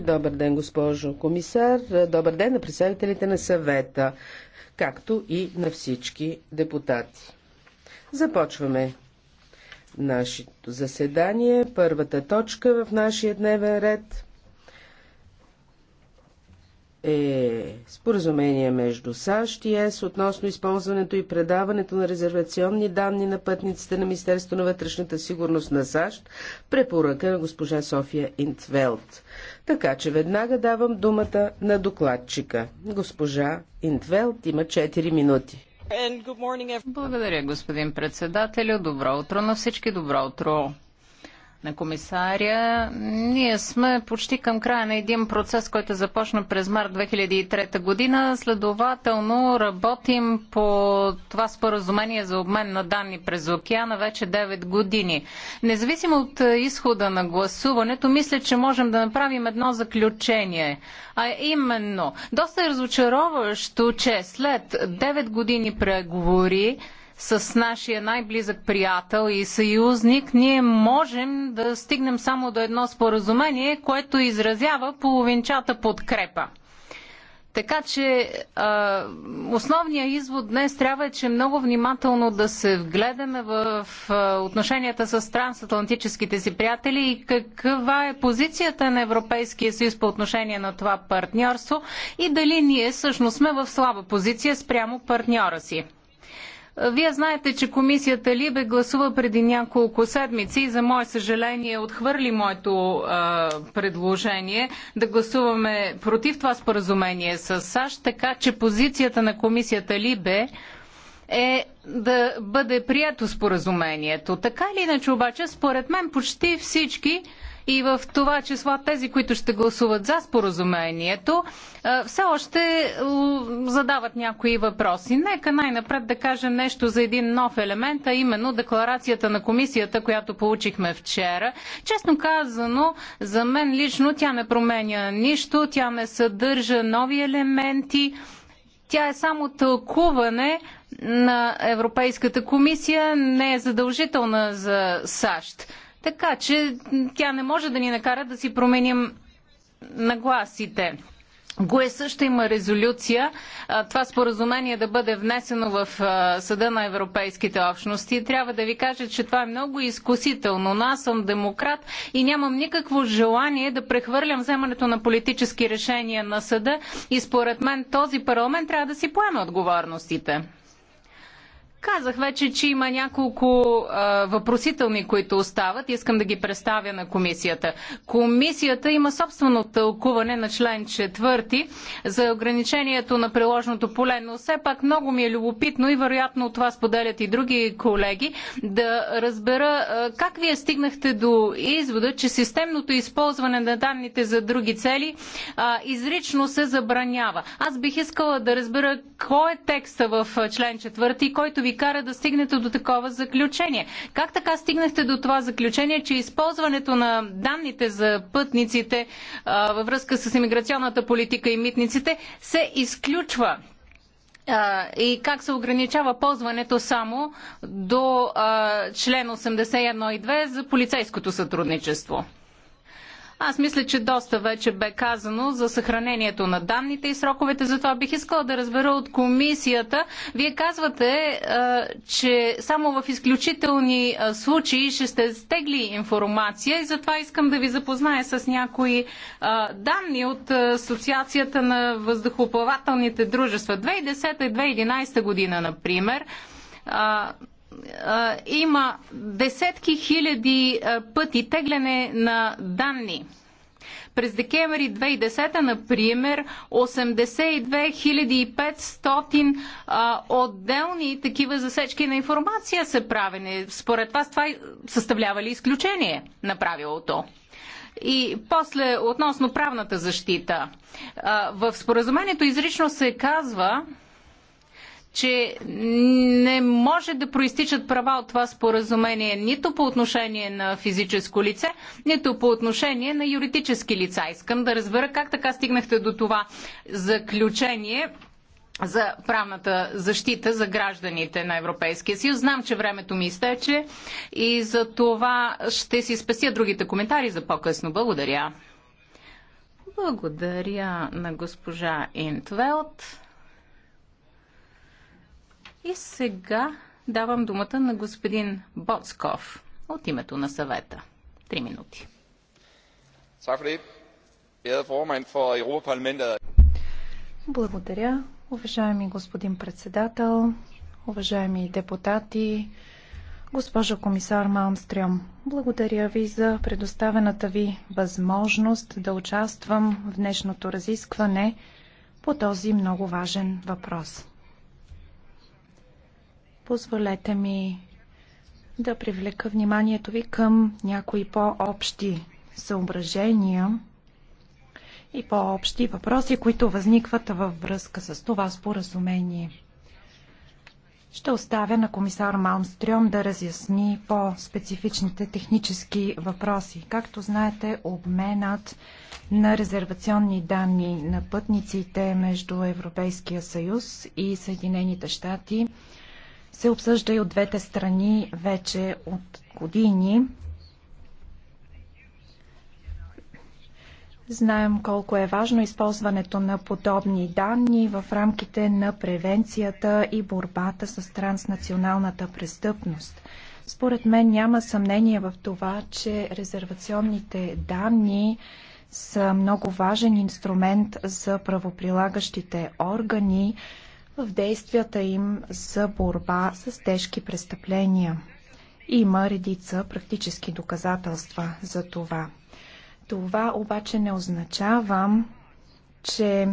Добър ден, госпожо комисар. Добър ден на представителите на съвета, както и на всички депутати. Започваме нашето заседание. Първата точка в нашия дневен ред е споразумение между САЩ и ЕС относно използването и предаването на резервационни данни на пътниците на Министерство на вътрешната сигурност на САЩ, препоръка на госпожа София Интвелт. Така че веднага давам думата на докладчика. Госпожа Интвелт има 4 минути. Благодаря, господин председателю. Добро утро на всички. Добро утро на комисаря. Ние сме почти към края на един процес, който започна през март 2003 година. Следователно работим по това споразумение за обмен на данни през океана вече 9 години. Независимо от изхода на гласуването, мисля, че можем да направим едно заключение. А именно, доста е разочароващо, че след 9 години преговори, с нашия най-близък приятел и съюзник, ние можем да стигнем само до едно споразумение, което изразява половинчата подкрепа. Така че а, основният извод днес трябва е, че много внимателно да се вгледаме в отношенията с трансатлантическите си приятели и каква е позицията на Европейския съюз по отношение на това партньорство и дали ние всъщност сме в слаба позиция спрямо партньора си. Вие знаете, че комисията Либе гласува преди няколко седмици и за мое съжаление отхвърли моето а, предложение да гласуваме против това споразумение с САЩ, така че позицията на комисията Либе е да бъде прието споразумението. Така или иначе обаче, според мен почти всички и в това число тези, които ще гласуват за споразумението, все още задават някои въпроси. Нека най-напред да кажа нещо за един нов елемент, а именно декларацията на комисията, която получихме вчера. Честно казано, за мен лично тя не променя нищо, тя не съдържа нови елементи. Тя е само тълкуване на Европейската комисия, не е задължителна за САЩ. Така че тя не може да ни накара да си променим нагласите. ГУЕ също има резолюция това споразумение да бъде внесено в Съда на Европейските общности. Трябва да ви кажа, че това е много изкусително, но аз съм демократ и нямам никакво желание да прехвърлям вземането на политически решения на Съда и според мен този парламент трябва да си поеме отговорностите. Казах вече, че има няколко а, въпросителни, които остават. Искам да ги представя на комисията. Комисията има собствено тълкуване на член 4 за ограничението на приложното поле, но все пак много ми е любопитно и вероятно от това споделят и други колеги, да разбера а, как вие стигнахте до извода, че системното използване на данните за други цели а, изрично се забранява. Аз бих искала да разбера кой е текста в член 4, който ви кара да стигнете до такова заключение. Как така стигнахте до това заключение, че използването на данните за пътниците а, във връзка с иммиграционната политика и митниците се изключва? А, и как се ограничава ползването само до а, член 81 и 2 за полицейското сътрудничество? Аз мисля, че доста вече бе казано за съхранението на данните и сроковете. Затова бих искала да разбера от комисията. Вие казвате, е, че само в изключителни е, случаи ще сте стегли информация и затова искам да ви запозная с някои е, данни от Асоциацията на въздухоплавателните дружества. 2010 и 2011 година, например, има десетки хиляди пъти тегляне на данни. През декември 2010, например, 82 500 отделни такива засечки на информация са правени. Според вас това съставлява ли изключение на правилото? И после, относно правната защита. в споразумението изрично се казва, че не може да проистичат права от това споразумение нито по отношение на физическо лице, нито по отношение на юридически лица. Искам да разбера как така стигнахте до това заключение за правната защита за гражданите на Европейския съюз. Знам, че времето ми изтече и за това ще си спася другите коментари за по-късно. Благодаря. Благодаря на госпожа Интвелт. И сега давам думата на господин Боцков от името на съвета. Три минути. Благодаря, уважаеми господин председател, уважаеми депутати, госпожо комисар Малмстрем. Благодаря ви за предоставената ви възможност да участвам в днешното разискване по този много важен въпрос. Позволете ми да привлека вниманието ви към някои по-общи съображения и по-общи въпроси, които възникват във връзка с това споразумение. Ще оставя на комисар Малмстрём да разясни по-специфичните технически въпроси. Както знаете, обменът на резервационни данни на пътниците между Европейския съюз и Съединените щати – се обсъжда и от двете страни вече от години. Знаем колко е важно използването на подобни данни в рамките на превенцията и борбата с транснационалната престъпност. Според мен няма съмнение в това, че резервационните данни са много важен инструмент за правоприлагащите органи, в действията им за борба с тежки престъпления. Има редица практически доказателства за това. Това обаче не означава, че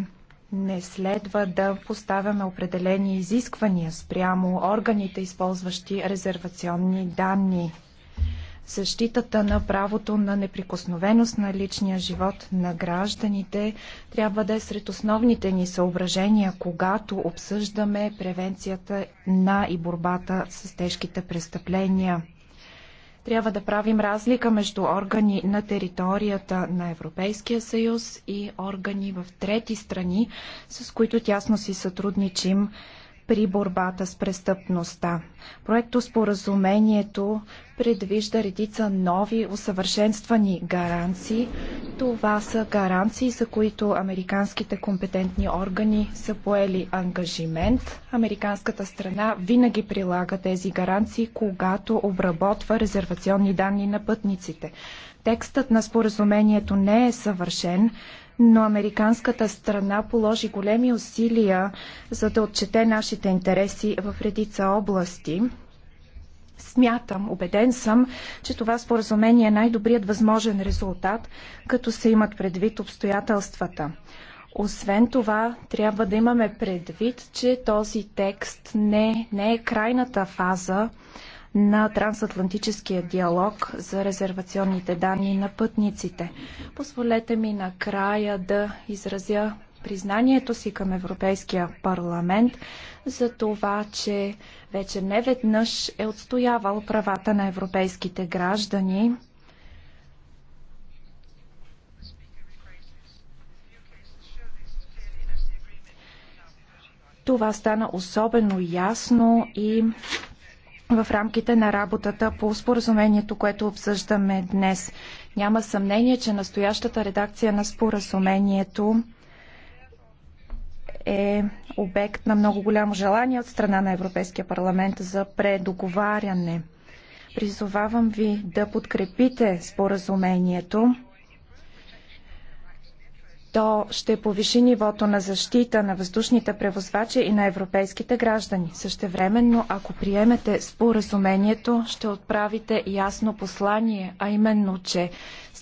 не следва да поставяме определени изисквания спрямо органите, използващи резервационни данни защитата на правото на неприкосновеност на личния живот на гражданите трябва да е сред основните ни съображения, когато обсъждаме превенцията на и борбата с тежките престъпления. Трябва да правим разлика между органи на територията на Европейския съюз и органи в трети страни, с които тясно си сътрудничим при борбата с престъпността. Проекто споразумението предвижда редица нови усъвършенствани гаранции. Това са гаранции, за които американските компетентни органи са поели ангажимент. Американската страна винаги прилага тези гаранции, когато обработва резервационни данни на пътниците. Текстът на споразумението не е съвършен, но американската страна положи големи усилия за да отчете нашите интереси в редица области. Смятам, убеден съм, че това споразумение е най-добрият възможен резултат, като се имат предвид обстоятелствата. Освен това, трябва да имаме предвид, че този текст не, не е крайната фаза на трансатлантическия диалог за резервационните данни на пътниците. Позволете ми накрая да изразя признанието си към Европейския парламент за това, че вече не веднъж е отстоявал правата на европейските граждани Това стана особено ясно и в рамките на работата по споразумението, което обсъждаме днес. Няма съмнение, че настоящата редакция на споразумението е обект на много голямо желание от страна на Европейския парламент за предоговаряне. Призовавам ви да подкрепите споразумението то ще повиши нивото на защита на въздушните превозвачи и на европейските граждани. Същевременно, ако приемете споразумението, ще отправите ясно послание, а именно, че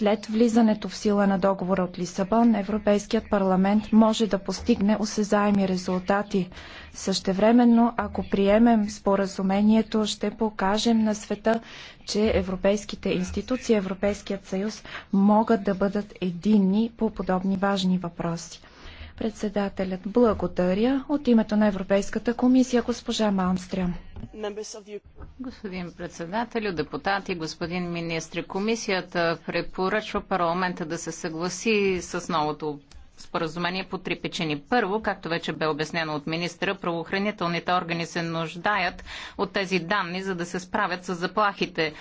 след влизането в сила на договора от Лисабон, Европейският парламент може да постигне осезаеми резултати. Същевременно, ако приемем споразумението, ще покажем на света, че европейските институции, Европейският съюз могат да бъдат единни по подобни важни въпроси. Председателят благодаря от името на Европейската комисия госпожа Малмстрям. Господин председател, депутати, господин министр, комисията препоръчва парламента да се съгласи с новото споразумение по три причини. Първо, както вече бе обяснено от министра, правоохранителните органи се нуждаят от тези данни, за да се справят с заплахите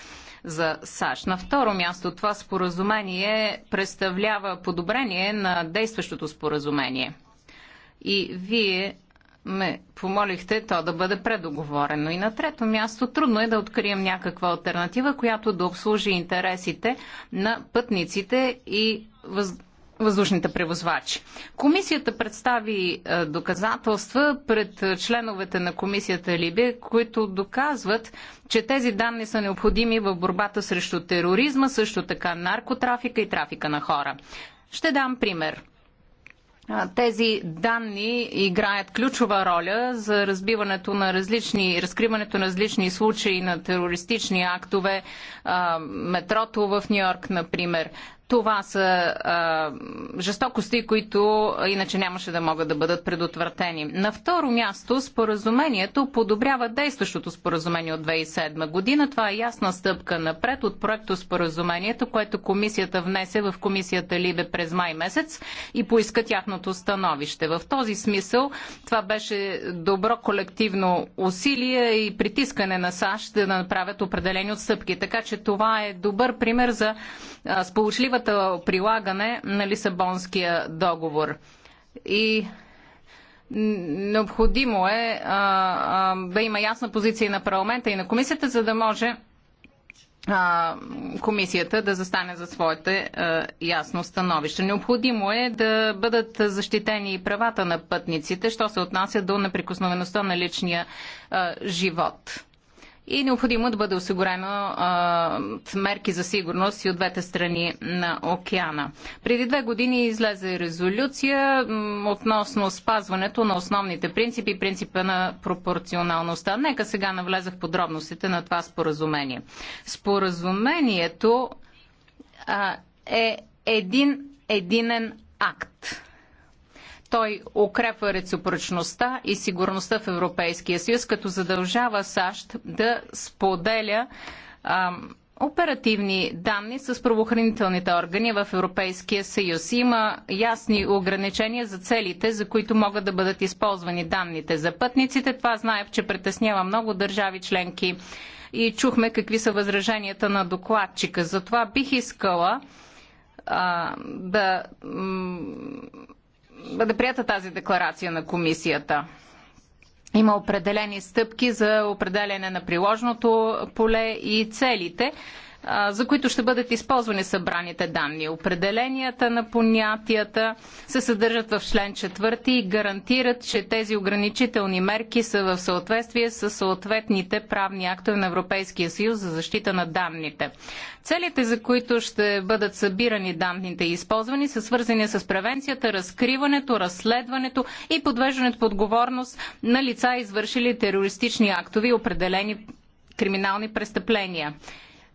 за САЩ. На второ място това споразумение представлява подобрение на действащото споразумение. И вие ме помолихте то да бъде предоговорено. И на трето място трудно е да открием някаква альтернатива, която да обслужи интересите на пътниците и въз въздушните превозвачи. Комисията представи е, доказателства пред е, членовете на комисията Либе, които доказват, че тези данни са необходими в борбата срещу тероризма, също така наркотрафика и трафика на хора. Ще дам пример. Тези данни играят ключова роля за разбиването на различни, разкриването на различни случаи на терористични актове, метрото в Нью Йорк, например. Това са а, жестокости, които иначе нямаше да могат да бъдат предотвратени. На второ място, споразумението подобрява действащото споразумение от 2007 година. Това е ясна стъпка напред от проекто споразумението, което комисията внесе в комисията Либе през май месец и поиска тяхното становище. В този смисъл това беше добро колективно усилие и притискане на САЩ да направят определени отстъпки. Така че това е добър пример за сполучлива строгата прилагане на Лисабонския договор. И необходимо е а, а, да има ясна позиция на парламента и на комисията, за да може а, комисията да застане за своите а, ясно становище. Необходимо е да бъдат защитени и правата на пътниците, що се отнася до неприкосновеността на личния а, живот и необходимо да бъде осигурено а, мерки за сигурност и от двете страни на океана. Преди две години излезе резолюция относно спазването на основните принципи, принципа на пропорционалността. Нека сега навлезах подробностите на това споразумение. Споразумението а, е един единен акт той укрепва реципрочността и сигурността в Европейския съюз, като задължава САЩ да споделя а, оперативни данни с правоохранителните органи в Европейския съюз. Има ясни ограничения за целите, за които могат да бъдат използвани данните за пътниците. Това знаем, че притеснява много държави членки и чухме какви са възраженията на докладчика. Затова бих искала а, да бъде прията тази декларация на комисията. Има определени стъпки за определене на приложното поле и целите за които ще бъдат използвани събраните данни. Определенията на понятията се съдържат в член 4 и гарантират, че тези ограничителни мерки са в съответствие с съответните правни актове на Европейския съюз за защита на данните. Целите, за които ще бъдат събирани данните и използвани, са свързани с превенцията, разкриването, разследването и подвеждането под отговорност на лица, извършили терористични актови и определени криминални престъпления.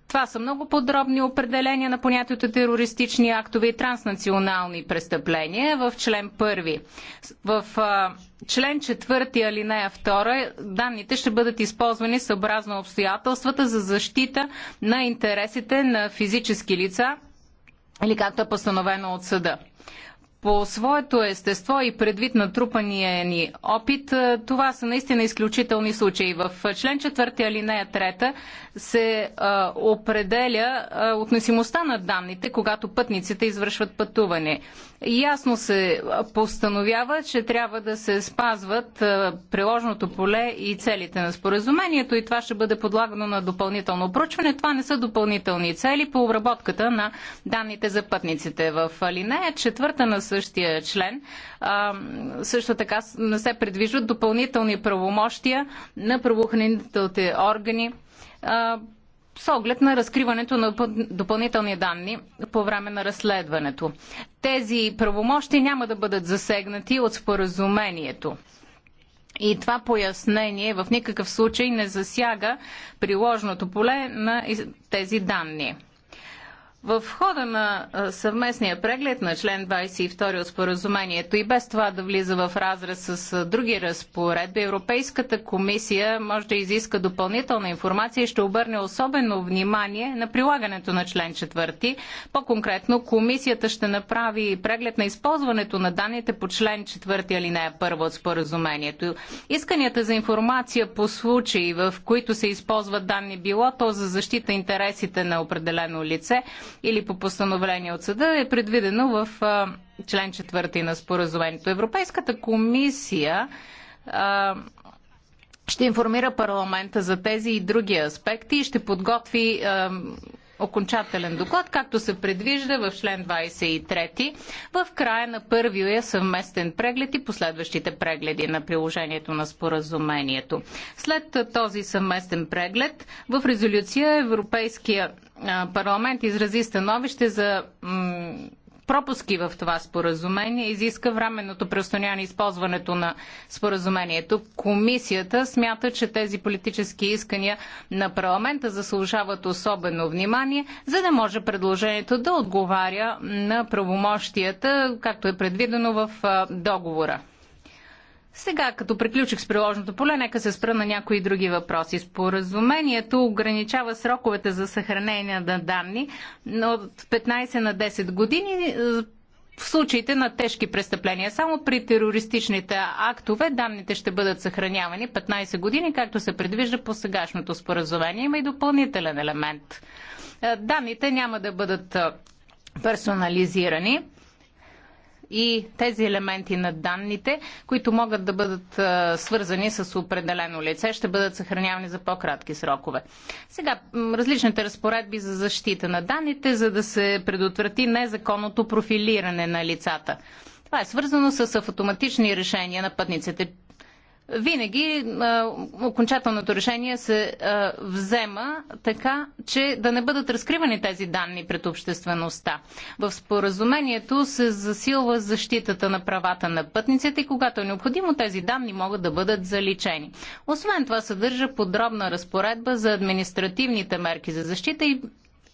Това са много подробни определения на понятието терористични актове и транснационални престъпления в член 1. В а, член 4 алинея 2 данните ще бъдат използвани съобразно обстоятелствата за защита на интересите на физически лица или както е постановено от съда по своето естество и предвид на трупания ни опит, е, това са наистина изключителни случаи. В член 4 алинея 3 се а, е, определя а, е, относимостта на данните, когато пътниците извършват пътуване. Ясно се постановява, че трябва да се спазват приложното поле и целите на споразумението и това ще бъде подлагано на допълнително проучване. Това не са допълнителни цели по обработката на данните за пътниците. В алинея 4 на същия член. А, също така не се предвиждат допълнителни правомощия на правоохранителните органи а, с оглед на разкриването на допълнителни данни по време на разследването. Тези правомощи няма да бъдат засегнати от споразумението. И това пояснение в никакъв случай не засяга приложното поле на тези данни. В хода на съвместния преглед на член 22 от споразумението и без това да влиза в разрез с други разпоредби, Европейската комисия може да изиска допълнителна информация и ще обърне особено внимание на прилагането на член 4. По-конкретно, комисията ще направи преглед на използването на данните по член 4 алинея 1 от споразумението. Исканията за информация по случаи, в които се използват данни, било то за защита интересите на определено лице, или по постановление от съда е предвидено в член 4 на споразумението. Европейската комисия ще информира парламента за тези и други аспекти и ще подготви окончателен доклад, както се предвижда в член 23 в края на първия съвместен преглед и последващите прегледи на приложението на споразумението. След този съвместен преглед в резолюция Европейския парламент изрази становище за пропуски в това споразумение, изиска временното преустановяване използването на споразумението. Комисията смята, че тези политически искания на парламента заслужават особено внимание, за да може предложението да отговаря на правомощията, както е предвидено в договора. Сега, като приключих с приложното поле, нека се спра на някои други въпроси. Споразумението ограничава сроковете за съхранение на данни от 15 на 10 години е, в случаите на тежки престъпления. Само при терористичните актове данните ще бъдат съхранявани 15 години, както се предвижда по сегашното споразумение. Има и допълнителен елемент. Е, данните няма да бъдат е, персонализирани и тези елементи на данните, които могат да бъдат свързани с определено лице, ще бъдат съхранявани за по-кратки срокове. Сега, различните разпоредби за защита на данните, за да се предотврати незаконното профилиране на лицата. Това е свързано с автоматични решения на пътниците винаги а, окончателното решение се а, взема така, че да не бъдат разкривани тези данни пред обществеността. В споразумението се засилва защитата на правата на пътниците и когато е необходимо, тези данни могат да бъдат заличени. Освен това съдържа подробна разпоредба за административните мерки за защита и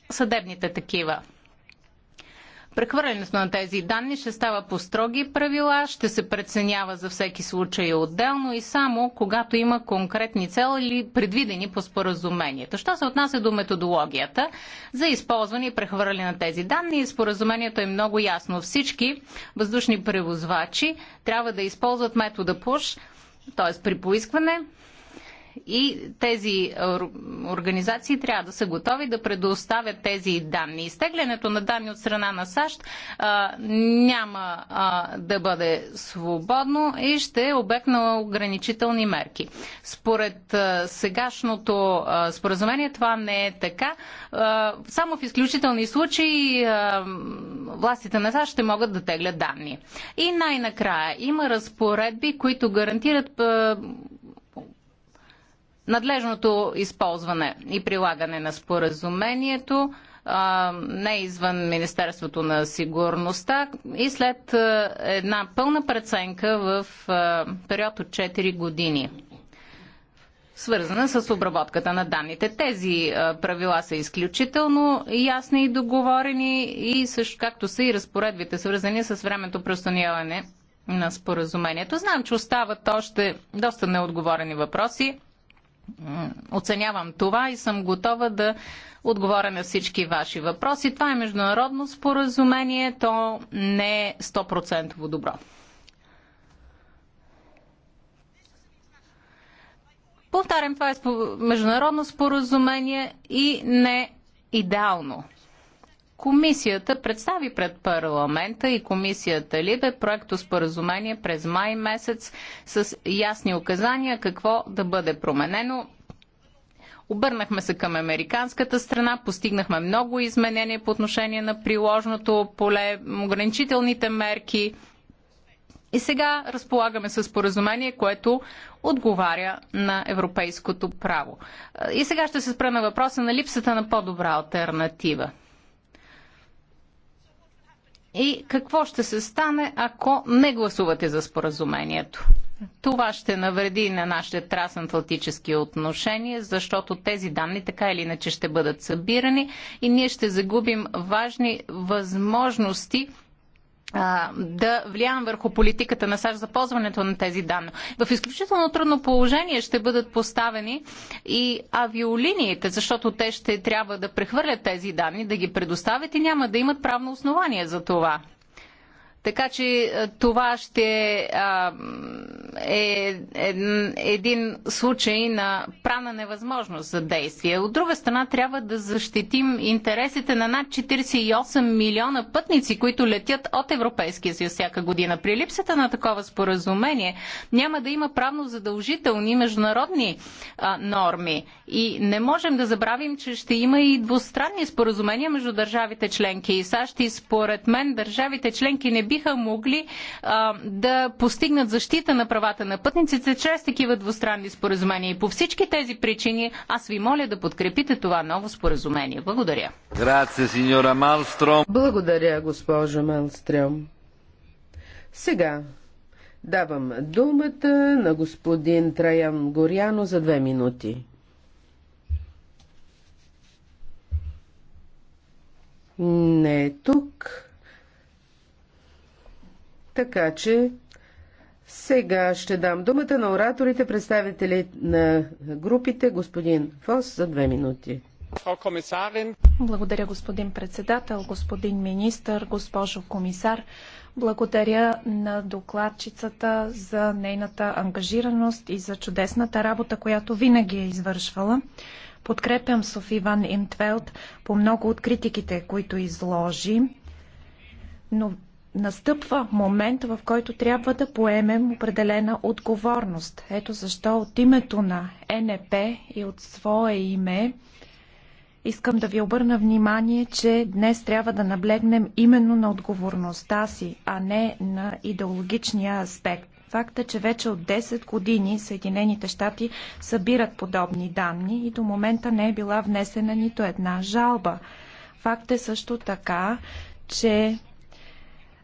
съдебните такива. Прехвърлянето на тези данни ще става по строги правила, ще се преценява за всеки случай отделно и само когато има конкретни цели предвидени по споразумението. Що се отнася до методологията за използване и прехвърляне на тези данни, споразумението е много ясно. Всички въздушни превозвачи трябва да използват метода PUSH, т.е. при поискване и тези организации трябва да са готови да предоставят тези данни. Изтеглянето на данни от страна на САЩ а, няма а, да бъде свободно и ще е обект на ограничителни мерки. Според а, сегашното а, споразумение това не е така. А, само в изключителни случаи а, властите на САЩ ще могат да теглят данни. И най-накрая има разпоредби, които гарантират а, надлежното използване и прилагане на споразумението не извън Министерството на сигурността и след една пълна преценка в период от 4 години свързана с обработката на данните. Тези правила са изключително ясни и договорени и също както са и разпоредбите свързани с времето преустановяване на споразумението. Знам, че остават още доста неотговорени въпроси оценявам това и съм готова да отговоря на всички ваши въпроси. Това е международно споразумение, то не е 100% добро. Повтарям, това е международно споразумение и не идеално Комисията представи пред парламента и комисията Либе проекто споразумение през май месец с ясни указания какво да бъде променено Обърнахме се към американската страна, постигнахме много изменения по отношение на приложното поле, ограничителните мерки. И сега разполагаме с поразумение, което отговаря на европейското право. И сега ще се спра на въпроса на липсата на по-добра альтернатива и какво ще се стане, ако не гласувате за споразумението. Това ще навреди на нашите трансатлантически отношения, защото тези данни така или иначе ще бъдат събирани и ние ще загубим важни възможности да влияем върху политиката на САЩ за ползването на тези данни. В изключително трудно положение ще бъдат поставени и авиолиниите, защото те ще трябва да прехвърлят тези данни, да ги предоставят и няма да имат правно основание за това. Така че това ще е, е един случай на прана невъзможност за действие. От друга страна, трябва да защитим интересите на над 48 милиона пътници, които летят от Европейския съюз всяка година. При липсата на такова споразумение няма да има правно задължителни международни а, норми. И не можем да забравим, че ще има и двустранни споразумения между държавите членки и САЩ. И според мен държавите членки не биха могли а, да постигнат защита на правата правата на пътниците чрез такива двустранни споразумения. И по всички тези причини аз ви моля да подкрепите това ново споразумение. Благодаря. Благодаря, госпожо Малстром. Сега давам думата на господин Траян Горяно за две минути. Не е тук. Така че сега ще дам думата на ораторите, представители на групите, господин Фос, за две минути. Благодаря, господин председател, господин министър, госпожо комисар. Благодаря на докладчицата за нейната ангажираност и за чудесната работа, която винаги е извършвала. Подкрепям Софи Ван Имтвелд по много от критиките, които изложи, но настъпва момент, в който трябва да поемем определена отговорност. Ето защо от името на НП и от свое име искам да ви обърна внимание, че днес трябва да наблегнем именно на отговорността си, а не на идеологичния аспект. Факта е, че вече от 10 години Съединените щати събират подобни данни и до момента не е била внесена нито една жалба. Факт е също така, че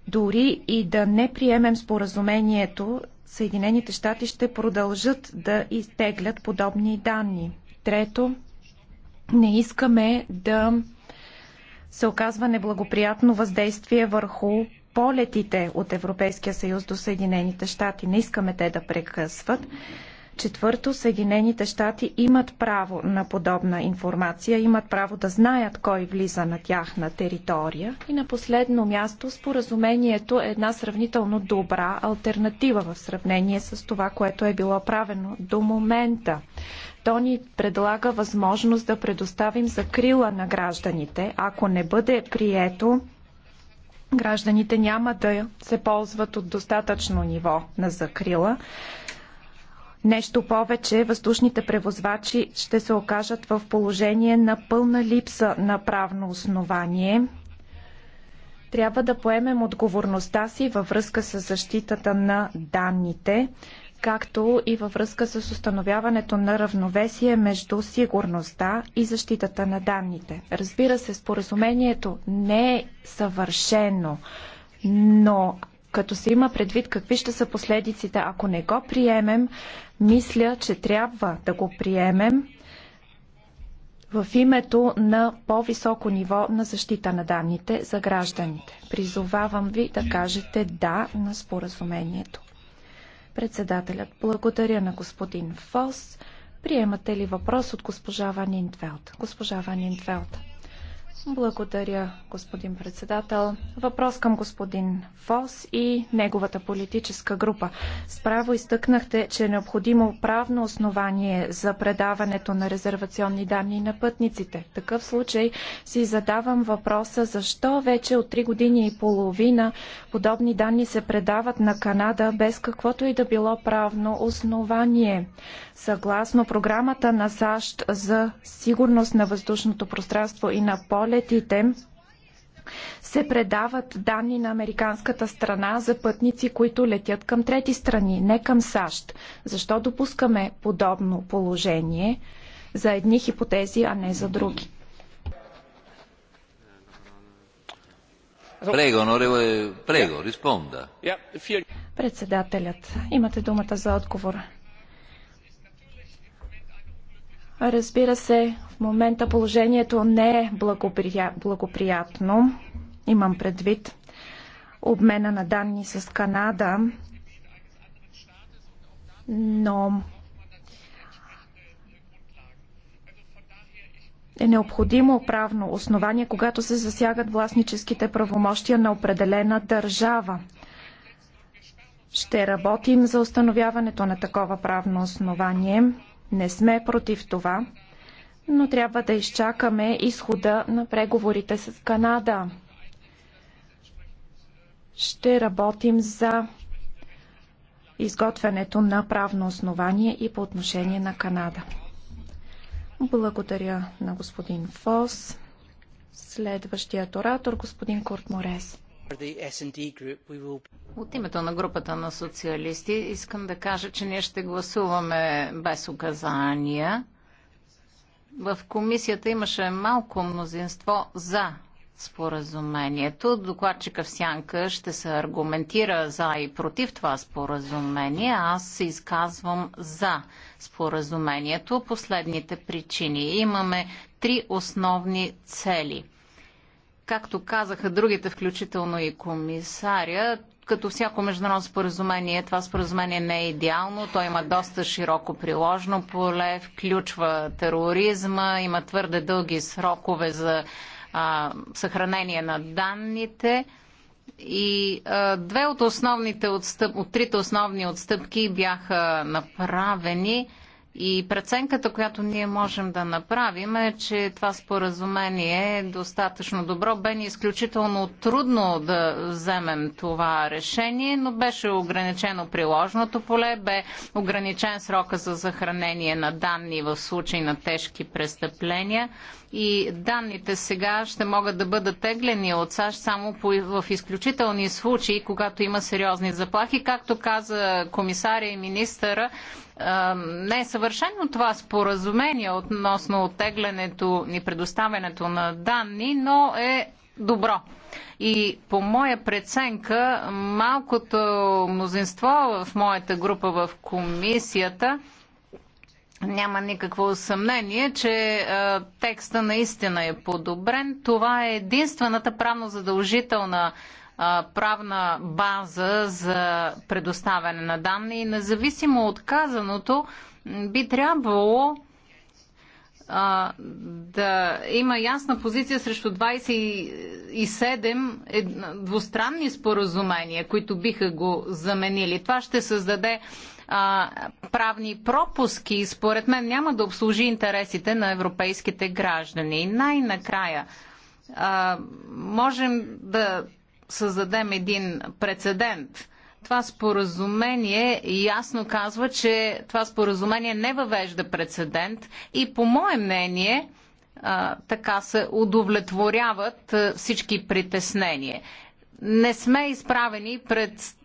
дори и да не приемем споразумението, Съединените щати ще продължат да изтеглят подобни данни. Трето, не искаме да се оказва неблагоприятно въздействие върху полетите от Европейския съюз до Съединените щати. Не искаме те да прекъсват. Четвърто, Съединените щати имат право на подобна информация, имат право да знаят кой влиза на тяхна територия. И на последно място, споразумението е една сравнително добра альтернатива в сравнение с това, което е било правено до момента. То ни предлага възможност да предоставим закрила на гражданите, ако не бъде прието гражданите няма да се ползват от достатъчно ниво на закрила. Нещо повече, въздушните превозвачи ще се окажат в положение на пълна липса на правно основание. Трябва да поемем отговорността си във връзка с защитата на данните, както и във връзка с установяването на равновесие между сигурността и защитата на данните. Разбира се, споразумението не е съвършено, но като се има предвид какви ще са последиците, ако не го приемем, мисля, че трябва да го приемем в името на по-високо ниво на защита на данните за гражданите. Призовавам ви да кажете да на споразумението. Председателят, благодаря на господин Фос. Приемате ли въпрос от госпожа Ванинтвелд? Госпожа Ванинтвелд. Благодаря, господин председател. Въпрос към господин Фос и неговата политическа група. Справо изтъкнахте, че е необходимо правно основание за предаването на резервационни данни на пътниците. В такъв случай си задавам въпроса защо вече от 3 години и половина подобни данни се предават на Канада без каквото и да било правно основание. Съгласно програмата на САЩ за сигурност на въздушното пространство и на полетите, се предават данни на американската страна за пътници, които летят към трети страни, не към САЩ. Защо допускаме подобно положение за едни хипотези, а не за други? Прего, прего, Председателят, имате думата за отговор. Разбира се, в момента положението не е благоприя... благоприятно. Имам предвид обмена на данни с Канада, но е необходимо правно основание, когато се засягат властническите правомощия на определена държава. Ще работим за установяването на такова правно основание. Не сме против това, но трябва да изчакаме изхода на преговорите с Канада. Ще работим за изготвянето на правно основание и по отношение на Канада. Благодаря на господин Фос. Следващият оратор, господин Курт Морес. От името на групата на социалисти искам да кажа, че ние ще гласуваме без указания. В комисията имаше малко мнозинство за споразумението. Докладчика в сянка ще се аргументира за и против това споразумение. Аз се изказвам за споразумението. Последните причини. Имаме три основни цели – както казаха другите, включително и комисаря, като всяко международно споразумение, това споразумение не е идеално. То има доста широко приложно поле, включва тероризма, има твърде дълги срокове за а, съхранение на данните. И а, две от основните отстъп, от трите основни отстъпки бяха направени. И преценката, която ние можем да направим е, че това споразумение е достатъчно добро. Бе ни изключително трудно да вземем това решение, но беше ограничено приложното поле, бе ограничен срока за захранение на данни в случай на тежки престъпления и данните сега ще могат да бъдат теглени от САЩ само в изключителни случаи, когато има сериозни заплахи. Както каза комисаря и министъра, не е съвършено това споразумение относно оттеглянето и предоставянето на данни, но е добро. И по моя преценка, малкото мнозинство в моята група в комисията няма никакво съмнение, че е, текста наистина е подобрен. Това е единствената правно задължителна правна база за предоставяне на данни и независимо от казаното, би трябвало а, да има ясна позиция срещу 27 е, двустранни споразумения, които биха го заменили. Това ще създаде а, правни пропуски и според мен няма да обслужи интересите на европейските граждани. И най-накрая а, можем да създадем един прецедент. Това споразумение ясно казва, че това споразумение не въвежда прецедент и по мое мнение така се удовлетворяват всички притеснения. Не сме изправени пред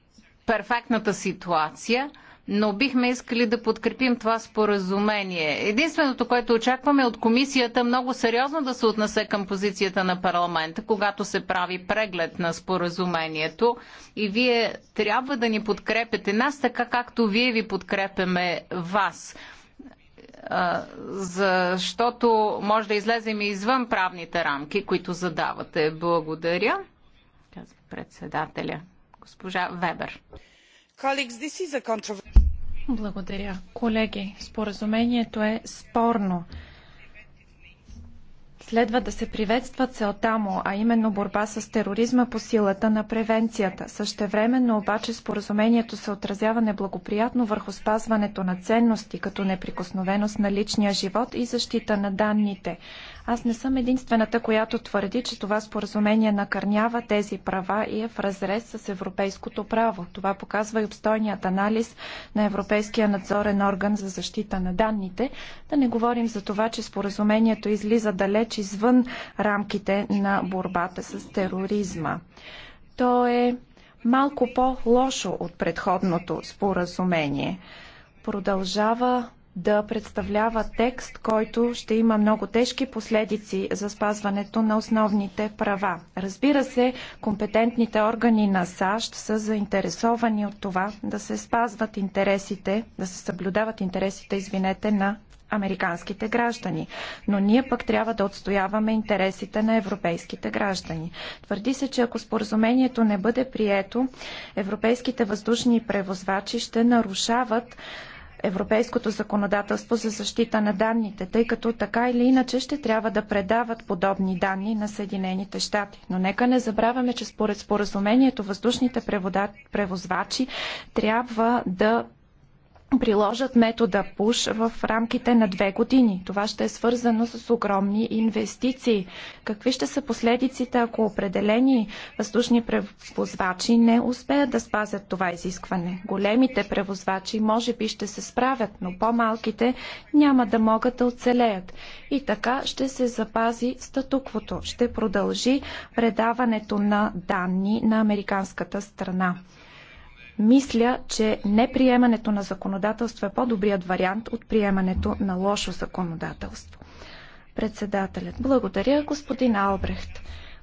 перфектната ситуация – но бихме искали да подкрепим това споразумение. Единственото, което очакваме от комисията много сериозно да се отнесе към позицията на парламента, когато се прави преглед на споразумението и вие трябва да ни подкрепите нас, така както вие ви подкрепяме вас защото може да излезем и извън правните рамки, които задавате. Благодаря, казва председателя, госпожа Вебер. Благодаря. Колеги, споразумението е спорно. Следва да се приветства целта му, а именно борба с тероризма по силата на превенцията. Същевременно обаче споразумението се отразява неблагоприятно върху спазването на ценности, като неприкосновеност на личния живот и защита на данните. Аз не съм единствената, която твърди, че това споразумение накърнява тези права и е в разрез с европейското право. Това показва и обстойният анализ на Европейския надзорен орган за защита на данните. Да не говорим за това, че споразумението излиза далеч извън рамките на борбата с тероризма. То е малко по-лошо от предходното споразумение. Продължава да представлява текст, който ще има много тежки последици за спазването на основните права. Разбира се, компетентните органи на САЩ са заинтересовани от това да се спазват интересите, да се съблюдават интересите, извинете, на американските граждани. Но ние пък трябва да отстояваме интересите на европейските граждани. Твърди се, че ако споразумението не бъде прието, европейските въздушни превозвачи ще нарушават европейското законодателство за защита на данните, тъй като така или иначе ще трябва да предават подобни данни на Съединените щати. Но нека не забравяме, че според споразумението въздушните превозвачи трябва да приложат метода ПУШ в рамките на две години. Това ще е свързано с огромни инвестиции. Какви ще са последиците, ако определени въздушни превозвачи не успеят да спазят това изискване? Големите превозвачи може би ще се справят, но по-малките няма да могат да оцелеят. И така ще се запази статуквото. Ще продължи предаването на данни на американската страна. Мисля, че неприемането на законодателство е по-добрият вариант от приемането на лошо законодателство. Председателят. Благодаря, господин Албрехт.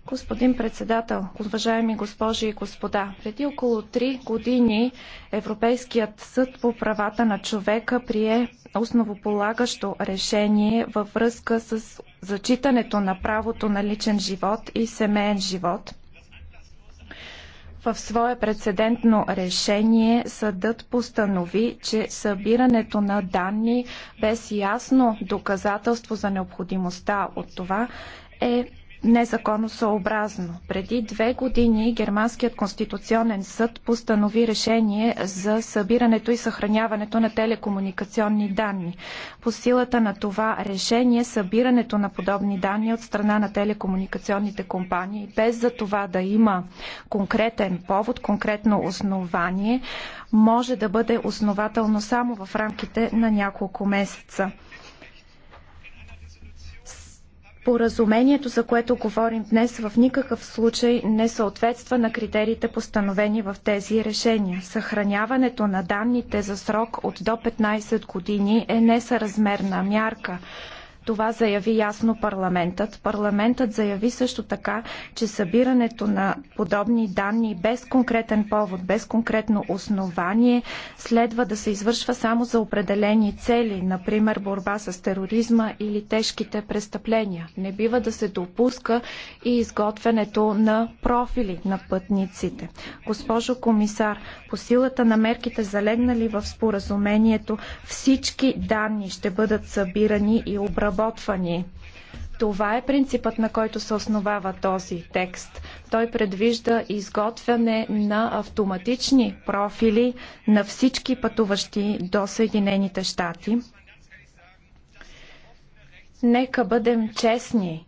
Господин председател, уважаеми госпожи и господа, преди около 3 години Европейският съд по правата на човека прие основополагащо решение във връзка с зачитането на правото на личен живот и семейен живот в свое прецедентно решение съдът постанови, че събирането на данни без ясно доказателство за необходимостта от това е незаконосъобразно. Преди две години Германският конституционен съд постанови решение за събирането и съхраняването на телекомуникационни данни. По силата на това решение събирането на подобни данни от страна на телекомуникационните компании, без за това да има конкретен повод, конкретно основание, може да бъде основателно само в рамките на няколко месеца. Поразумението, за което говорим днес, в никакъв случай не съответства на критериите постановени в тези решения. Съхраняването на данните за срок от до 15 години е несъразмерна мярка. Това заяви ясно парламентът. Парламентът заяви също така, че събирането на подобни данни без конкретен повод, без конкретно основание, следва да се извършва само за определени цели, например борба с тероризма или тежките престъпления. Не бива да се допуска и изготвянето на профили на пътниците. Госпожо комисар, по силата на мерките залегнали в споразумението, всички данни ще бъдат събирани и обработени обработвани. Това е принципът, на който се основава този текст. Той предвижда изготвяне на автоматични профили на всички пътуващи до Съединените щати. Нека бъдем честни.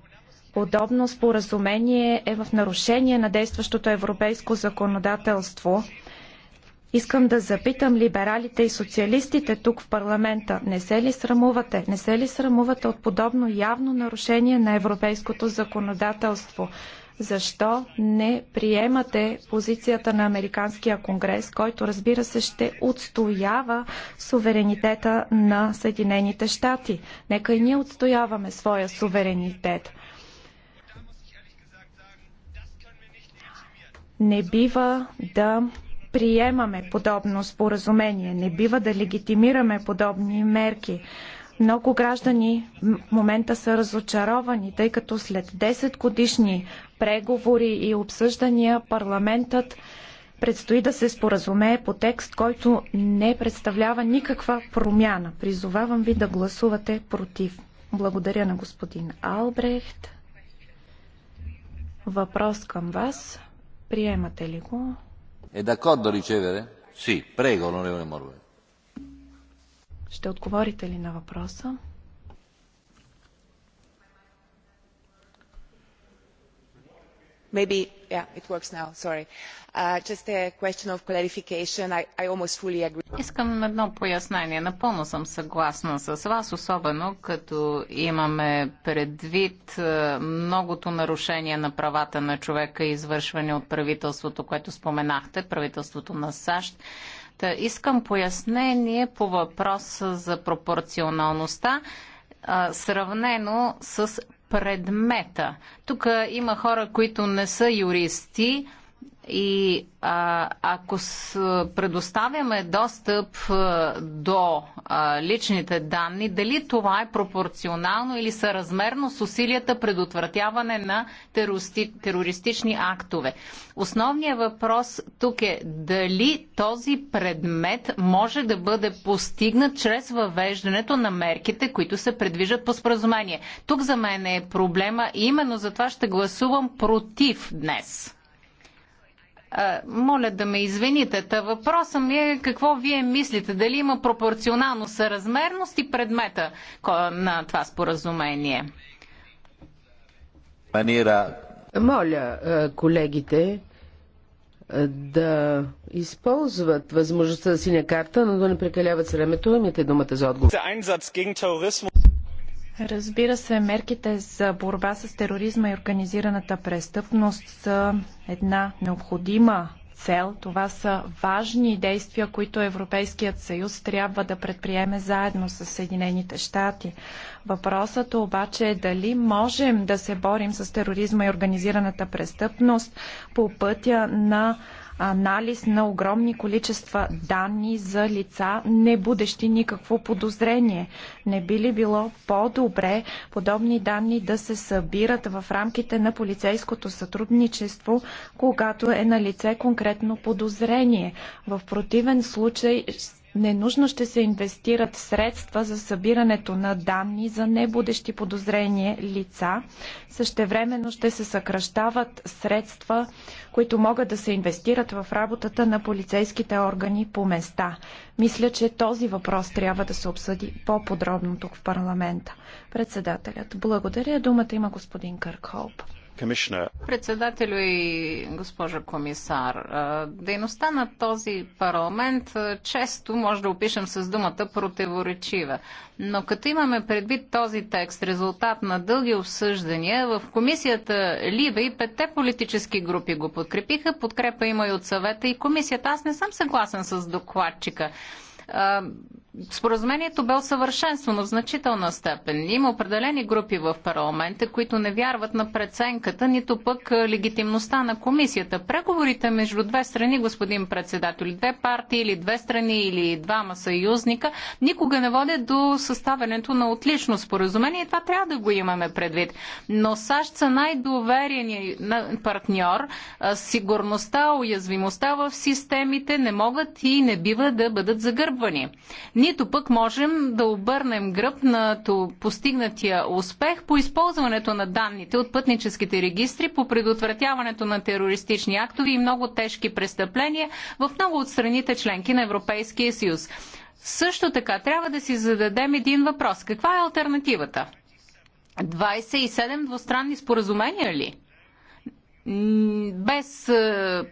Подобно споразумение е в нарушение на действащото европейско законодателство – Искам да запитам либералите и социалистите тук в парламента. Не се ли срамувате? Не се ли срамувате от подобно явно нарушение на европейското законодателство? Защо не приемате позицията на Американския конгрес, който разбира се ще отстоява суверенитета на Съединените щати? Нека и ние отстояваме своя суверенитет. Не бива да приемаме подобно споразумение, не бива да легитимираме подобни мерки. Много граждани в момента са разочаровани, тъй като след 10 годишни преговори и обсъждания парламентът предстои да се споразумее по текст, който не представлява никаква промяна. Призовавам ви да гласувате против. Благодаря на господин Албрехт. Въпрос към вас. Приемате ли го? Е дакордо рicevere? Си, prego, onorevole Морвай. Ще отговорите ли на въпроса? Uh, искам едно пояснение. Напълно съм съгласна с вас, особено като имаме предвид е, многото нарушения на правата на човека, извършвани от правителството, което споменахте, правителството на САЩ. Та искам пояснение по въпроса за пропорционалността, сравнено с предмета. Тук има хора, които не са юристи, и а, ако с, предоставяме достъп а, до а, личните данни, дали това е пропорционално или съразмерно с усилията предотвратяване на терористи, терористични актове? Основният въпрос тук е дали този предмет може да бъде постигнат чрез въвеждането на мерките, които се предвижат по споразумение. Тук за мен е проблема и именно за това ще гласувам против днес моля да ме извините. Та въпросът ми е какво вие мислите? Дали има пропорционално съразмерност и предмета на това споразумение? Манира. Моля колегите да използват възможността си синя карта, но да не прекаляват с времето. Имате думата за отговор. Разбира се, мерките за борба с тероризма и организираната престъпност са една необходима цел. Това са важни действия, които Европейският съюз трябва да предприеме заедно с Съединените щати. Въпросът обаче е дали можем да се борим с тероризма и организираната престъпност по пътя на анализ на огромни количества данни за лица, не будещи никакво подозрение. Не би ли било по-добре подобни данни да се събират в рамките на полицейското сътрудничество, когато е на лице конкретно подозрение? В противен случай ненужно ще се инвестират средства за събирането на данни за небудещи подозрение лица. Същевременно ще се съкръщават средства, които могат да се инвестират в работата на полицейските органи по места. Мисля, че този въпрос трябва да се обсъди по-подробно тук в парламента. Председателят, благодаря. Думата има господин Къркхолп. Председателю и госпожа комисар, дейността на този парламент често може да опишем с думата противоречива. Но като имаме предвид този текст, резултат на дълги обсъждания, в комисията Либе и петте политически групи го подкрепиха. Подкрепа има и от съвета и комисията. Аз не съм съгласен с докладчика Споразумението бе усъвършенствано в значителна степен. Има определени групи в парламента, които не вярват на преценката, нито пък легитимността на комисията. Преговорите между две страни, господин председател, две партии или две страни или двама съюзника, никога не водят до съставянето на отлично споразумение и това трябва да го имаме предвид. Но САЩ са най-довереният партньор. Сигурността, уязвимостта в системите не могат и не бива да бъдат загърбвани нито пък можем да обърнем гръб на постигнатия успех по използването на данните от пътническите регистри, по предотвратяването на терористични актови и много тежки престъпления в много от страните членки на Европейския съюз. Също така трябва да си зададем един въпрос. Каква е альтернативата? 27 двустранни споразумения ли? без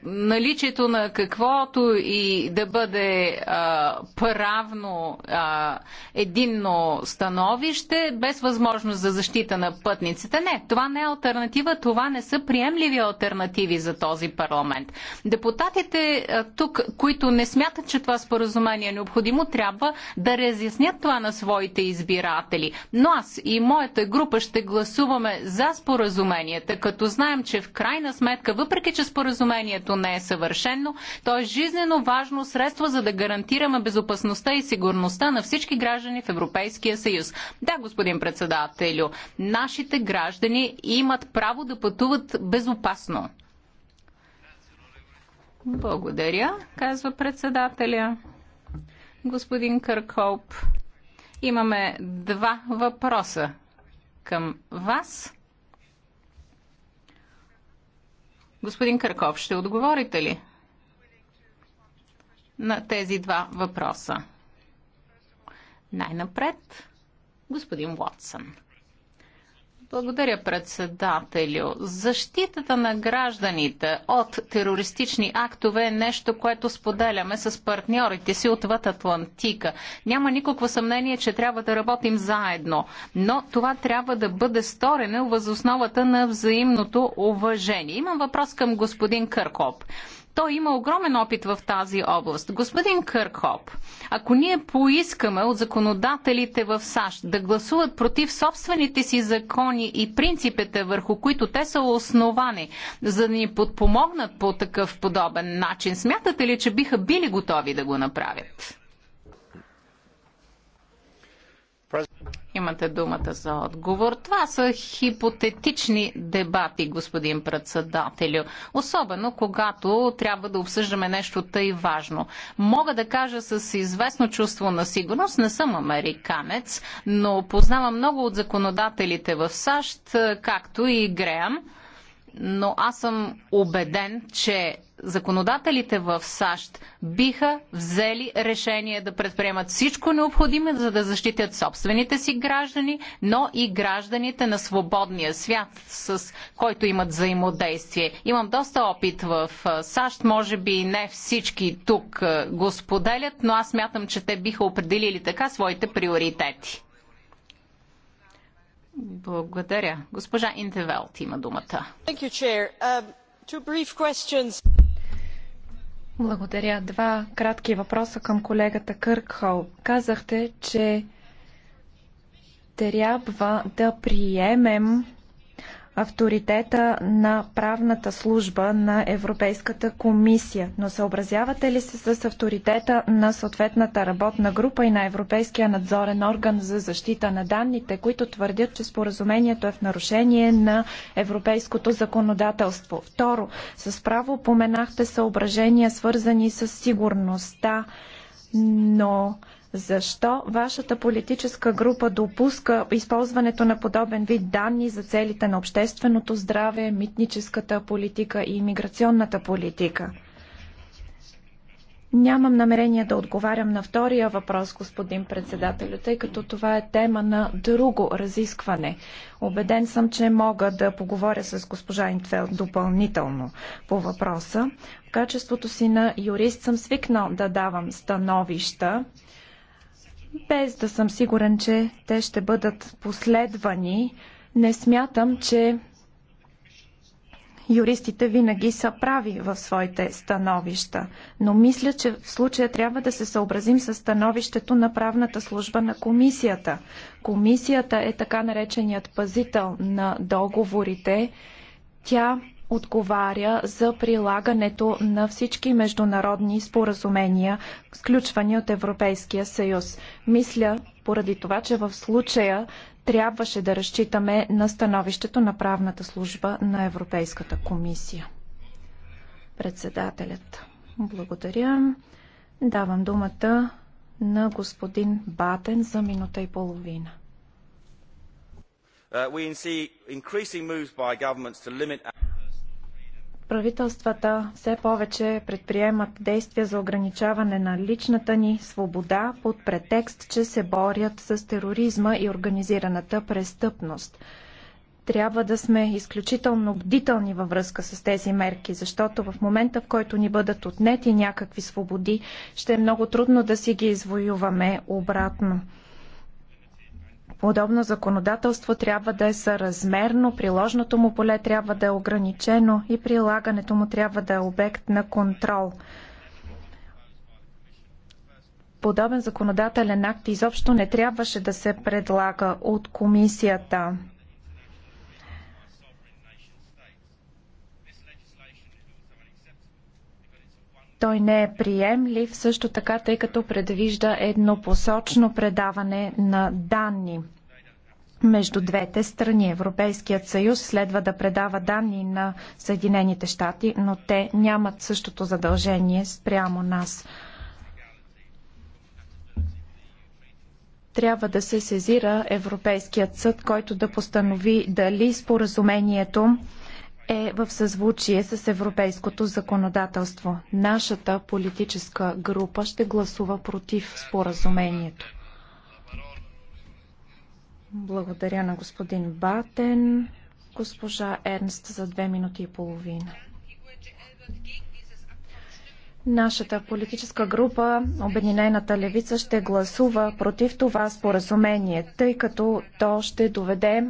наличието на каквото и да бъде а, правно а, единно становище, без възможност за защита на пътниците. Не, това не е альтернатива, това не са приемливи альтернативи за този парламент. Депутатите а, тук, които не смятат, че това споразумение е необходимо, трябва да разяснят това на своите избиратели. Но аз и моята група ще гласуваме за споразуменията, като знаем, че в край крайна сметка, въпреки че споразумението не е съвършено, то е жизнено важно средство за да гарантираме безопасността и сигурността на всички граждани в Европейския съюз. Да, господин председателю, нашите граждани имат право да пътуват безопасно. Благодаря, казва председателя. Господин Кърколп, имаме два въпроса към вас. Господин Карков, ще отговорите ли на тези два въпроса? Най-напред, господин Уотсън. Благодаря, председателю. Защитата на гражданите от терористични актове е нещо, което споделяме с партньорите си отвъд Атлантика. Няма никакво съмнение, че трябва да работим заедно, но това трябва да бъде сторено въз основата на взаимното уважение. Имам въпрос към господин Къркоп. Той има огромен опит в тази област. Господин Кърхоп, ако ние поискаме от законодателите в САЩ да гласуват против собствените си закони и принципите, върху които те са основани, за да ни подпомогнат по такъв подобен начин, смятате ли, че биха били готови да го направят? Имате думата за отговор. Това са хипотетични дебати, господин председателю. Особено когато трябва да обсъждаме нещо тъй важно. Мога да кажа с известно чувство на сигурност, не съм американец, но познавам много от законодателите в САЩ, както и Греъм но аз съм убеден, че законодателите в САЩ биха взели решение да предприемат всичко необходимо, за да защитят собствените си граждани, но и гражданите на свободния свят, с който имат взаимодействие. Имам доста опит в САЩ, може би не всички тук го споделят, но аз мятам, че те биха определили така своите приоритети. Благодаря. Госпожа Интевелт има думата. Um, Благодаря. Два кратки въпроса към колегата Къркхол. Казахте, че трябва да приемем авторитета на правната служба на Европейската комисия. Но съобразявате ли се с авторитета на съответната работна група и на Европейския надзорен орган за защита на данните, които твърдят, че споразумението е в нарушение на европейското законодателство? Второ, с право поменахте съображения, свързани с сигурността, но защо вашата политическа група допуска използването на подобен вид данни за целите на общественото здраве, митническата политика и иммиграционната политика? Нямам намерение да отговарям на втория въпрос, господин председател, тъй като това е тема на друго разискване. Обеден съм, че мога да поговоря с госпожа Интфелд допълнително по въпроса. В качеството си на юрист съм свикнал да давам становища без да съм сигурен, че те ще бъдат последвани. Не смятам, че юристите винаги са прави в своите становища, но мисля, че в случая трябва да се съобразим с становището на правната служба на комисията. Комисията е така нареченият пазител на договорите. Тя отговаря за прилагането на всички международни споразумения, сключвани от Европейския съюз. Мисля, поради това, че в случая трябваше да разчитаме на становището на правната служба на Европейската комисия. Председателят. Благодаря. Давам думата на господин Батен за минута и половина. Uh, we see increasing moves by governments to limit Правителствата все повече предприемат действия за ограничаване на личната ни свобода под претекст, че се борят с тероризма и организираната престъпност. Трябва да сме изключително бдителни във връзка с тези мерки, защото в момента, в който ни бъдат отнети някакви свободи, ще е много трудно да си ги извоюваме обратно. Подобно законодателство трябва да е съразмерно, приложното му поле трябва да е ограничено и прилагането му трябва да е обект на контрол. Подобен законодателен акт изобщо не трябваше да се предлага от комисията. Той не е приемлив също така, тъй като предвижда еднопосочно предаване на данни между двете страни. Европейският съюз следва да предава данни на Съединените щати, но те нямат същото задължение спрямо нас. Трябва да се сезира Европейският съд, който да постанови дали споразумението е в съзвучие с европейското законодателство. Нашата политическа група ще гласува против споразумението. Благодаря на господин Батен. Госпожа Ернст за две минути и половина. Нашата политическа група, Обединената левица, ще гласува против това споразумение, тъй като то ще доведе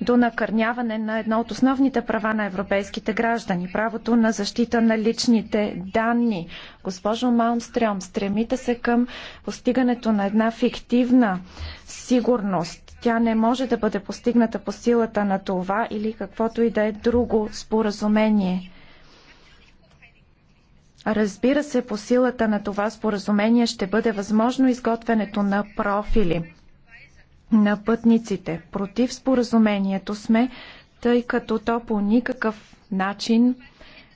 до накърняване на едно от основните права на европейските граждани правото на защита на личните данни. Госпожо Малмстрем, стремите се към постигането на една фиктивна сигурност. Тя не може да бъде постигната по силата на това или каквото и да е друго споразумение. Разбира се, по силата на това споразумение ще бъде възможно изготвянето на профили на пътниците. Против споразумението сме, тъй като то по никакъв начин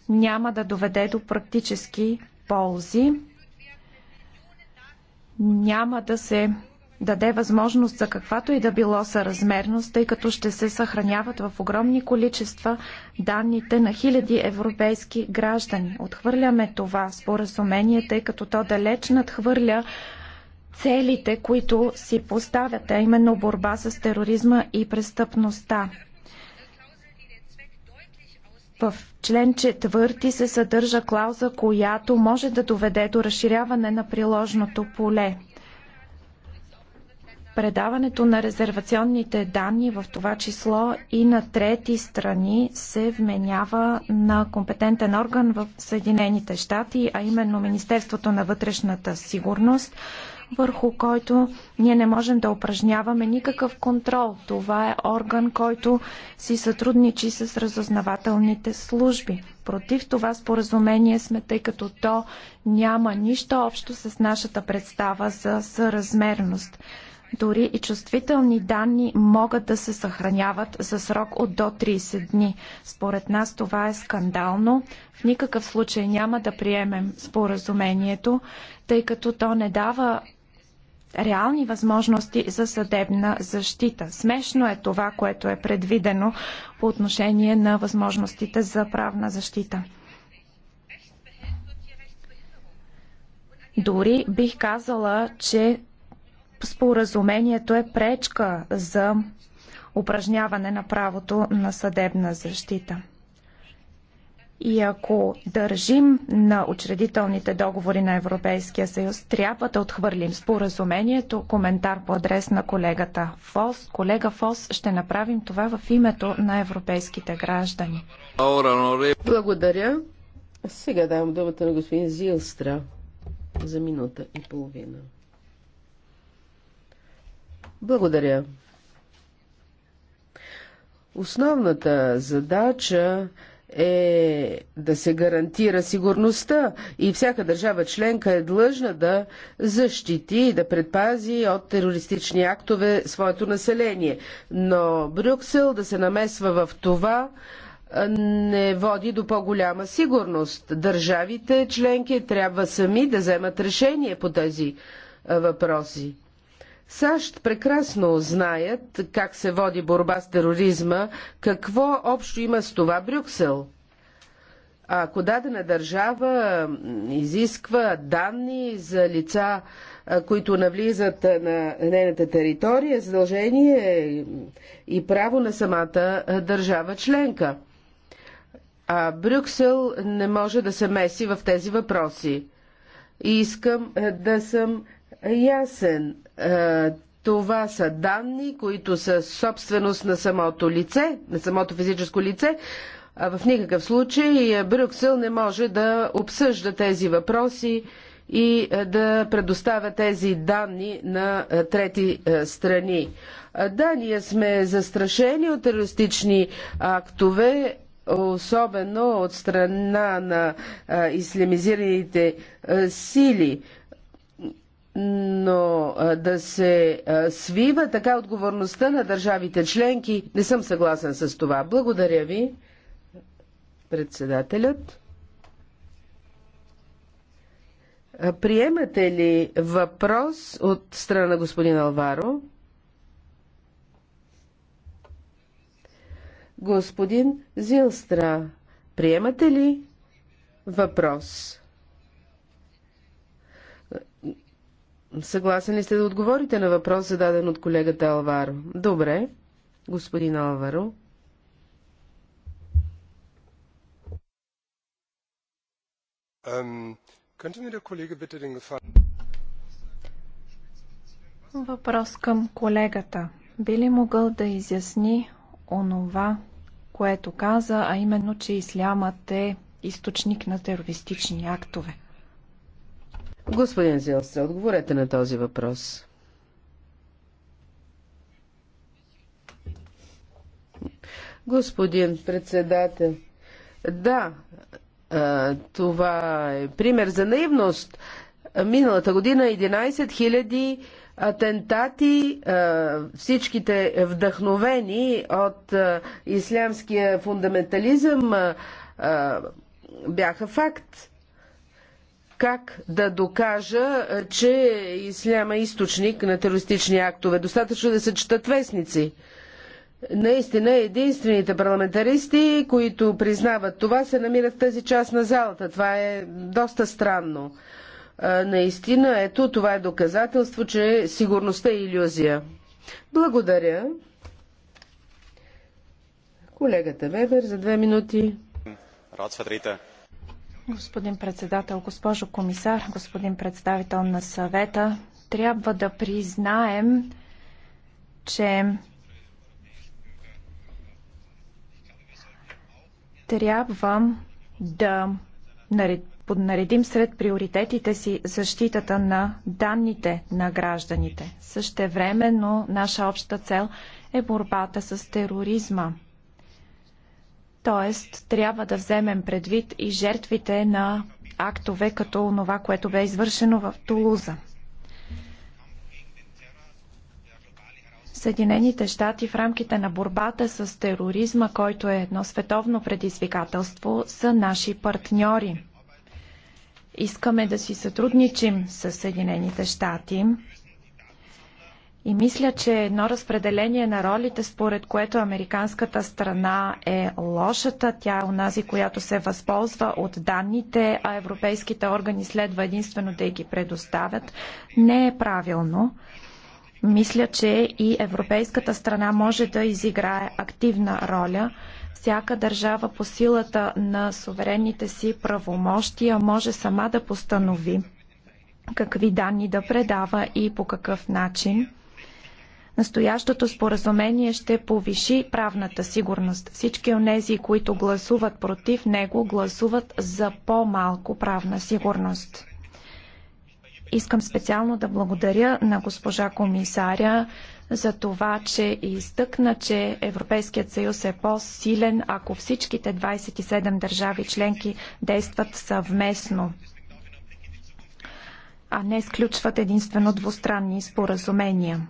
няма да доведе до практически ползи. Няма да се даде възможност за каквато и да било съразмерност, тъй като ще се съхраняват в огромни количества данните на хиляди европейски граждани. Отхвърляме това споразумение, тъй като то далеч надхвърля целите, които си поставят, а именно борба с тероризма и престъпността. В член 4 се съдържа клауза, която може да доведе до разширяване на приложното поле. Предаването на резервационните данни, в това число и на трети страни, се вменява на компетентен орган в Съединените щати, а именно Министерството на вътрешната сигурност, върху който ние не можем да упражняваме никакъв контрол. Това е орган, който си сътрудничи с разузнавателните служби. Против това споразумение сме, тъй като то няма нищо общо с нашата представа за съразмерност. Дори и чувствителни данни могат да се съхраняват за срок от до 30 дни. Според нас това е скандално. В никакъв случай няма да приемем споразумението, тъй като то не дава реални възможности за съдебна защита. Смешно е това, което е предвидено по отношение на възможностите за правна защита. Дори бих казала, че споразумението е пречка за упражняване на правото на съдебна защита. И ако държим на учредителните договори на Европейския съюз, трябва да отхвърлим споразумението. Коментар по адрес на колегата Фос. Колега Фос, ще направим това в името на европейските граждани. Благодаря. Сега давам думата на господин Зилстра за минута и половина. Благодаря. Основната задача е да се гарантира сигурността и всяка държава членка е длъжна да защити и да предпази от терористични актове своето население. Но Брюксел да се намесва в това не води до по-голяма сигурност. Държавите членки трябва сами да вземат решение по тези въпроси. САЩ прекрасно знаят как се води борба с тероризма, какво общо има с това Брюксел. А ако дадена държава изисква данни за лица, които навлизат на нейната територия, задължение и право на самата държава членка. А Брюксел не може да се меси в тези въпроси. И искам да съм ясен. Е, това са данни, които са собственост на самото лице, на самото физическо лице. В никакъв случай е, Брюксел не може да обсъжда тези въпроси и е, да предоставя тези данни на трети страни. Да, ние сме застрашени от терористични актове, особено от страна на ислямизираните сили но да се свива така отговорността на държавите членки, не съм съгласен с това. Благодаря ви, председателят. Приемате ли въпрос от страна на господин Алваро? Господин Зилстра, приемате ли въпрос? Съгласен ли сте да отговорите на въпрос, зададен от колегата Алваро? Добре, господин Алваро. Въпрос към колегата. Би ли могъл да изясни онова, което каза, а именно, че ислямът е източник на терористични актове? Господин Зилстра, отговорете на този въпрос. Господин председател, да, това е пример за наивност. Миналата година 11 000 атентати, всичките вдъхновени от ислямския фундаментализъм, бяха факт как да докажа, е, че исляма е източник на терористични актове. Достатъчно да се четат вестници. Наистина единствените парламентаристи, които признават това, се намират в тази част на залата. Това е доста странно. Е, наистина, ето, това е доказателство, че сигурността е иллюзия. Благодаря. Колегата Вебер за две минути. Рад Господин председател, госпожо комисар, господин представител на съвета, трябва да признаем, че трябва да поднаредим сред приоритетите си защитата на данните на гражданите. Същевременно наша обща цел е борбата с тероризма – Тоест, трябва да вземем предвид и жертвите на актове, като това, което бе извършено в Тулуза. Съединените щати в рамките на борбата с тероризма, който е едно световно предизвикателство, са наши партньори. Искаме да си сътрудничим с Съединените щати и мисля, че едно разпределение на ролите, според което американската страна е лошата, тя е онази, която се възползва от данните, а европейските органи следва единствено да ги предоставят, не е правилно. Мисля, че и европейската страна може да изиграе активна роля. Всяка държава по силата на суверенните си правомощия може сама да постанови какви данни да предава и по какъв начин. Настоящото споразумение ще повиши правната сигурност. Всички онези, които гласуват против него, гласуват за по-малко правна сигурност. Искам специално да благодаря на госпожа комисаря за това, че изтъкна, че Европейският съюз е по-силен, ако всичките 27 държави членки действат съвместно а не сключват единствено двустранни споразумения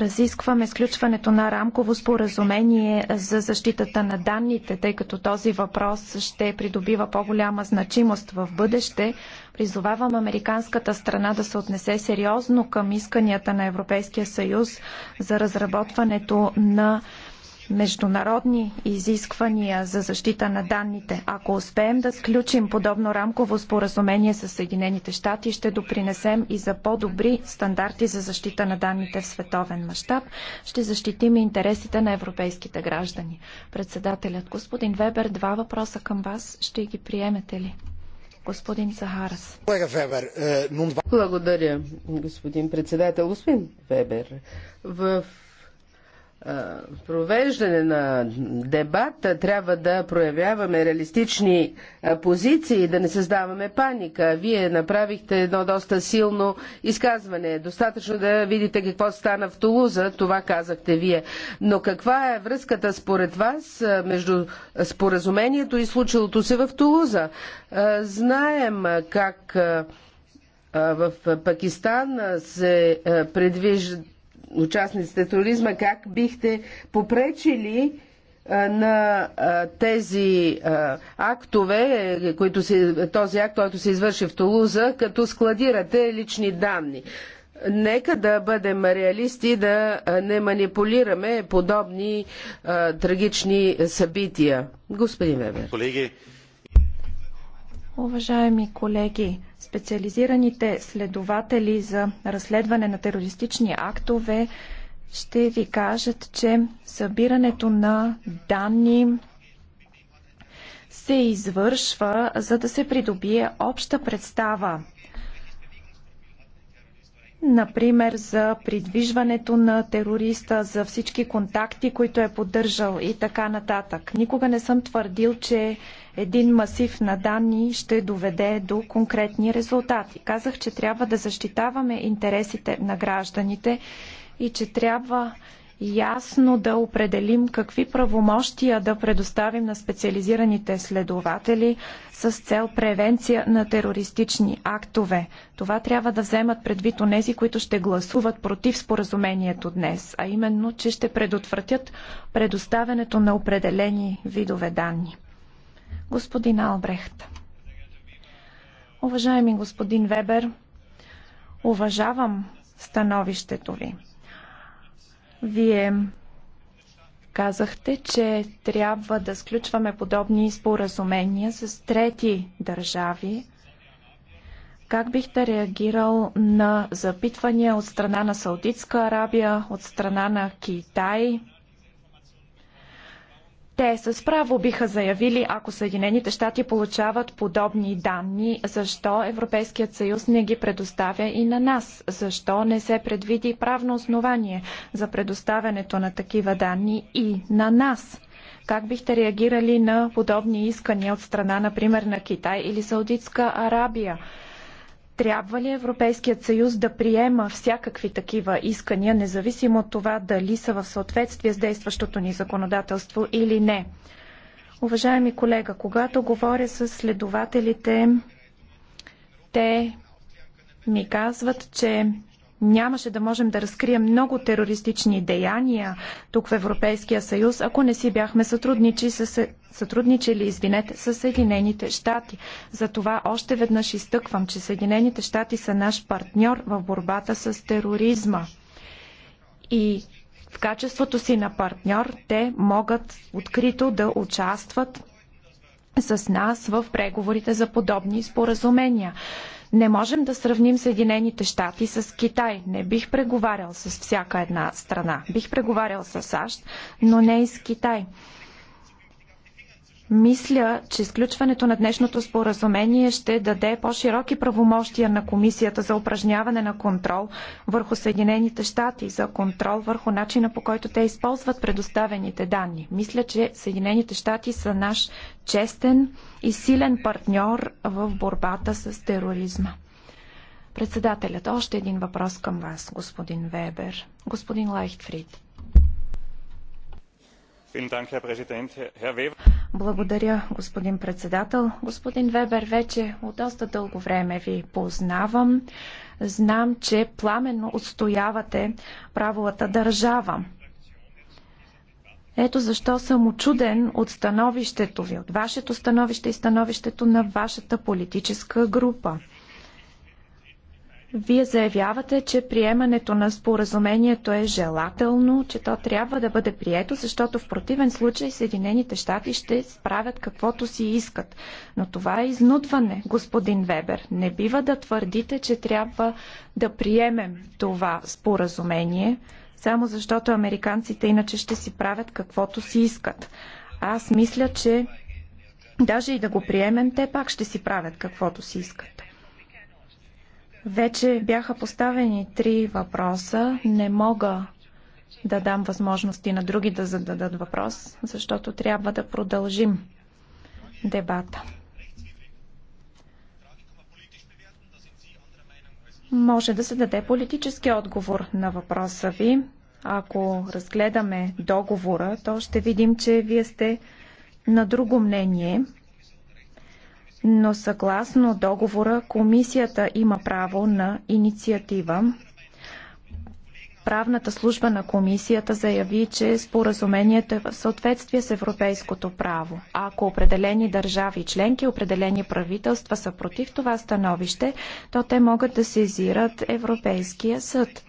разискваме сключването на рамково споразумение за защитата на данните, тъй като този въпрос ще придобива по-голяма значимост в бъдеще. Призовавам американската страна да се отнесе сериозно към исканията на Европейския съюз за разработването на международни изисквания за защита на данните. Ако успеем да сключим подобно рамково споразумение с Съединените щати, ще допринесем и за по-добри стандарти за защита на данните в световен мащаб. Ще защитим и интересите на европейските граждани. Председателят господин Вебер, два въпроса към вас. Ще ги приемете ли? Господин Сахарас. Е, Благодаря, господин председател. Господин Вебер, в провеждане на дебата трябва да проявяваме реалистични позиции и да не създаваме паника. Вие направихте едно доста силно изказване. Достатъчно да видите какво стана в Тулуза, това казахте вие. Но каква е връзката според вас между споразумението и случилото се в Тулуза? Знаем как в Пакистан се предвижда участниците в туризма, как бихте попречили на тези актове, които се, този акт, който се извърши в Тулуза, като складирате лични данни. Нека да бъдем реалисти, да не манипулираме подобни а, трагични събития. Господин Вебер. Колеги. Уважаеми колеги, Специализираните следователи за разследване на терористични актове ще ви кажат, че събирането на данни се извършва, за да се придобие обща представа например за придвижването на терориста, за всички контакти, които е поддържал и така нататък. Никога не съм твърдил, че един масив на данни ще доведе до конкретни резултати. Казах, че трябва да защитаваме интересите на гражданите и че трябва ясно да определим какви правомощия да предоставим на специализираните следователи с цел превенция на терористични актове. Това трябва да вземат предвид онези, които ще гласуват против споразумението днес, а именно, че ще предотвратят предоставянето на определени видове данни господин Албрехт. Уважаеми господин Вебер, уважавам становището ви. Вие казахте, че трябва да сключваме подобни споразумения с трети държави. Как бихте реагирал на запитвания от страна на Саудитска Арабия, от страна на Китай, те с право биха заявили, ако Съединените щати получават подобни данни, защо Европейският съюз не ги предоставя и на нас? Защо не се предвиди правно основание за предоставянето на такива данни и на нас? Как бихте реагирали на подобни искания от страна, например, на Китай или Саудитска Арабия? Трябва ли Европейският съюз да приема всякакви такива искания, независимо от това дали са в съответствие с действащото ни законодателство или не? Уважаеми колега, когато говоря с следователите, те ми казват, че нямаше да можем да разкрием много терористични деяния тук в Европейския съюз, ако не си бяхме сътрудничи с, сътрудничили извинете, с Съединените щати. Затова още веднъж изтъквам, че Съединените щати са наш партньор в борбата с тероризма. И в качеството си на партньор те могат открито да участват с нас в преговорите за подобни споразумения. Не можем да сравним Съединените щати с Китай. Не бих преговарял с всяка една страна. Бих преговарял с САЩ, но не и с Китай. Мисля, че сключването на днешното споразумение ще даде по-широки правомощия на Комисията за упражняване на контрол върху Съединените щати, за контрол върху начина по който те използват предоставените данни. Мисля, че Съединените щати са наш честен и силен партньор в борбата с тероризма. Председателят, още един въпрос към вас, господин Вебер. Господин Лайхтфрид. Vielen благодаря, господин председател. Господин Вебер, вече от доста дълго време ви познавам. Знам, че пламенно отстоявате правовата държава. Ето защо съм очуден от становището ви, от вашето становище и становището на вашата политическа група. Вие заявявате, че приемането на споразумението е желателно, че то трябва да бъде прието, защото в противен случай Съединените щати ще справят каквото си искат. Но това е изнудване, господин Вебер. Не бива да твърдите, че трябва да приемем това споразумение, само защото американците иначе ще си правят каквото си искат. Аз мисля, че даже и да го приемем, те пак ще си правят каквото си искат. Вече бяха поставени три въпроса. Не мога да дам възможности на други да зададат въпрос, защото трябва да продължим дебата. Може да се даде политически отговор на въпроса ви. Ако разгледаме договора, то ще видим, че вие сте на друго мнение но съгласно договора комисията има право на инициатива. Правната служба на комисията заяви, че споразумението е в съответствие с европейското право. ако определени държави членки, определени правителства са против това становище, то те могат да сезират Европейския съд.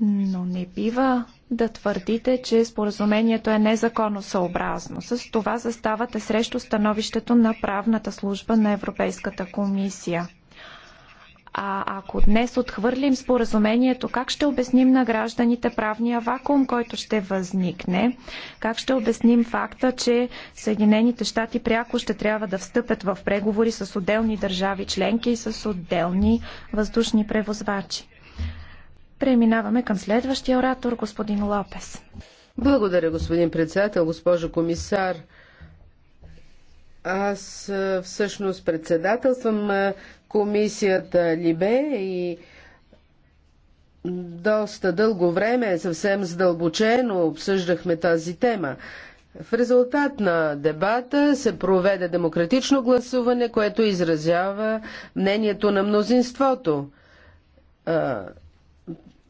Но не бива да твърдите, че споразумението е незаконосъобразно. С това заставате срещу становището на правната служба на Европейската комисия. А ако днес отхвърлим споразумението, как ще обясним на гражданите правния вакуум, който ще възникне? Как ще обясним факта, че Съединените щати пряко ще трябва да встъпят в преговори с отделни държави членки и с отделни въздушни превозвачи? Преминаваме към следващия оратор, господин Лопес. Благодаря, господин председател, госпожо комисар. Аз е, всъщност председателствам е, комисията Либе и доста дълго време, съвсем задълбочено обсъждахме тази тема. В резултат на дебата се проведе демократично гласуване, което изразява мнението на мнозинството е,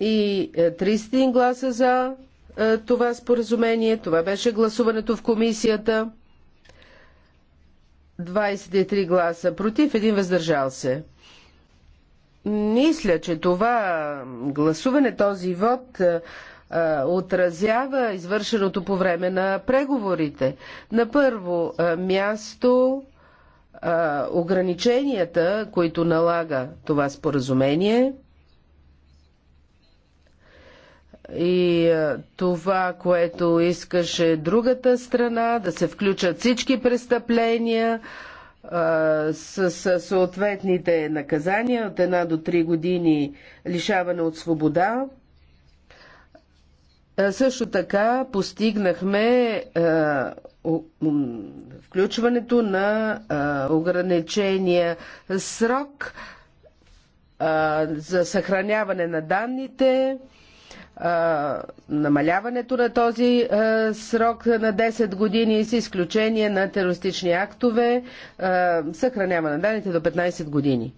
и 31 е, гласа за е, това споразумение. Това беше гласуването в комисията. 23 гласа против, един въздържал се. Мисля, че това гласуване, този вод е, отразява извършеното по време на преговорите. На първо място ограниченията, които налага това споразумение – и е, това, което искаше другата страна, да се включат всички престъпления е, с, съответните наказания от една до три години лишаване от свобода. Е, също така постигнахме включването на ограничения срок за съхраняване на данните, намаляването на този срок на 10 години с изключение на терористични актове, съхранява на данните до 15 години.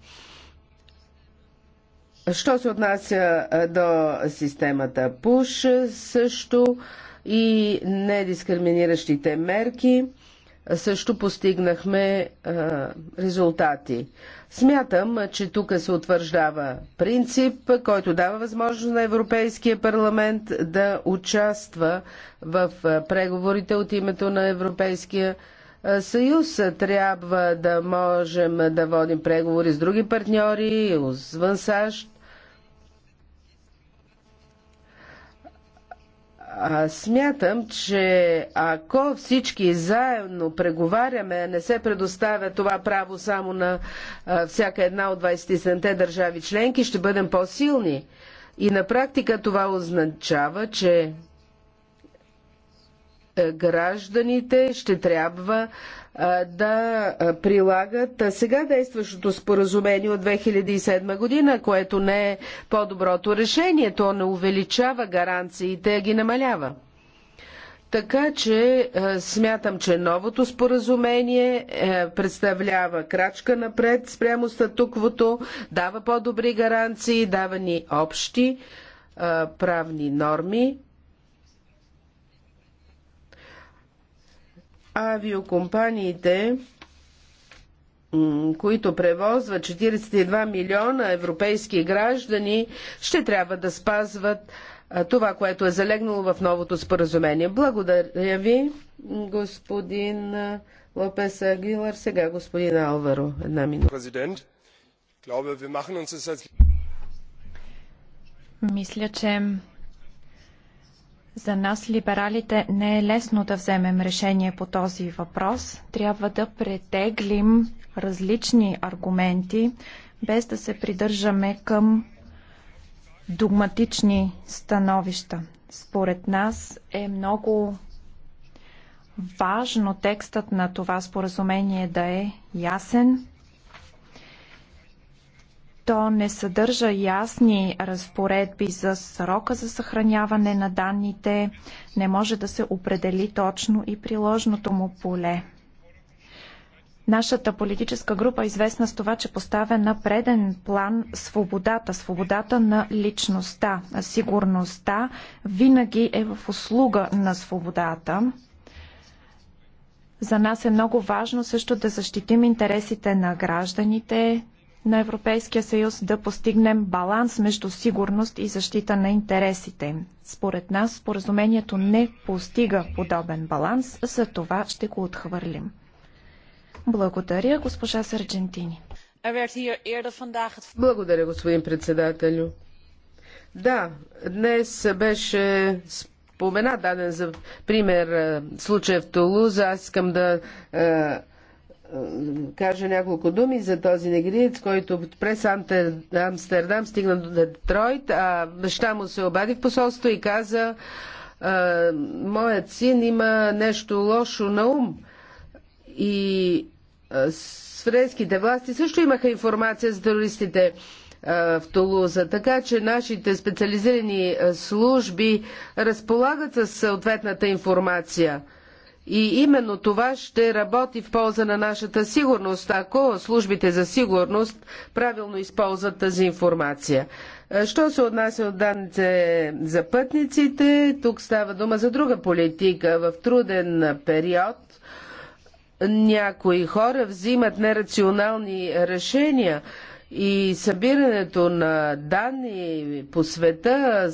Що се отнася до системата ПУШ също и недискриминиращите мерки – също постигнахме а, резултати. Смятам, че тук се утвърждава принцип, който дава възможност на Европейския парламент да участва в преговорите от името на Европейския съюз. Трябва да можем да водим преговори с други партньори, извън САЩ, А, смятам, че ако всички заедно преговаряме, не се предоставя това право само на а, всяка една от 27-те държави членки, ще бъдем по-силни. И на практика това означава, че е, гражданите ще трябва е, да е, прилагат сега действащото споразумение от 2007 година, което не е по-доброто решение. То не увеличава гаранциите, а ги намалява. Така че смятам, че новото споразумение представлява крачка напред спрямо статуквото, дава по-добри гаранции, дава ни общи правни норми авиокомпаниите, които превозват 42 милиона европейски граждани, ще трябва да спазват това, което е залегнало в новото споразумение. Благодаря ви, господин Лопес Агилар. Сега господин Алваро. Една минута. Мисля, че за нас, либералите, не е лесно да вземем решение по този въпрос. Трябва да претеглим различни аргументи, без да се придържаме към догматични становища. Според нас е много важно текстът на това споразумение да е ясен, то не съдържа ясни разпоредби за срока за съхраняване на данните, не може да се определи точно и приложното му поле. Нашата политическа група е известна с това, че поставя на преден план свободата, свободата на личността. Сигурността винаги е в услуга на свободата. За нас е много важно също да защитим интересите на гражданите, на Европейския съюз да постигнем баланс между сигурност и защита на интересите Според нас споразумението не постига подобен баланс, за това ще го отхвърлим. Благодаря, госпожа Сарджентини. Er Благодаря, господин председателю. Да, днес беше спомена даден за пример е, случая в Тулуза. Аз искам да е, кажа няколко думи за този негриец, който през Амстердам стигна до Детройт, а баща му се обади в посолство и каза моят син има нещо лошо на ум. И френските власти също имаха информация за терористите в Тулуза. Така че нашите специализирани служби разполагат с съответната информация. И именно това ще работи в полза на нашата сигурност, ако службите за сигурност правилно използват тази информация. Що се отнася от данните за пътниците, тук става дума за друга политика. В труден период някои хора взимат нерационални решения и събирането на данни по света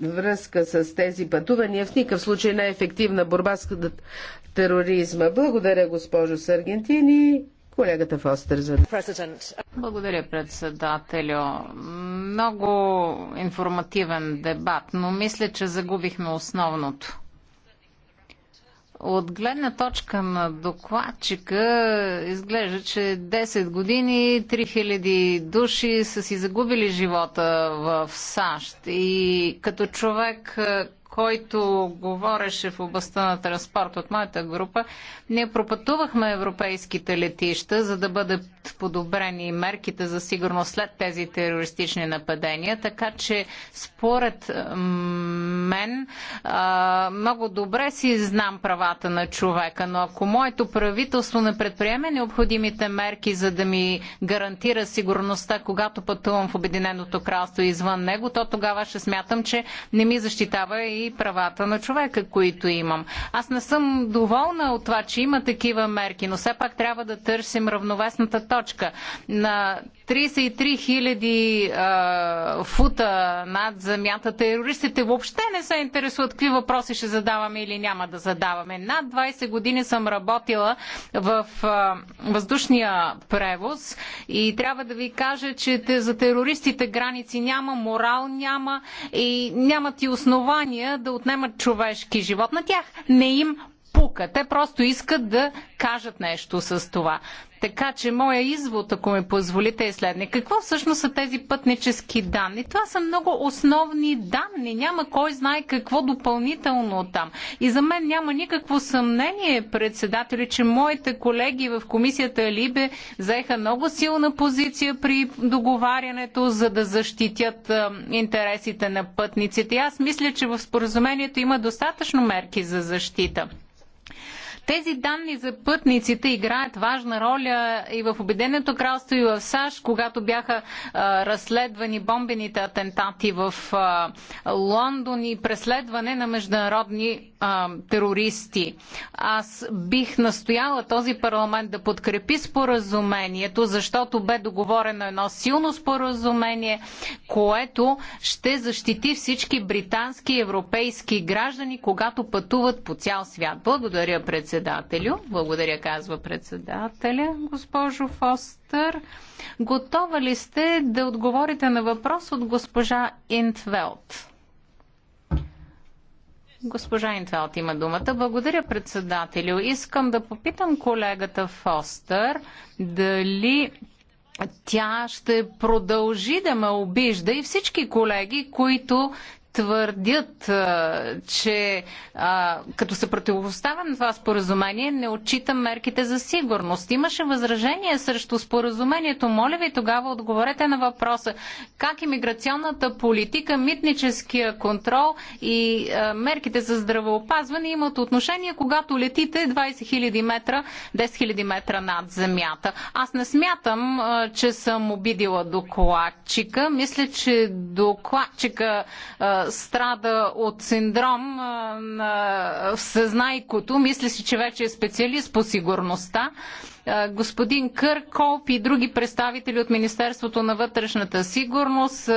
връзка с тези пътувания в никакъв случай не е ефективна борба с тероризма. Благодаря, госпожо Саргентини. Колегата Фостер за... Благодаря, председателю. Много информативен дебат, но мисля, че загубихме основното – от гледна точка на докладчика изглежда, че 10 години 3000 души са си загубили живота в САЩ. И като човек, който говореше в областта на транспорт от моята група, ние пропътувахме европейските летища, за да бъдат подобрени мерките за сигурност след тези терористични нападения. Така че, според мен, много добре си знам правата на човека, но ако моето правителство не предприеме необходимите мерки, за да ми гарантира сигурността, когато пътувам в Обединеното кралство и извън него, то тогава ще смятам, че не ми защитава и и правата на човека, които имам. Аз не съм доволна от това, че има такива мерки, но все пак трябва да търсим равновесната точка. На 33 хиляди фута над земята. Терористите въобще не се интересуват какви въпроси ще задаваме или няма да задаваме. Над 20 години съм работила в а, въздушния превоз и трябва да ви кажа, че за терористите граници няма, морал няма и нямат и основания да отнемат човешки живот. На тях не им пука. Те просто искат да кажат нещо с това. Така че моя извод, ако ми позволите, е следния. Какво всъщност са тези пътнически данни? Това са много основни данни. Няма кой знае какво допълнително там. И за мен няма никакво съмнение, председатели, че моите колеги в комисията Либе заеха много силна позиция при договарянето, за да защитят интересите на пътниците. И аз мисля, че в споразумението има достатъчно мерки за защита. Тези данни за пътниците играят важна роля и в Обединеното кралство и в САЩ, когато бяха а, разследвани бомбените атентати в а, Лондон и преследване на международни а, терористи. Аз бих настояла този парламент да подкрепи споразумението, защото бе договорено едно силно споразумение, което ще защити всички британски и европейски граждани, когато пътуват по цял свят. Благодаря, председател председателю. Благодаря, казва председателя, госпожо Фостър. Готова ли сте да отговорите на въпрос от госпожа Интвелт? Госпожа Интвелт има думата. Благодаря, председателю. Искам да попитам колегата Фостър дали тя ще продължи да ме обижда и всички колеги, които твърдят, че като се противопоставя на това споразумение, не отчита мерките за сигурност. Имаше възражение срещу споразумението. Моля ви тогава отговорете на въпроса как имиграционната политика, митническия контрол и мерките за здравеопазване имат отношение, когато летите 20 000 метра, 10 000 метра над земята. Аз не смятам, че съм обидила докладчика. Мисля, че докладчика страда от синдром на всезнайкото, мисли си, че вече е специалист по сигурността господин Къркоп и други представители от Министерството на вътрешната сигурност.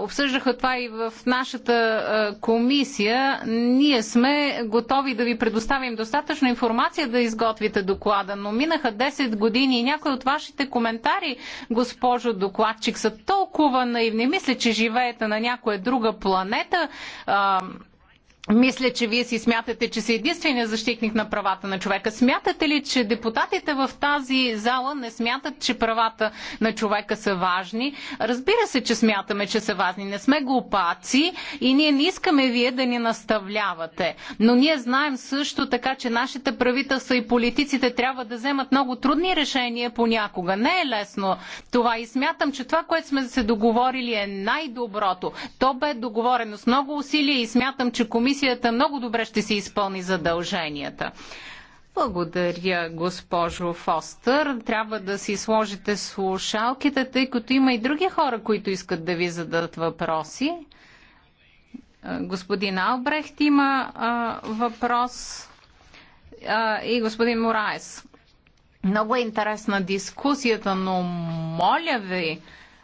Обсъждаха това и в нашата комисия. Ние сме готови да ви предоставим достатъчно информация да изготвите доклада, но минаха 10 години и някои от вашите коментари, госпожо докладчик, са толкова наивни. Мисля, че живеете на някоя друга планета мисля, че вие си смятате, че си единствения защитник на правата на човека. Смятате ли, че депутатите в тази зала не смятат, че правата на човека са важни? Разбира се, че смятаме, че са важни. Не сме глупаци и ние не искаме вие да ни наставлявате. Но ние знаем също така, че нашите правителства и политиците трябва да вземат много трудни решения понякога. Не е лесно това и смятам, че това, което сме се договорили е най-доброто. То бе договорено с много усилия и смятам, че комисията комисията много добре ще си изпълни задълженията. Благодаря, госпожо Фостър. Трябва да си сложите слушалките, тъй като има и други хора, които искат да ви зададат въпроси. Господин Албрехт има а, въпрос а, и господин Мораес. Много е интересна дискусията, но моля ви,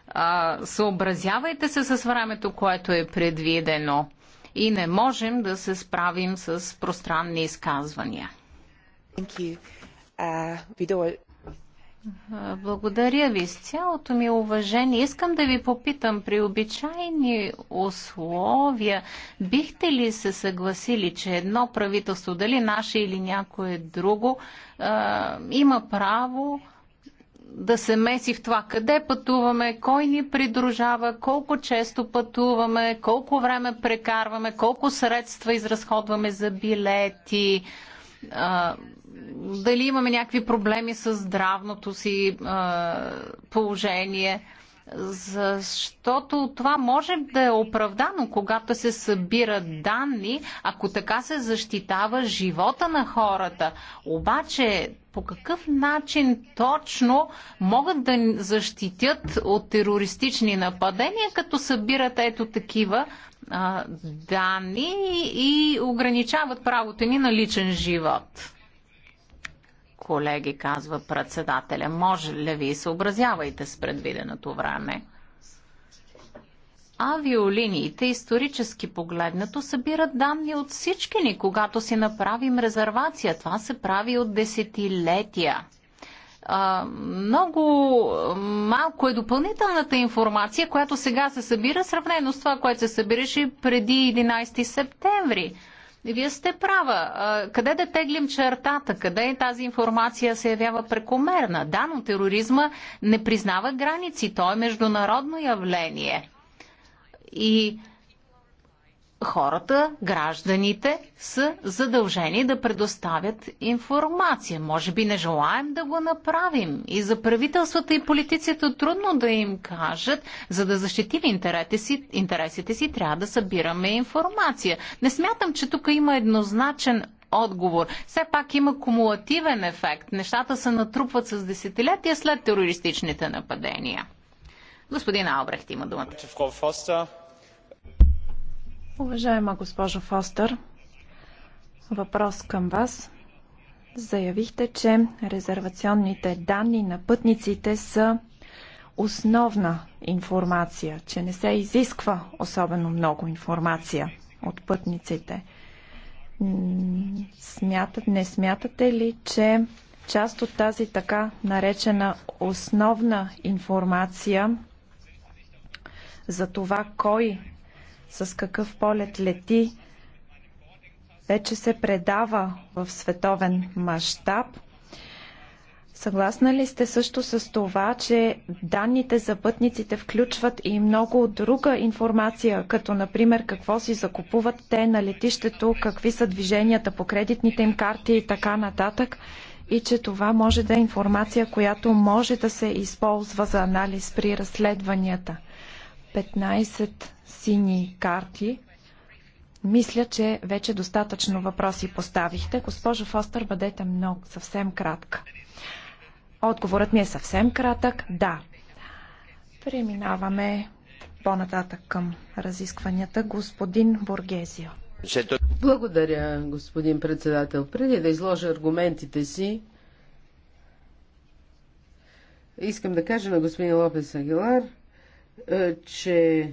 а, съобразявайте се с времето, което е предвидено и не можем да се справим с пространни изказвания. Uh, Благодаря ви с цялото ми уважение. Искам да ви попитам, при обичайни условия, бихте ли се съгласили, че едно правителство, дали наше или някое друго, има право да се меси в това къде пътуваме, кой ни придружава, колко често пътуваме, колко време прекарваме, колко средства изразходваме за билети, а, дали имаме някакви проблеми с здравното си а, положение защото това може да е оправдано, когато се събират данни, ако така се защитава живота на хората. Обаче, по какъв начин точно могат да защитят от терористични нападения, като събират ето такива а, данни и ограничават правото ни на личен живот? колеги, казва председателя. Може ли ви съобразявайте с предвиденото време? авиолиниите, исторически погледнато, събират данни от всички ни, когато си направим резервация. Това се прави от десетилетия. А, много малко е допълнителната информация, която сега се събира, сравнено с това, което се събираше преди 11 септември. Вие сте права. Къде да теглим чертата? Къде тази информация се явява прекомерна? Да, но тероризма не признава граници. Той е международно явление. И хората, гражданите са задължени да предоставят информация. Може би не желаем да го направим. И за правителствата и политиците трудно да им кажат, за да защитим интересите си, интересите си трябва да събираме информация. Не смятам, че тук има еднозначен отговор. Все пак има кумулативен ефект. Нещата се натрупват с десетилетия след терористичните нападения. Господин Албрехт има думата. Уважаема госпожо Фостър, въпрос към вас. Заявихте, че резервационните данни на пътниците са основна информация, че не се изисква особено много информация от пътниците. Смятат, не смятате ли, че част от тази така наречена основна информация за това кой с какъв полет лети, вече се предава в световен мащаб. Съгласна ли сте също с това, че данните за пътниците включват и много друга информация, като например какво си закупуват те на летището, какви са движенията по кредитните им карти и така нататък, и че това може да е информация, която може да се използва за анализ при разследванията? 15 сини карти. Мисля, че вече достатъчно въпроси поставихте. Госпожо Фостър, бъдете много, съвсем кратка. Отговорът ми е съвсем кратък. Да. Преминаваме по-нататък към разискванията. Господин Боргезио. Благодаря, господин председател. Преди да изложа аргументите си, искам да кажа на господин Лопес Агилар – е, че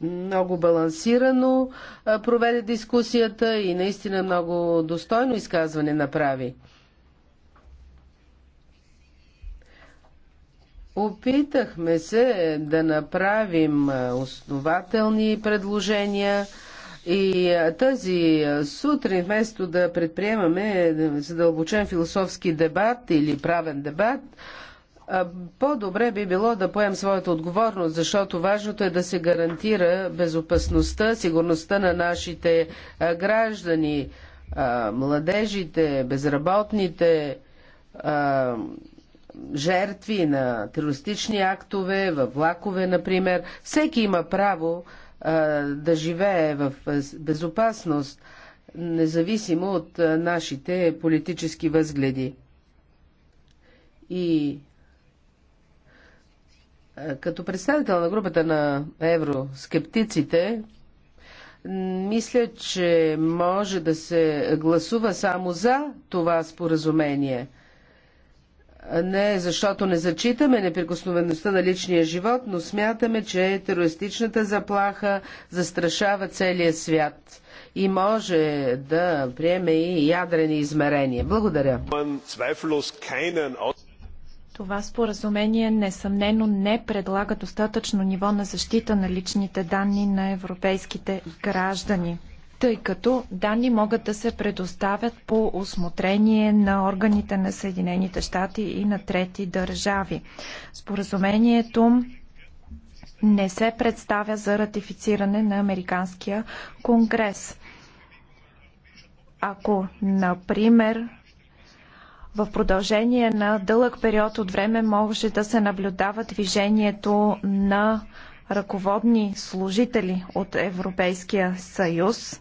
много балансирано е, проведе дискусията и наистина много достойно изказване направи. Опитахме се да направим е, основателни предложения и тази сутрин, вместо да предприемаме задълбочен философски дебат или правен дебат, по-добре би било да поем своята отговорност, защото важното е да се гарантира безопасността, сигурността на нашите граждани, младежите, безработните, жертви на терористични актове, във влакове, например. Всеки има право да живее в безопасност, независимо от нашите политически възгледи. И като представител на групата на евроскептиците, мисля, че може да се гласува само за това споразумение. Не защото не зачитаме неприкосновеността на личния живот, но смятаме, че терористичната заплаха застрашава целия свят и може да приеме и ядрени измерения. Благодаря. Това споразумение несъмнено не предлага достатъчно ниво на защита на личните данни на европейските граждани тъй като данни могат да се предоставят по осмотрение на органите на Съединените щати и на трети държави. Споразумението не се представя за ратифициране на Американския конгрес. Ако, например, в продължение на дълъг период от време може да се наблюдава движението на ръководни служители от Европейския съюз,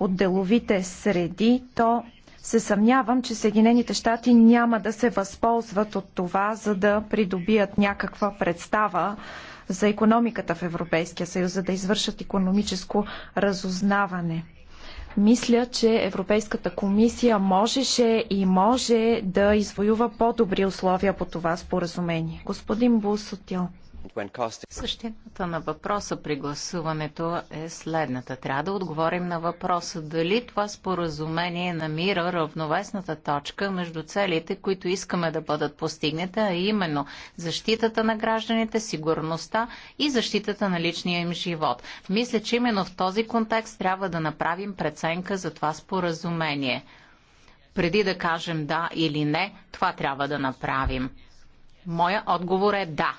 от деловите среди, то се съмнявам, че Съединените щати няма да се възползват от това, за да придобият някаква представа за економиката в Европейския съюз, за да извършат економическо разузнаване. Мисля, че Европейската комисия можеше и може да извоюва по-добри условия по това споразумение. Господин Бусотил. Същината на въпроса при гласуването е следната. Трябва да отговорим на въпроса дали това споразумение намира равновесната точка между целите, които искаме да бъдат постигнете, а именно защитата на гражданите, сигурността и защитата на личния им живот. Мисля, че именно в този контекст трябва да направим преценка за това споразумение. Преди да кажем да или не, това трябва да направим. Моя отговор е да.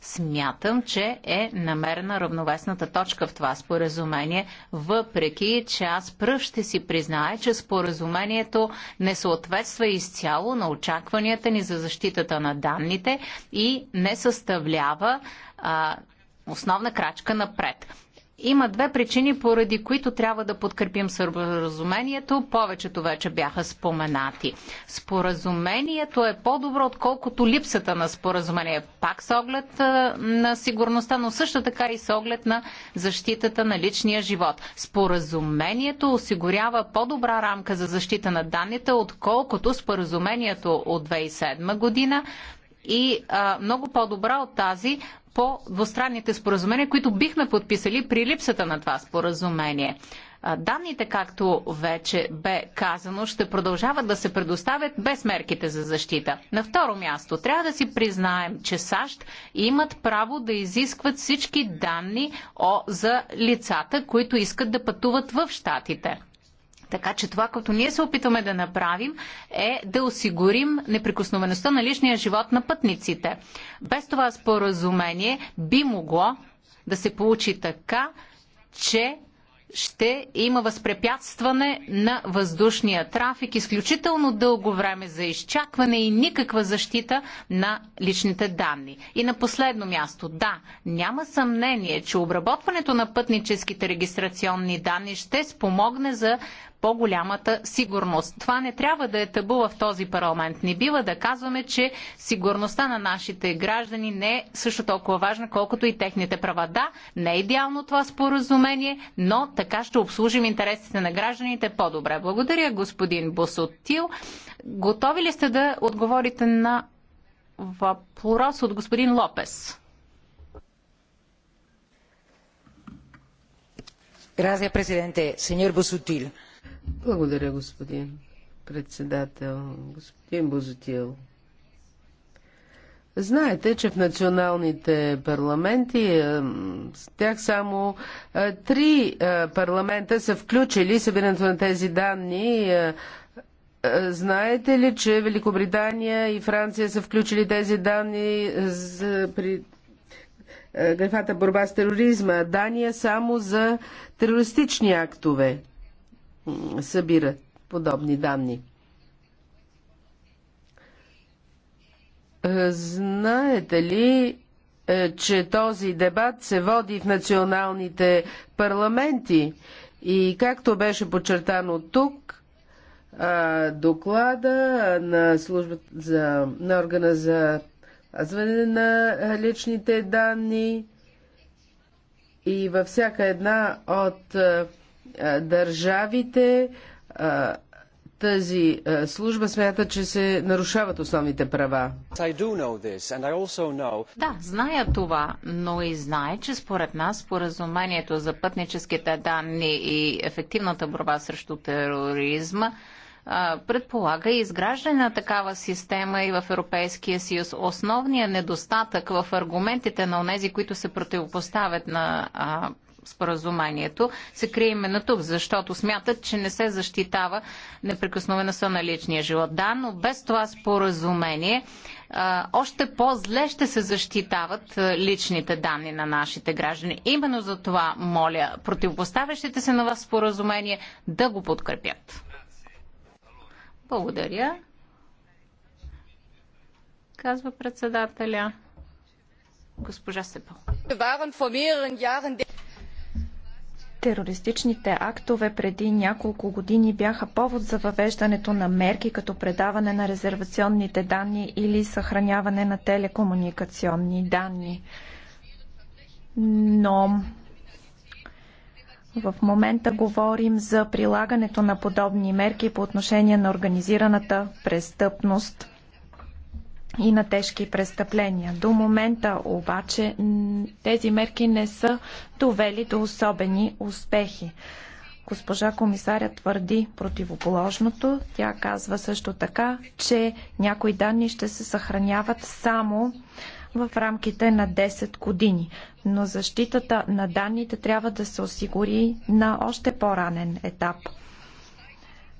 Смятам, че е намерена равновесната точка в това споразумение, въпреки че аз пръв ще си призная, че споразумението не съответства изцяло на очакванията ни за защитата на данните и не съставлява а, основна крачка напред. Има две причини, поради които трябва да подкрепим споразумението. Повечето вече бяха споменати. Споразумението е по-добро, отколкото липсата на споразумение. Пак с оглед на сигурността, но също така и с оглед на защитата на личния живот. Споразумението осигурява по-добра рамка за защита на данните, отколкото споразумението от 2007 година и а, много по-добра от тази, по двустранните споразумения, които бихме подписали при липсата на това споразумение. Данните, както вече бе казано, ще продължават да се предоставят без мерките за защита. На второ място, трябва да си признаем, че САЩ имат право да изискват всички данни за лицата, които искат да пътуват в Штатите. Така че това, което ние се опитваме да направим, е да осигурим неприкосновеността на личния живот на пътниците. Без това споразумение би могло да се получи така, че ще има възпрепятстване на въздушния трафик, изключително дълго време за изчакване и никаква защита на личните данни. И на последно място, да, няма съмнение, че обработването на пътническите регистрационни данни ще спомогне за по-голямата сигурност. Това не трябва да е табу в този парламент. Не бива да казваме, че сигурността на нашите граждани не е също толкова важна, колкото и техните права. Да, не е идеално това споразумение, но така ще обслужим интересите на гражданите по-добре. Благодаря, господин Босотил. Готови ли сте да отговорите на въпрос от господин Лопес? Грация, президенте. Сеньор Босотил. Благодаря, господин председател. Господин Бозотил, Знаете, че в националните парламенти, е, с тях само е, три е, парламента са включили събирането на тези данни. Знаете ли, че Великобритания и Франция са включили тези данни за, при графата борба с тероризма? Дания само за терористични актове събира подобни данни. Е, знаете ли, е, че този дебат се води в националните парламенти и както беше подчертано тук, доклада на службата за, на органа за звене на личните данни и във всяка една от държавите тази е, служба смята, че се нарушават основните права. Да, зная това, но и знае, че според нас споразумението за пътническите данни и ефективната борба срещу тероризма е, предполага и изграждане на такава система и в Европейския съюз. Основният недостатък в аргументите на онези, които се противопоставят на споразумението се крие именно тук, защото смятат, че не се защитава неприкосновеността на личния живот. Да, но без това споразумение още по-зле ще се защитават личните данни на нашите граждани. Именно за това моля противопоставящите се на вас споразумение да го подкрепят. Благодаря. Казва председателя госпожа Сепел. Терористичните актове преди няколко години бяха повод за въвеждането на мерки като предаване на резервационните данни или съхраняване на телекомуникационни данни. Но в момента говорим за прилагането на подобни мерки по отношение на организираната престъпност – и на тежки престъпления. До момента обаче тези мерки не са довели до особени успехи. Госпожа комисаря твърди противоположното. Тя казва също така, че някои данни ще се съхраняват само в рамките на 10 години. Но защитата на данните трябва да се осигури на още по-ранен етап –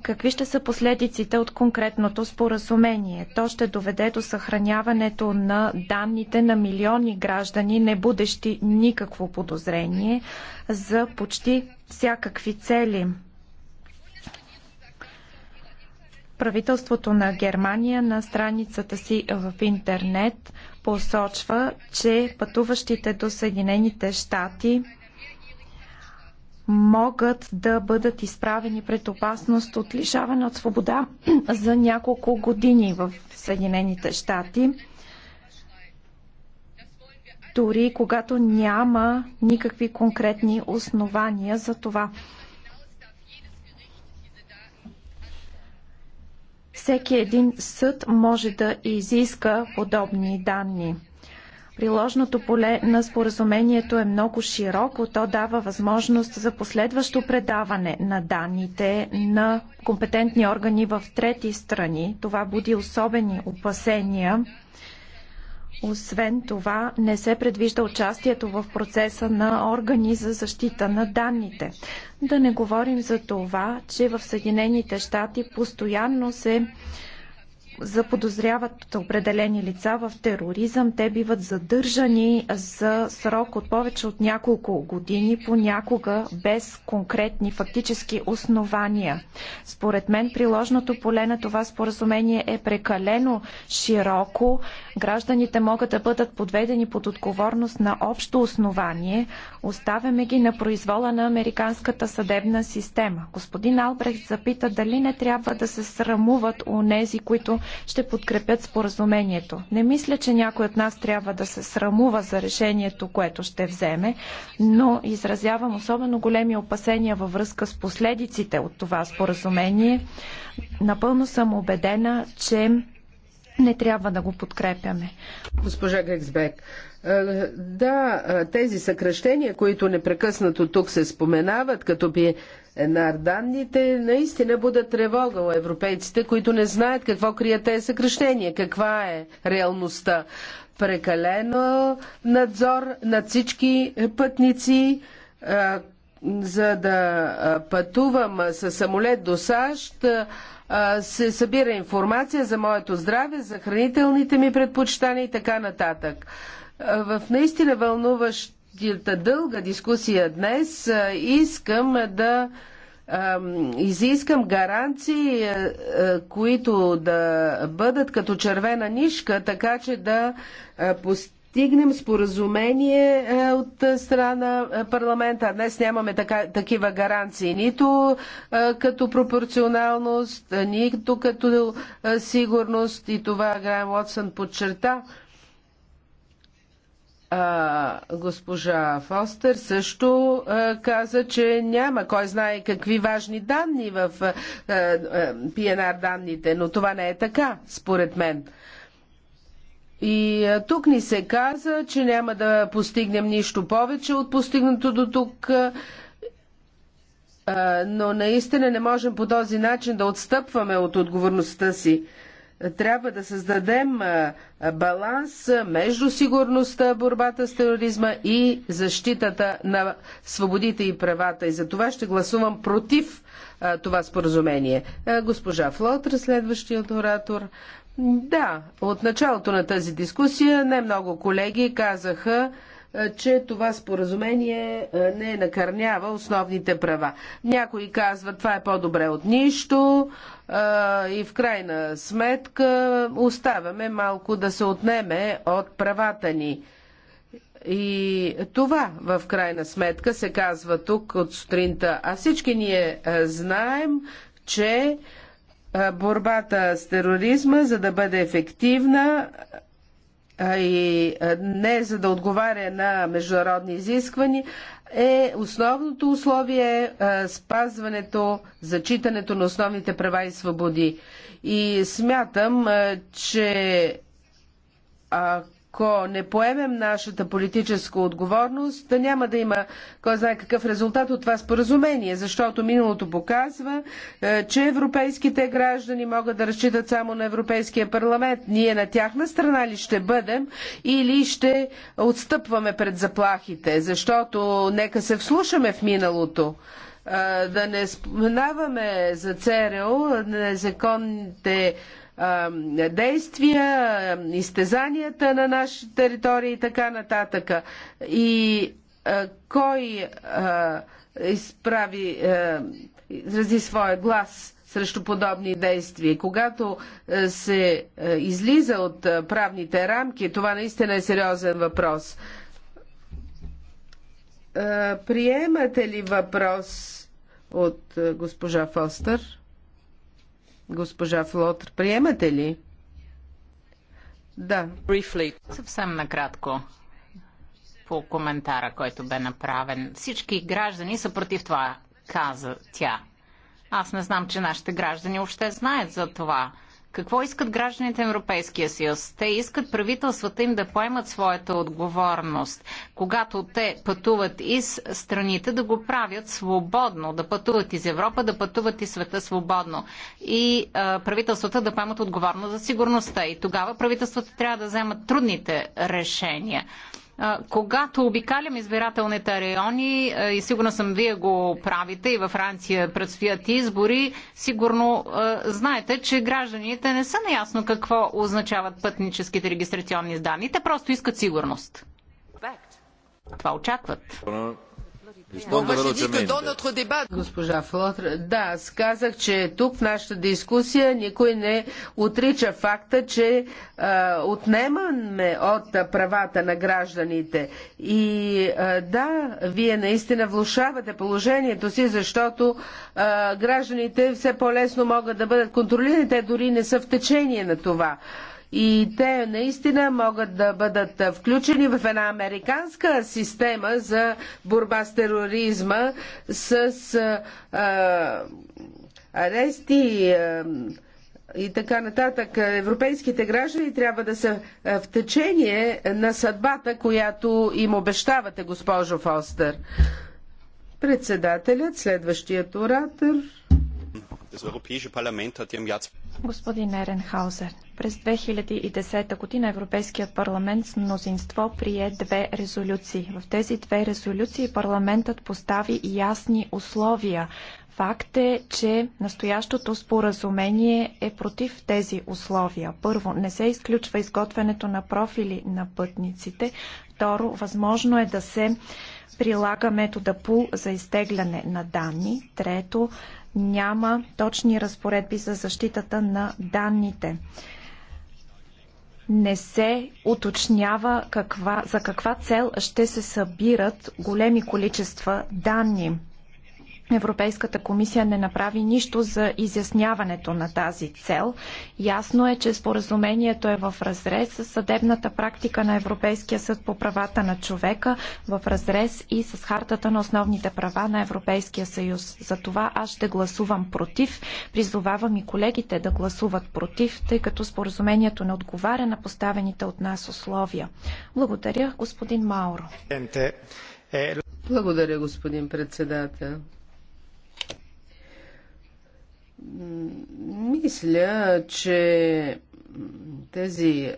Какви ще са последиците от конкретното споразумение? То ще доведе до съхраняването на данните на милиони граждани, не будещи никакво подозрение за почти всякакви цели. Правителството на Германия на страницата си в интернет посочва, че пътуващите до Съединените щати могат да бъдат изправени пред опасност от лишаване от свобода за няколко години в Съединените щати, дори когато няма никакви конкретни основания за това. Всеки един съд може да изиска подобни данни. Приложното поле на споразумението е много широко. То дава възможност за последващо предаване на данните на компетентни органи в трети страни. Това буди особени опасения. Освен това, не се предвижда участието в процеса на органи за защита на данните. Да не говорим за това, че в Съединените щати постоянно се заподозряват определени лица в тероризъм. Те биват задържани за срок от повече от няколко години, понякога без конкретни фактически основания. Според мен приложното поле на това споразумение е прекалено широко. Гражданите могат да бъдат подведени под отговорност на общо основание. Оставяме ги на произвола на американската съдебна система. Господин Албрехт запита дали не трябва да се срамуват у нези, които ще подкрепят споразумението. Не мисля, че някой от нас трябва да се срамува за решението, което ще вземе, но изразявам особено големи опасения във връзка с последиците от това споразумение. Напълно съм убедена, че не трябва да го подкрепяме. Госпожа Гексбек, е, да, е, тези съкръщения, които непрекъснато тук се споменават, като би на данните, наистина будат тревога у европейците, които не знаят какво крият тези съкръщения, каква е реалността. Прекалено надзор над всички пътници, е, за да пътувам с самолет до САЩ, се събира информация за моето здраве, за хранителните ми предпочитания и така нататък. В наистина вълнуващата дълга дискусия днес искам да изискам гаранции, които да бъдат като червена нишка, така че да постигнем споразумение от страна парламента. Днес нямаме така, такива гаранции нито като пропорционалност, нито като сигурност и това Грайм Уотсън подчерта. А, госпожа Фостер също а, каза, че няма кой знае какви важни данни в а, а, данните, но това не е така, според мен. И а, тук ни се каза, че няма да постигнем нищо повече от постигнато до тук. А, но наистина не можем по този начин да отстъпваме от отговорността си трябва да създадем баланс между сигурността, борбата с тероризма и защитата на свободите и правата. И за това ще гласувам против това споразумение. Госпожа Флотър, следващият оратор. Да, от началото на тази дискусия не много колеги казаха, е, че това споразумение е, не накърнява основните права. Някои казват, това е по-добре от нищо е, и в крайна сметка оставяме малко да се отнеме от правата ни. И това в крайна сметка се казва тук от сутринта. А всички ние знаем, че борбата с тероризма, за да бъде ефективна, и не за да отговаря на международни изисквания, е основното условие е, спазването, зачитането на основните права и свободи. И смятам, че ако ако не поемем нашата политическа отговорност, да няма да има кой знае какъв резултат от това споразумение, защото миналото показва, е, че европейските граждани могат да разчитат само на Европейския парламент. Ние на тяхна страна ли ще бъдем или ще отстъпваме пред заплахите, защото нека се вслушаме в миналото е, да не споменаваме за ЦРУ незаконните действия, изтезанията на нашите територии и така нататък. И кой изправи, изрази своя глас срещу подобни действия. Когато се излиза от правните рамки, това наистина е сериозен въпрос. Приемате ли въпрос от госпожа Фостър? Госпожа Флотр, приемате ли? Да. Съвсем накратко по коментара, който бе направен. Всички граждани са против това, каза тя. Аз не знам, че нашите граждани още знаят за това. Какво искат гражданите на Европейския съюз? Те искат правителствата им да поемат своята отговорност. Когато те пътуват из страните, да го правят свободно, да пътуват из Европа, да пътуват из света свободно. И а, правителствата да поемат отговорност за сигурността. И тогава правителствата трябва да вземат трудните решения. Когато обикалям избирателните райони, и сигурно съм вие го правите, и във Франция предстоят избори, сигурно знаете, че гражданите не са наясно какво означават пътническите регистрационни данни. Те просто искат сигурност. Това очакват. Госпожа Флотр, да, аз казах, че е тук в нашата дискусия никой не отрича факта, че а, отнемаме от правата на гражданите. И а, да, вие наистина влушавате положението си, защото а, гражданите все по-лесно могат да бъдат контролирани, те дори не са в течение на това. И те наистина могат да бъдат включени в една американска система за борба с тероризма, с а, арести а, и така нататък. Европейските граждани трябва да са в течение на съдбата, която им обещавате, госпожо Фостер. Председателят, следващият оратор. Господин Еренхаузер, през 2010 година Европейският парламент с мнозинство прие две резолюции. В тези две резолюции парламентът постави ясни условия. Факт е, че настоящото споразумение е против тези условия. Първо, не се изключва изготвянето на профили на пътниците. Второ, възможно е да се прилага метода ПУЛ за изтегляне на данни. Трето, няма точни разпоредби за защитата на данните. Не се уточнява каква, за каква цел ще се събират големи количества данни. Европейската комисия не направи нищо за изясняването на тази цел. Ясно е, че споразумението е в разрез с съдебната практика на Европейския съд по правата на човека, в разрез и с хартата на основните права на Европейския съюз. За това аз ще гласувам против. Призовавам и колегите да гласуват против, тъй като споразумението не отговаря на поставените от нас условия. Благодаря, господин Мауро. Е- Благодаря, господин председател. Мисля, че тези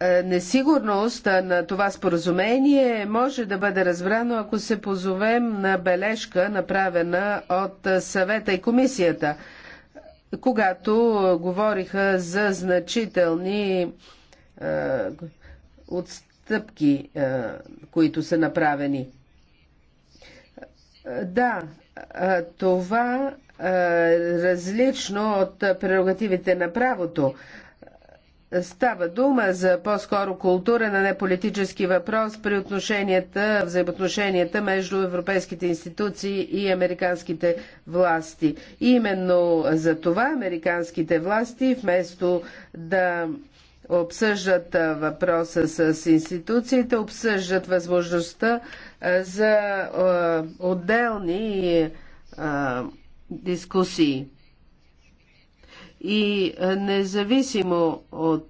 е, несигурност на това споразумение може да бъде разбрано, ако се позовем на бележка, направена от съвета и комисията, когато говориха за значителни е, отстъпки, е, които са направени. Да, това различно от прерогативите на правото. Става дума за по-скоро култура на неполитически въпрос при отношенията, взаимоотношенията между европейските институции и американските власти. И именно за това американските власти, вместо да обсъждат въпроса с институциите, обсъждат възможността за отделни дискусии. И независимо от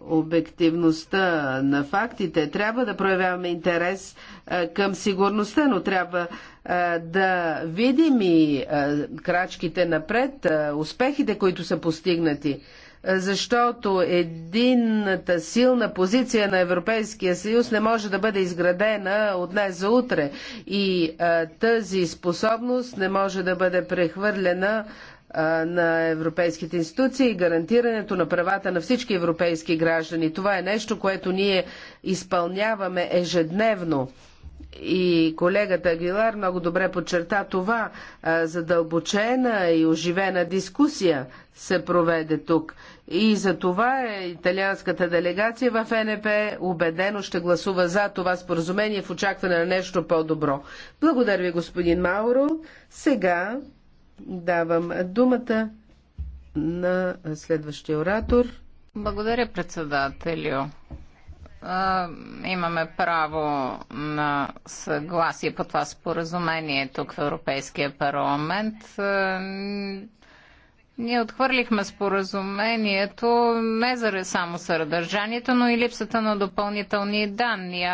обективността на фактите, трябва да проявяваме интерес към сигурността, но трябва да видим и крачките напред, успехите, които са постигнати защото единната силна позиция на Европейския съюз не може да бъде изградена от днес за утре и а, тази способност не може да бъде прехвърлена на европейските институции и гарантирането на правата на всички европейски граждани. Това е нещо, което ние изпълняваме ежедневно. И колегата Агилар много добре подчерта това. Задълбочена и оживена дискусия се проведе тук. И за това е италианската делегация в НП убедено ще гласува за това споразумение в очакване на нещо по-добро. Благодаря ви, господин Мауро. Сега давам думата на следващия оратор. Благодаря, председателю. имаме право на съгласие по това споразумение тук в Европейския парламент. Ние отхвърлихме споразумението не заради само съдържанието, но и липсата на допълнителни данни.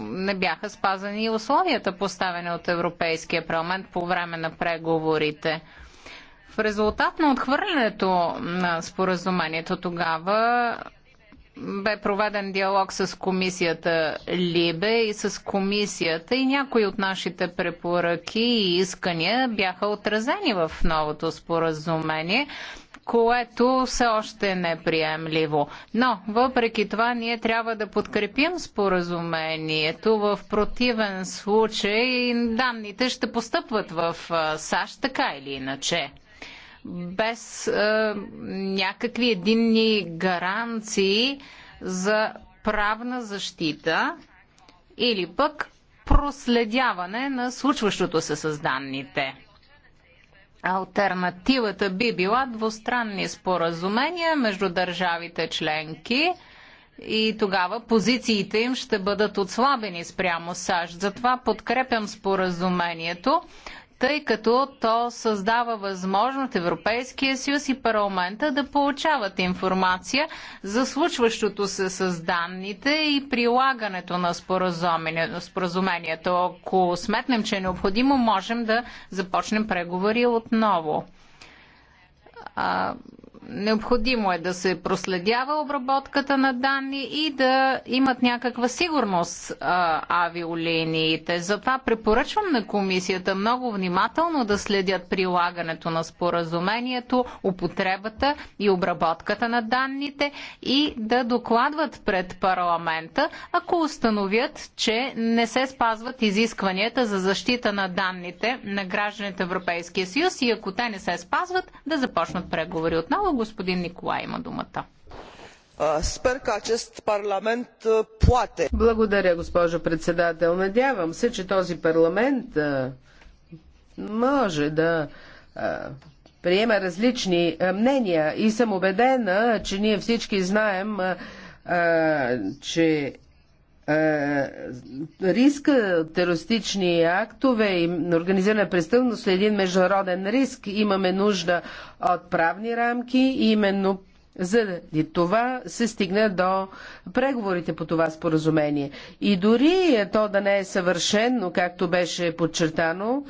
не бяха спазани и условията, поставени от Европейския парламент по време на преговорите. В резултат на отхвърлянето на споразумението тогава бе проведен диалог с комисията Либе и с комисията и някои от нашите препоръки и искания бяха отразени в новото споразумение което все още е неприемливо. Но, въпреки това, ние трябва да подкрепим споразумението. В противен случай данните ще постъпват в САЩ, така или иначе без е, някакви единни гаранции за правна защита или пък проследяване на случващото се с данните. Альтернативата би била двустранни споразумения между държавите членки и тогава позициите им ще бъдат отслабени спрямо САЩ. Затова подкрепям споразумението тъй като то създава възможност Европейския съюз и парламента да получават информация за случващото се с данните и прилагането на споразумението. Ако сметнем, че е необходимо, можем да започнем преговори отново Необходимо е да се проследява обработката на данни и да имат някаква сигурност а, авиолиниите. Затова препоръчвам на комисията много внимателно да следят прилагането на споразумението, употребата и обработката на данните и да докладват пред парламента, ако установят, че не се спазват изискванията за защита на данните на гражданите Европейския съюз и ако те не се спазват, да започнат преговори отново Господин Николай има думата. Благодаря, госпожо председател. Надявам се, че този парламент може да приема различни мнения и съм убедена, че ние всички знаем, че е, риск, терористични актове и организирана престъпност е един международен риск. Имаме нужда от правни рамки и именно заради това се стигна до преговорите по това споразумение. И дори е то да не е съвършено, както беше подчертано,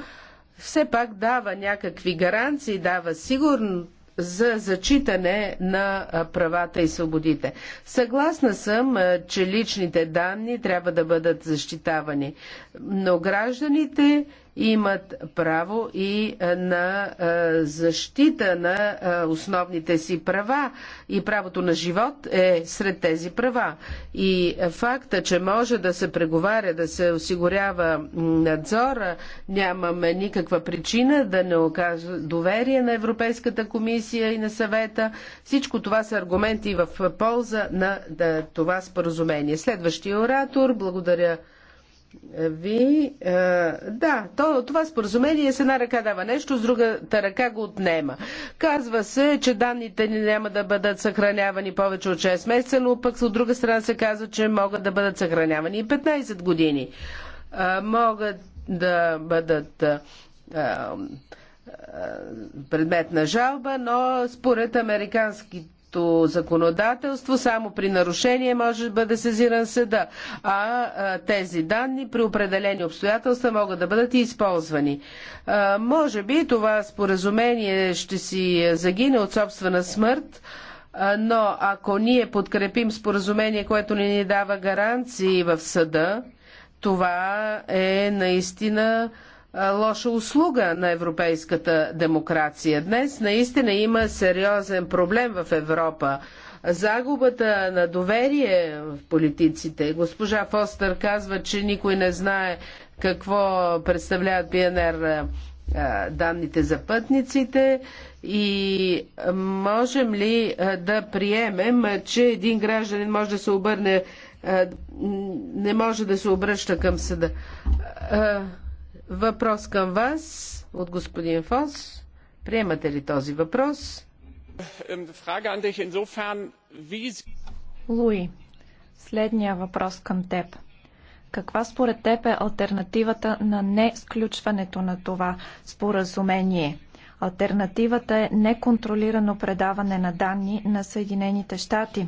все пак дава някакви гаранции, дава сигурност за зачитане на правата и свободите. Съгласна съм, че личните данни трябва да бъдат защитавани, но гражданите имат право и е, на е, защита на е, основните си права и правото на живот е сред тези права. И факта, че може да се преговаря, да се осигурява надзора, нямаме никаква причина да не оказва доверие на Европейската комисия и на съвета. Всичко това са аргументи в полза на това споразумение. Следващия оратор, благодаря ви. Е, да, то, това споразумение с една ръка дава нещо, с другата ръка го отнема. Казва се, че данните ни няма да бъдат съхранявани повече от 6 месеца, но пък от друга страна се казва, че могат да бъдат съхранявани и 15 години. Е, могат да бъдат е, предмет на жалба, но според американските нашето законодателство, само при нарушение може да бъде сезиран съда, а тези данни при определени обстоятелства могат да бъдат и използвани. Може би това споразумение ще си загине от собствена смърт, но ако ние подкрепим споразумение, което не ни дава гаранции в съда, това е наистина лоша услуга на европейската демокрация. Днес наистина има сериозен проблем в Европа. Загубата на доверие в политиците. Госпожа Фостер казва, че никой не знае какво представляват ПНР данните за пътниците и можем ли да приемем, че един гражданин може да се обърне не може да се обръща към съда. Въпрос към вас от господин Фос. Приемате ли този въпрос? Луи, следния въпрос към теб. Каква според теб е альтернативата на не сключването на това споразумение? Альтернативата е неконтролирано предаване на данни на Съединените щати.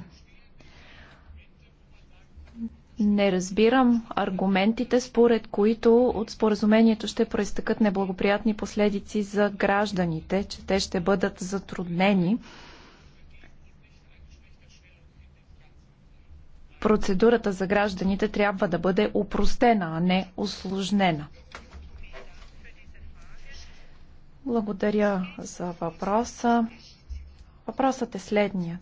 Не разбирам аргументите, според които от споразумението ще проистъкат неблагоприятни последици за гражданите, че те ще бъдат затруднени. Процедурата за гражданите трябва да бъде упростена, а не осложнена. Благодаря за въпроса. Въпросът е следният.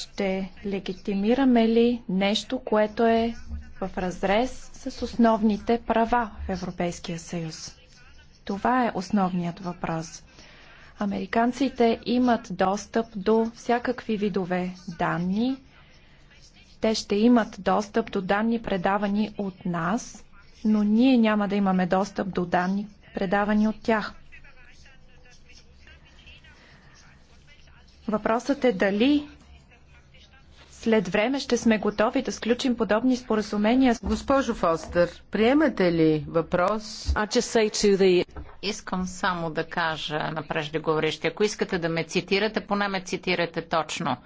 Ще легитимираме ли нещо, което е в разрез с основните права в Европейския съюз? Това е основният въпрос. Американците имат достъп до всякакви видове данни. Те ще имат достъп до данни, предавани от нас, но ние няма да имаме достъп до данни, предавани от тях. Въпросът е дали след време ще сме готови да сключим подобни споразумения. Госпожо Фостер, приемате ли въпрос? The... Искам само да кажа на преждеговорещи. Ако искате да ме цитирате, поне ме цитирате точно.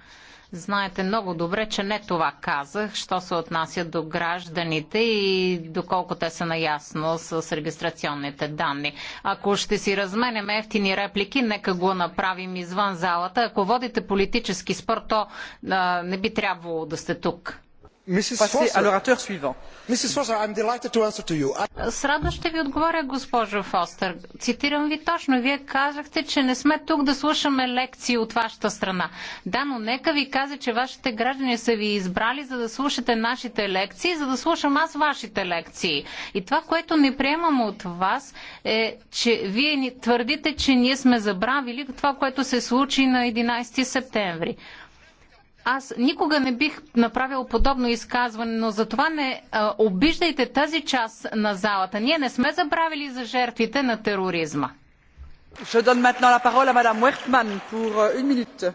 Знаете много добре, че не това казах, що се отнася до гражданите и доколко те са наясно с регистрационните данни. Ако ще си разменяме ефтини реплики, нека го направим извън залата. Ако водите политически спор, то а, не би трябвало да сте тук. С радост ще ви отговоря, госпожо Фостер. Цитирам ви точно. Вие казахте, че не сме тук да слушаме лекции от вашата страна. Да, но нека ви каза, че вашите граждани са ви избрали, за да слушате нашите лекции, за да слушам аз вашите лекции. И това, което не приемам от вас е, че вие ни твърдите, че ние сме забравили това, което се случи на 11 септември. Аз никога не бих направил подобно изказване, но затова не а, обиждайте тази част на залата. Ние не сме забравили за жертвите на тероризма. Je donne maintenant la parole à Madame Wertmann pour euh, une minute.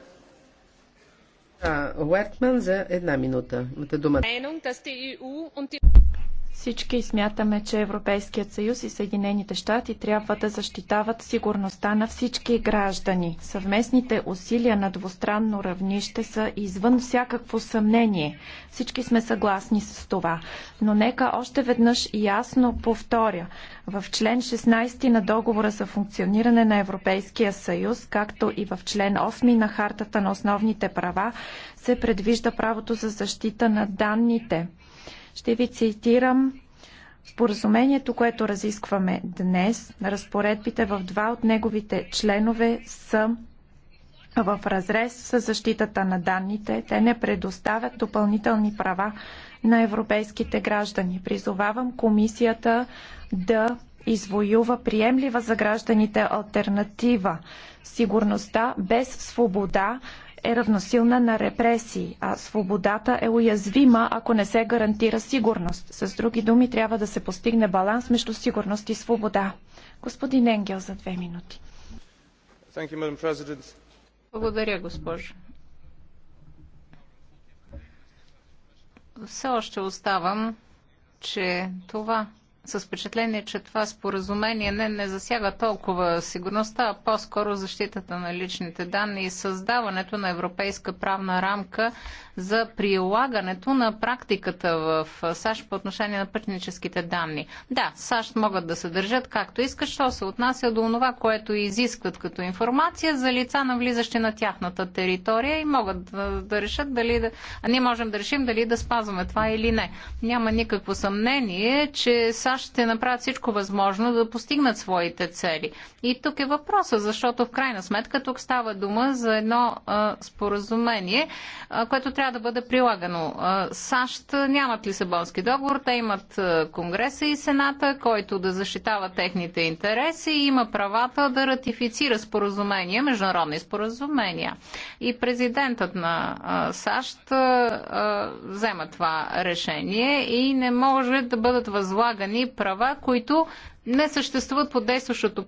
Уертман за една минута. Имате думата. Всички смятаме, че Европейският съюз и Съединените щати трябва да защитават сигурността на всички граждани. Съвместните усилия на двустранно равнище са извън всякакво съмнение. Всички сме съгласни с това. Но нека още веднъж ясно повторя. В член 16 на договора за функциониране на Европейския съюз, както и в член 8 на Хартата на основните права, се предвижда правото за защита на данните. Ще ви цитирам Споразумението, което разискваме днес, разпоредбите в два от неговите членове са в разрез с защитата на данните. Те не предоставят допълнителни права на европейските граждани. Призовавам комисията да извоюва приемлива за гражданите альтернатива. Сигурността без свобода е равносилна на репресии, а свободата е уязвима, ако не се гарантира сигурност. С други думи, трябва да се постигне баланс между сигурност и свобода. Господин Енгел за две минути. Благодаря, госпожо. Все още оставам, че това, с впечатление, че това споразумение не, не засяга толкова сигурността, а по-скоро защитата на личните данни и създаването на европейска правна рамка за прилагането на практиката в САЩ по отношение на пътническите данни. Да, САЩ могат да се държат както искат, що се отнася до това, което изискват като информация за лица, навлизащи на тяхната територия и могат да, да решат дали да... А ние можем да решим дали да спазваме това или не. Няма никакво съмнение, че САЩ ще направят всичко възможно да постигнат своите цели. И тук е въпроса, защото в крайна сметка тук става дума за едно а, споразумение, а, което трябва да бъде прилагано. А, САЩ нямат Лисабонски договор, те имат а, Конгреса и Сената, който да защитава техните интереси и има правата да ратифицира споразумения, международни споразумения. И президентът на а, САЩ а, а, взема това решение и не може да бъдат възлагани права, които не съществуват по действащото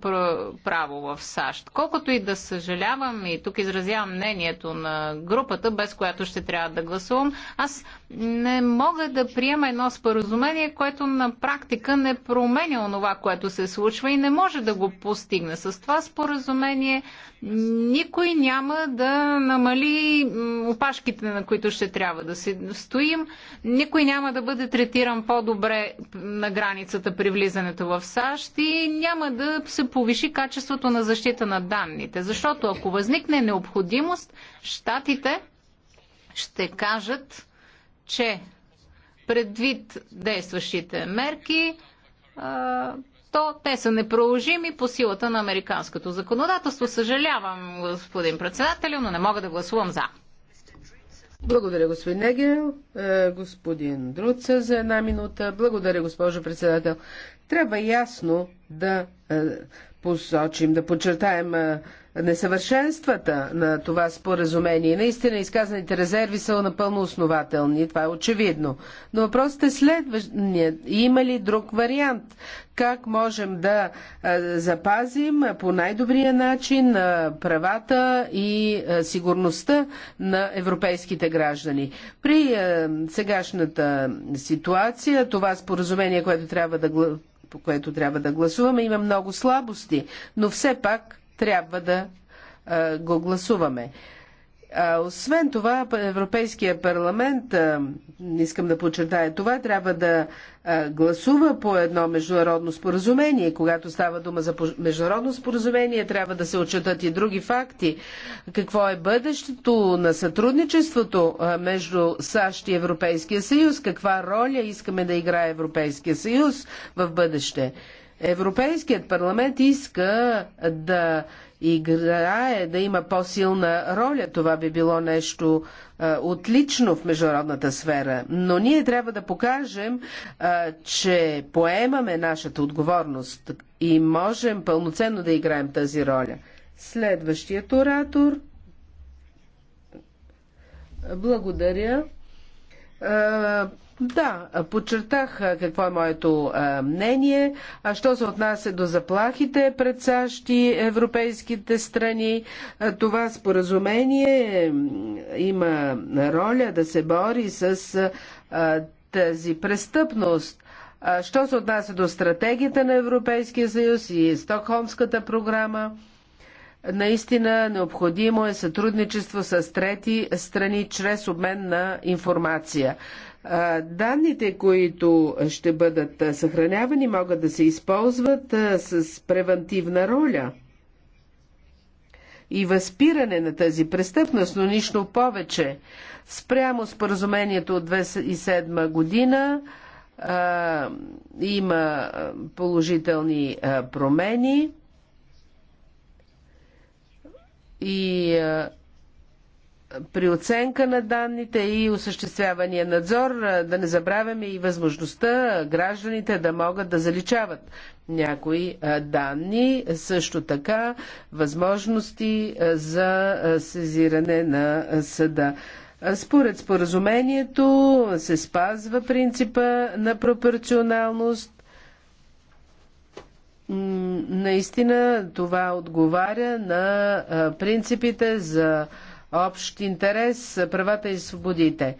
право в САЩ. Колкото и да съжалявам, и тук изразявам мнението на групата, без която ще трябва да гласувам, аз не мога да приема едно споразумение, което на практика не променя онова, което се случва и не може да го постигне. С това споразумение никой няма да намали опашките, на които ще трябва да се стоим, никой няма да бъде третиран по-добре на границата при влизането в САЩ САЩ и няма да се повиши качеството на защита на данните. Защото ако възникне необходимост, щатите ще кажат, че предвид действащите мерки, то те са непроложими по силата на американското законодателство. Съжалявам, господин председател, но не мога да гласувам за. Благодаря, господин Негел. Е, господин Друца за една минута. Благодаря, госпожо председател. Трябва ясно да е, посочим, да подчертаем е, несъвършенствата на това споразумение. Наистина изказаните резерви са напълно основателни, това е очевидно. Но въпросът е следващия. Има ли друг вариант? Как можем да запазим по най-добрия начин правата и сигурността на европейските граждани? При сегашната ситуация, това споразумение, което трябва да по което трябва да гласуваме, има много слабости, но все пак трябва да а, го гласуваме. А, освен това, Европейския парламент, а, искам да подчертая това, трябва да а, гласува по едно международно споразумение. Когато става дума за международно споразумение, трябва да се отчитат и други факти. Какво е бъдещето на сътрудничеството между САЩ и Европейския съюз? Каква роля искаме да играе Европейския съюз в бъдеще? Европейският парламент иска да играе, да има по-силна роля. Това би било нещо а, отлично в международната сфера. Но ние трябва да покажем, а, че поемаме нашата отговорност и можем пълноценно да играем тази роля. Следващият оратор. Благодаря. Да, подчертах какво е моето мнение. А що се отнася до заплахите пред САЩ и европейските страни, това споразумение има роля да се бори с тази престъпност. Що се отнася до стратегията на Европейския съюз и Стокхолмската програма, наистина необходимо е сътрудничество с трети страни чрез обмен на информация. Данните, които ще бъдат съхранявани, могат да се използват с превентивна роля и възпиране на тази престъпност, но нищо повече. Спрямо споразумението от 2007 година а, има положителни а, промени и а, при оценка на данните и осъществявания надзор, да не забравяме и възможността гражданите да могат да заличават някои данни, също така възможности за сезиране на съда. Според споразумението се спазва принципа на пропорционалност. Наистина това отговаря на принципите за общ интерес, правата и свободите.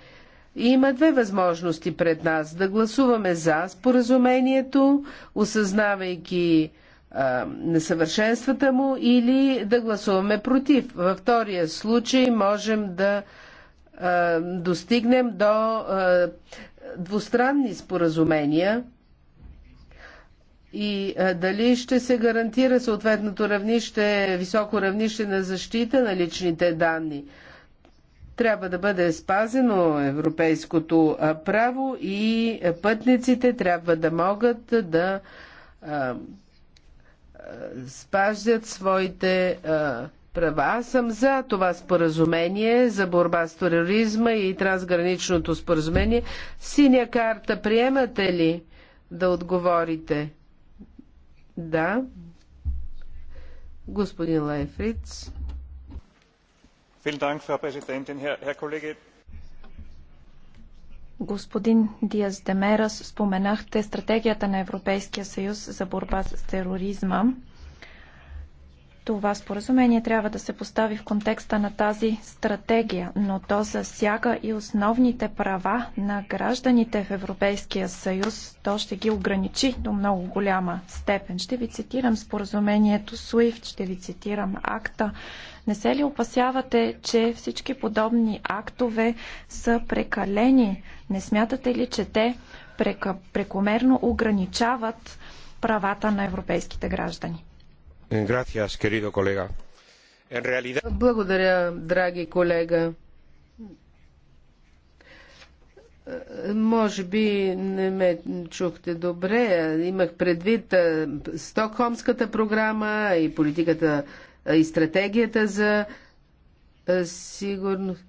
И има две възможности пред нас. Да гласуваме за споразумението, осъзнавайки а, несъвършенствата му, или да гласуваме против. Във втория случай можем да а, достигнем до а, двустранни споразумения, и дали ще се гарантира съответното равнище, високо равнище на защита на личните данни. Трябва да бъде спазено европейското право и пътниците трябва да могат да спазят своите права. Аз съм за това споразумение за борба с тероризма и трансграничното споразумение. Синя карта приемате ли да отговорите? Да. Господин Лайфриц. Господин Диас Демерас, споменахте стратегията на Европейския съюз за борба с тероризма. Това споразумение трябва да се постави в контекста на тази стратегия, но то засяга и основните права на гражданите в Европейския съюз. То ще ги ограничи до много голяма степен. Ще ви цитирам споразумението SWIFT, ще ви цитирам акта. Не се ли опасявате, че всички подобни актове са прекалени? Не смятате ли, че те прекомерно ограничават правата на европейските граждани? Благодаря, драги колега. Може би не ме чухте добре. Имах предвид стокхомската програма и политиката и стратегията за сигурност.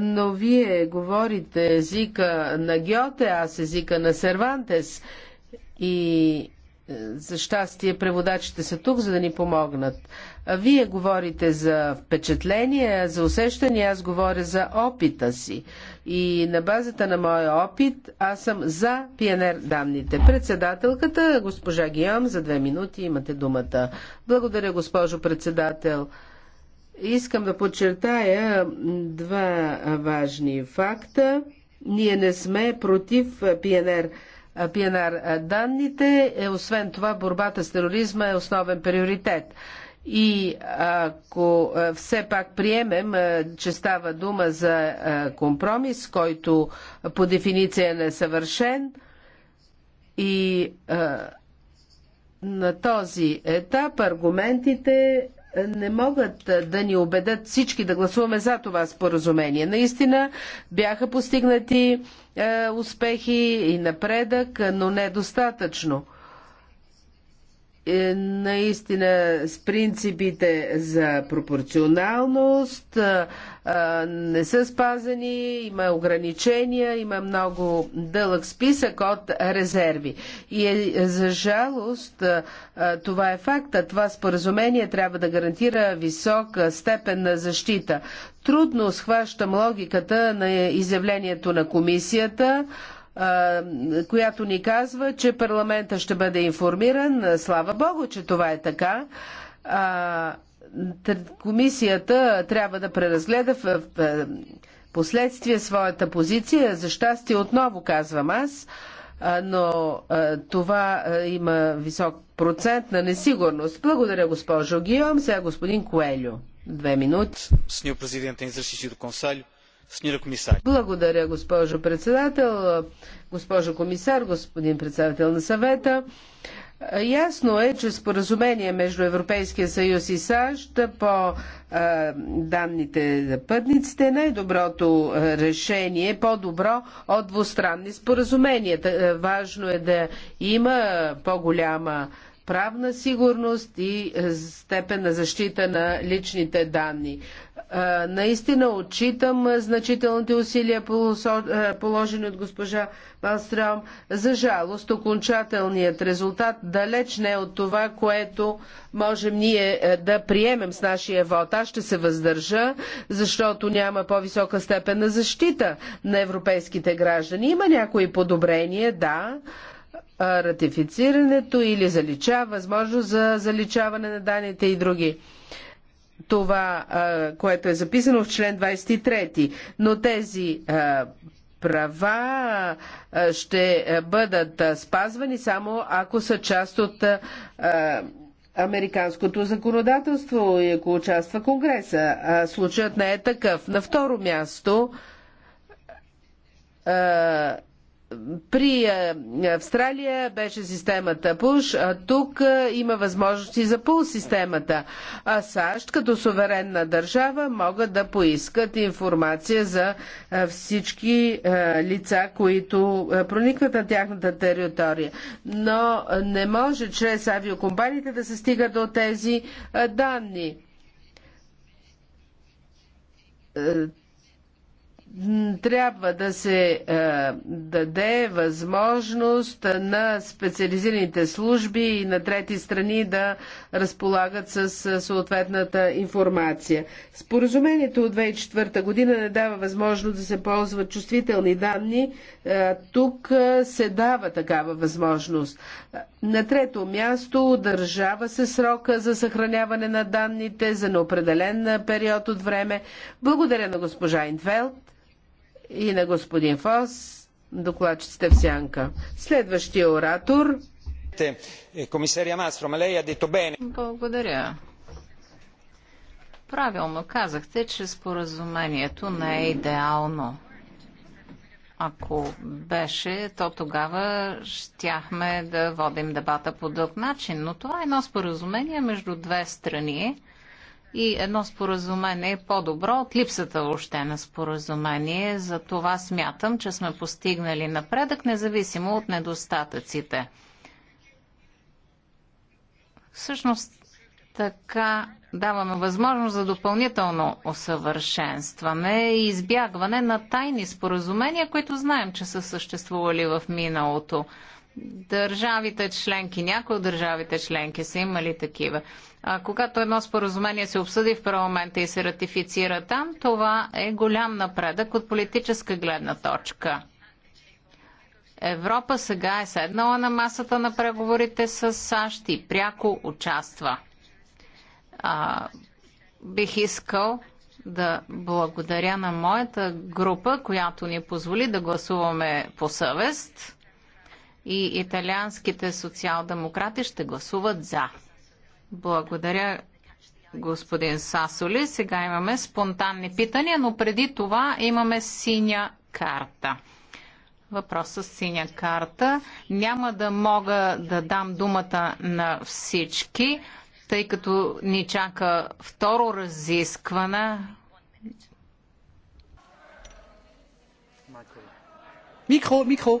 Но вие говорите езика на Гьоте, аз езика на Сервантес. И за щастие преводачите са тук, за да ни помогнат. Вие говорите за впечатление, за усещане, аз говоря за опита си. И на базата на моя опит, аз съм за пионер данните. Председателката, госпожа Гиом, за две минути имате думата. Благодаря, госпожо председател. Искам да подчертая два важни факта. Ние не сме против пионер данните ПНР данните. Е, освен това, борбата с тероризма е основен приоритет. И ако все пак приемем, че става дума за компромис, който по дефиниция е несъвършен и на този етап аргументите не могат да ни убедят всички да гласуваме за това споразумение. Наистина бяха постигнати успехи и напредък, но недостатъчно. Е, наистина с принципите за пропорционалност е, е, не са спазени, има ограничения, има много дълъг списък от резерви. И за жалост това е факта. Това споразумение трябва да гарантира висока степен на защита. Трудно схващам логиката на изявлението на комисията която ни казва, че парламента ще бъде информиран. Слава Богу, че това е така. Комисията трябва да преразгледа в последствие своята позиция. За щастие, отново казвам аз, но това има висок процент на несигурност. Благодаря, госпожо Гиом. Сега господин Коелю. Две минути. Сеньор президент, е благодаря, госпожо председател, госпожо комисар, господин председател на съвета. Ясно е, че споразумение между Европейския съюз и САЩ по данните за пътниците е най-доброто решение, по-добро от двустранни споразумения. Важно е да има по-голяма правна сигурност и степен на защита на личните данни. Наистина отчитам значителните усилия, положени от госпожа Малстрам. За жалост, окончателният резултат далеч не е от това, което можем ние е, да приемем с нашия вод. Аз ще се въздържа, защото няма по-висока степен на защита на европейските граждани. Има някои подобрения, да, ратифицирането или заличава, възможност за заличаване на данните и други това, което е записано в член 23. Но тези права ще бъдат спазвани само ако са част от американското законодателство и ако участва Конгреса. случаят не е такъв. На второ място при е, Австралия беше системата Пуш, а тук е, има възможности за пул системата. А САЩ като суверенна държава могат да поискат информация за е, всички лица, които проникват на тяхната територия. Но не може чрез авиокомпаниите да се стига до тези данни трябва да се е, даде възможност на специализираните служби и на трети страни да разполагат с е, съответната информация. Споразумението от 2004 година не дава възможност да се ползват чувствителни данни. Е, тук се дава такава възможност. На трето място удържава се срока за съхраняване на данните за неопределен период от време. Благодаря на госпожа Инфелд и на господин Фос, докладчицата в сянка. Следващия оратор. Комисария Благодаря. Правилно казахте, че споразумението не е идеално. Ако беше, то тогава щяхме да водим дебата по друг начин. Но това е едно споразумение между две страни и едно споразумение е по-добро от липсата въобще на споразумение. За това смятам, че сме постигнали напредък, независимо от недостатъците. Всъщност, така даваме възможност за допълнително усъвършенстване и избягване на тайни споразумения, които знаем, че са съществували в миналото държавите членки, някои от държавите членки са имали такива. А, когато едно споразумение се обсъди в парламента и се ратифицира там, това е голям напредък от политическа гледна точка. Европа сега е седнала на масата на преговорите с САЩ и пряко участва. А, бих искал да благодаря на моята група, която ни позволи да гласуваме по съвест и италианските социал-демократи ще гласуват за. Благодаря, господин Сасоли. Сега имаме спонтанни питания, но преди това имаме синя карта. Въпрос с синя карта. Няма да мога да дам думата на всички, тъй като ни чака второ разискване. Микро, микро.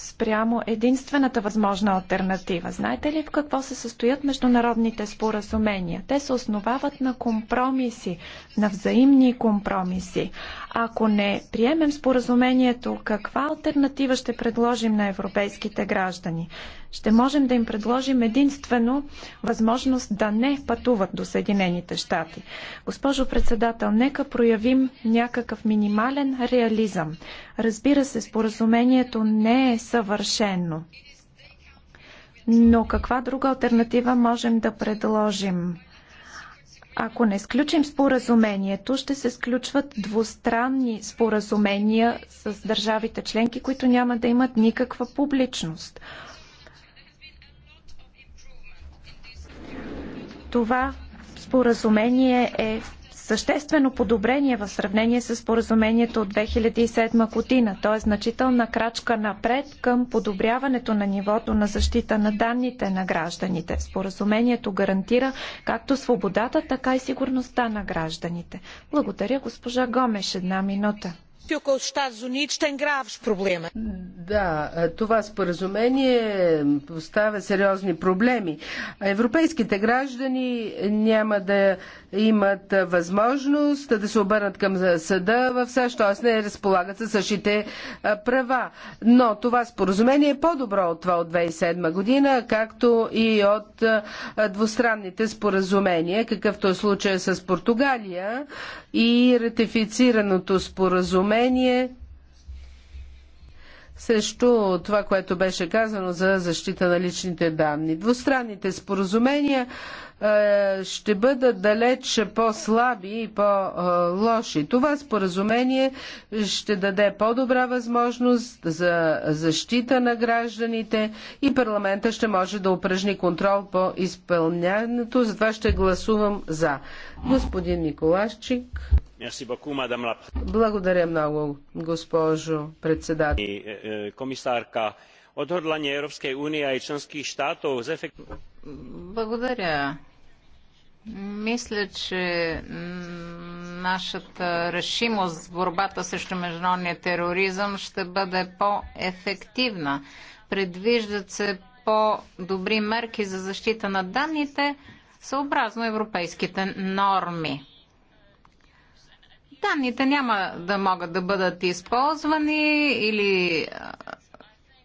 спрямо единствената възможна альтернатива. Знаете ли в какво се състоят международните споразумения? Те се основават на компромиси, на взаимни компромиси. Ако не приемем споразумението, каква альтернатива ще предложим на европейските граждани? ще можем да им предложим единствено възможност да не пътуват до Съединените щати. Госпожо председател, нека проявим някакъв минимален реализъм. Разбира се, споразумението не е съвършено. Но каква друга альтернатива можем да предложим? Ако не сключим споразумението, ще се сключват двустранни споразумения с държавите членки, които няма да имат никаква публичност. Това споразумение е съществено подобрение в сравнение с споразумението от 2007 година. То е значителна крачка напред към подобряването на нивото на защита на данните на гражданите. Споразумението гарантира както свободата, така и сигурността на гражданите. Благодаря, госпожа Гомеш. Една минута. Да, това споразумение поставя сериозни проблеми. Европейските граждани няма да имат възможност да се обърнат към съда в САЩ, т.е. не разполагат със същите права. Но това споразумение е по-добро от това от 2007 година, както и от двустранните споразумения, какъвто е случая с Португалия и ратифицираното споразумение поколение срещу това, което беше казано за защита на личните данни. Двустранните споразумения е, ще бъдат далеч по-слаби и по-лоши. Това споразумение ще даде по-добра възможност за защита на гражданите и парламента ще може да упражни контрол по изпълнянето. Затова ще гласувам за. Господин Николашчик. Благодаря много, госпожо председател. Е, е, комисарка, odhodlanie уния и членски členských за zefektívniť. Благодаря. Мисля, че нашата решимост в борбата срещу международния тероризъм ще бъде по-ефективна. Предвиждат се по-добри мерки за защита на данните, съобразно европейските норми данните няма да могат да бъдат използвани или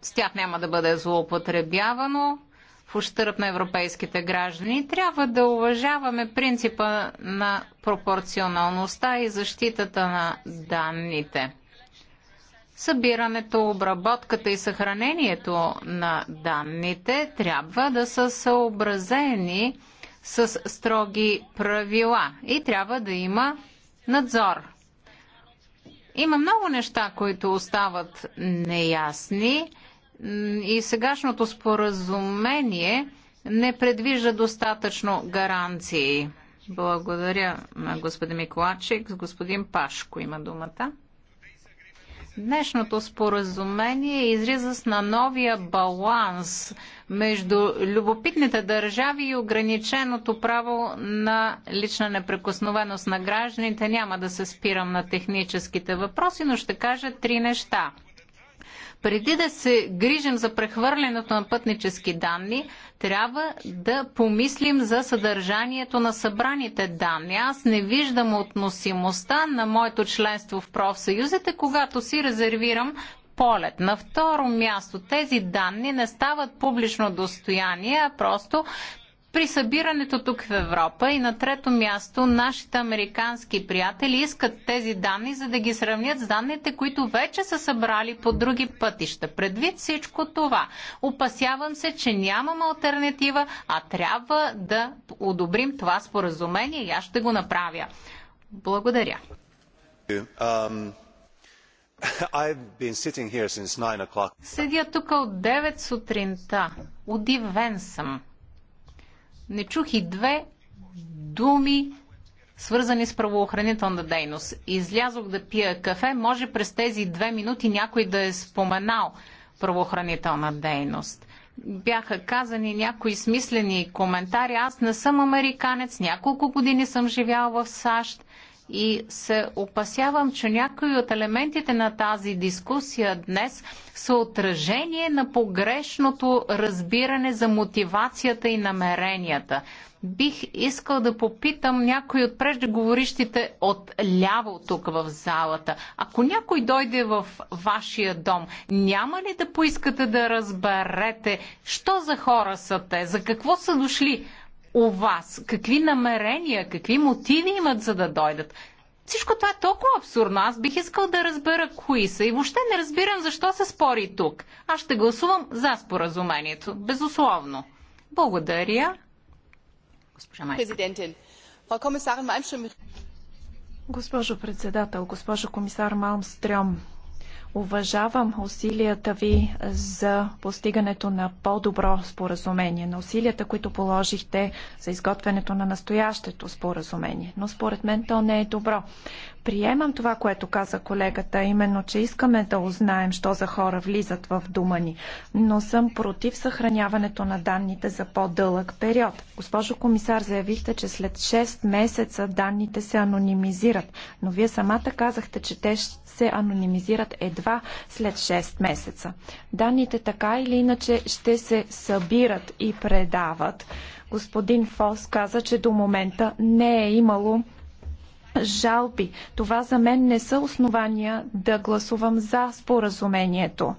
с тях няма да бъде злоупотребявано в ущърп на европейските граждани. Трябва да уважаваме принципа на пропорционалността и защитата на данните. Събирането, обработката и съхранението на данните трябва да са съобразени с строги правила и трябва да има Надзор. Има много неща, които остават неясни и сегашното споразумение не предвижда достатъчно гаранции. Благодаря на господин Миколачик. Господин Пашко има думата. Днешното споразумение е с на новия баланс между любопитните държави и ограниченото право на лична непрекосновеност на гражданите. Няма да се спирам на техническите въпроси, но ще кажа три неща преди да се грижим за прехвърлянето на пътнически данни, трябва да помислим за съдържанието на събраните данни. Аз не виждам относимостта на моето членство в профсъюзите, когато си резервирам полет. На второ място, тези данни не стават публично достояние, а просто при събирането тук в Европа и на трето място нашите американски приятели искат тези данни, за да ги сравнят с данните, които вече са събрали по други пътища. Предвид всичко това, опасявам се, че нямам альтернатива, а трябва да одобрим това споразумение и аз ще го направя. Благодаря. Um, Седя тук от 9 сутринта. Удивен съм не чух и две думи, свързани с правоохранителна дейност. Излязох да пия кафе, може през тези две минути някой да е споменал правоохранителна дейност. Бяха казани някои смислени коментари. Аз не съм американец, няколко години съм живял в САЩ и се опасявам, че някои от елементите на тази дискусия днес са отражение на погрешното разбиране за мотивацията и намеренията. Бих искал да попитам някой от преждеговорищите от ляво тук в залата. Ако някой дойде в вашия дом, няма ли да поискате да разберете, що за хора са те, за какво са дошли? у вас? Какви намерения, какви мотиви имат за да дойдат? Всичко това е толкова абсурдно. Аз бих искал да разбера кои са и въобще не разбирам защо се спори тук. Аз ще гласувам за споразумението. Безусловно. Благодаря. Госпожа Майска. Госпожо председател, госпожо комисар Малмстрём, Уважавам усилията ви за постигането на по-добро споразумение, на усилията, които положихте за изготвянето на настоящето споразумение. Но според мен то не е добро. Приемам това, което каза колегата, именно, че искаме да узнаем, що за хора влизат в дума ни, но съм против съхраняването на данните за по-дълъг период. Госпожо комисар, заявихте, че след 6 месеца данните се анонимизират, но вие самата казахте, че те ще се анонимизират едва след 6 месеца. Данните така или иначе ще се събират и предават. Господин Фос каза, че до момента не е имало жалби. Това за мен не са основания да гласувам за споразумението.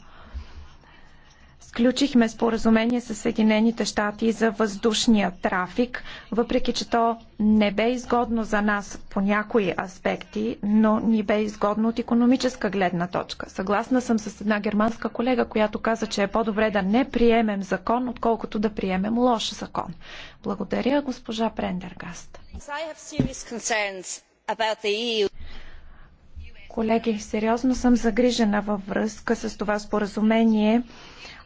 Сключихме споразумение с Съединените щати за въздушния трафик, въпреки че то не бе изгодно за нас по някои аспекти, но ни бе изгодно от економическа гледна точка. Съгласна съм с една германска колега, която каза, че е по-добре да не приемем закон, отколкото да приемем лош закон. Благодаря, госпожа Прендергаст. E Колеги, сериозно съм загрижена във връзка с това споразумение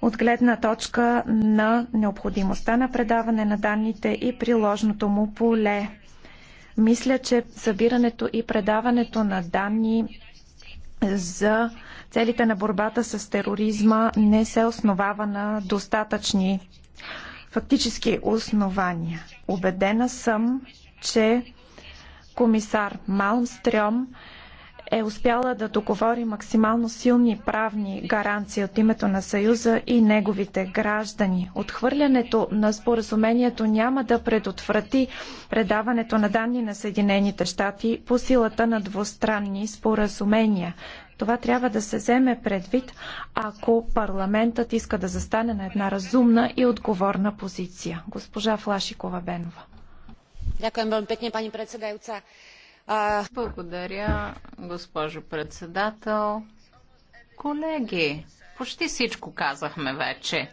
от гледна точка на необходимостта на предаване на данните и приложното му поле. Мисля, че събирането и предаването на данни за целите на борбата с тероризма не се основава на достатъчни фактически основания. Обедена съм, че комисар Малмстрём е успяла да договори максимално силни правни гаранции от името на Съюза и неговите граждани. Отхвърлянето на споразумението няма да предотврати предаването на данни на Съединените щати по силата на двустранни споразумения. Това трябва да се вземе предвид, ако парламентът иска да застане на една разумна и отговорна позиция. Госпожа Флашикова Бенова. Ďakujem благодаря, госпожо председател. Колеги, почти всичко казахме вече.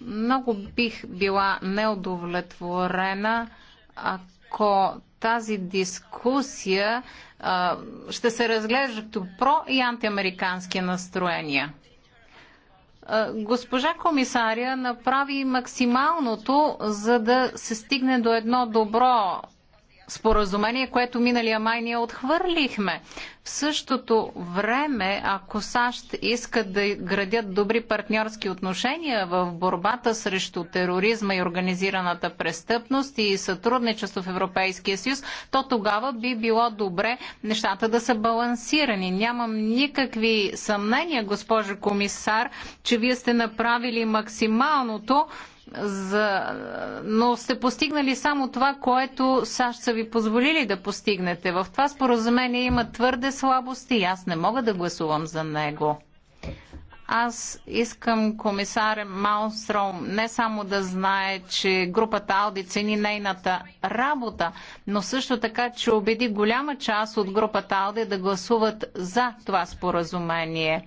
Много бих била неудовлетворена, ако тази дискусия а, ще се разглежда като про- и антиамерикански настроения. госпожа комисаря направи максималното, за да се стигне до едно добро споразумение, което миналия май ние отхвърлихме. В същото време, ако САЩ искат да градят добри партньорски отношения в борбата срещу тероризма и организираната престъпност и сътрудничество в Европейския съюз, то тогава би било добре нещата да са балансирани. Нямам никакви съмнения, госпожо комисар, че вие сте направили максималното, за... но сте постигнали само това, което САЩ са ви позволили да постигнете. В това споразумение има твърде слабости и аз не мога да гласувам за него. Аз искам комисар Маустром не само да знае, че групата Ауди цени нейната работа, но също така, че убеди голяма част от групата Ауди да гласуват за това споразумение.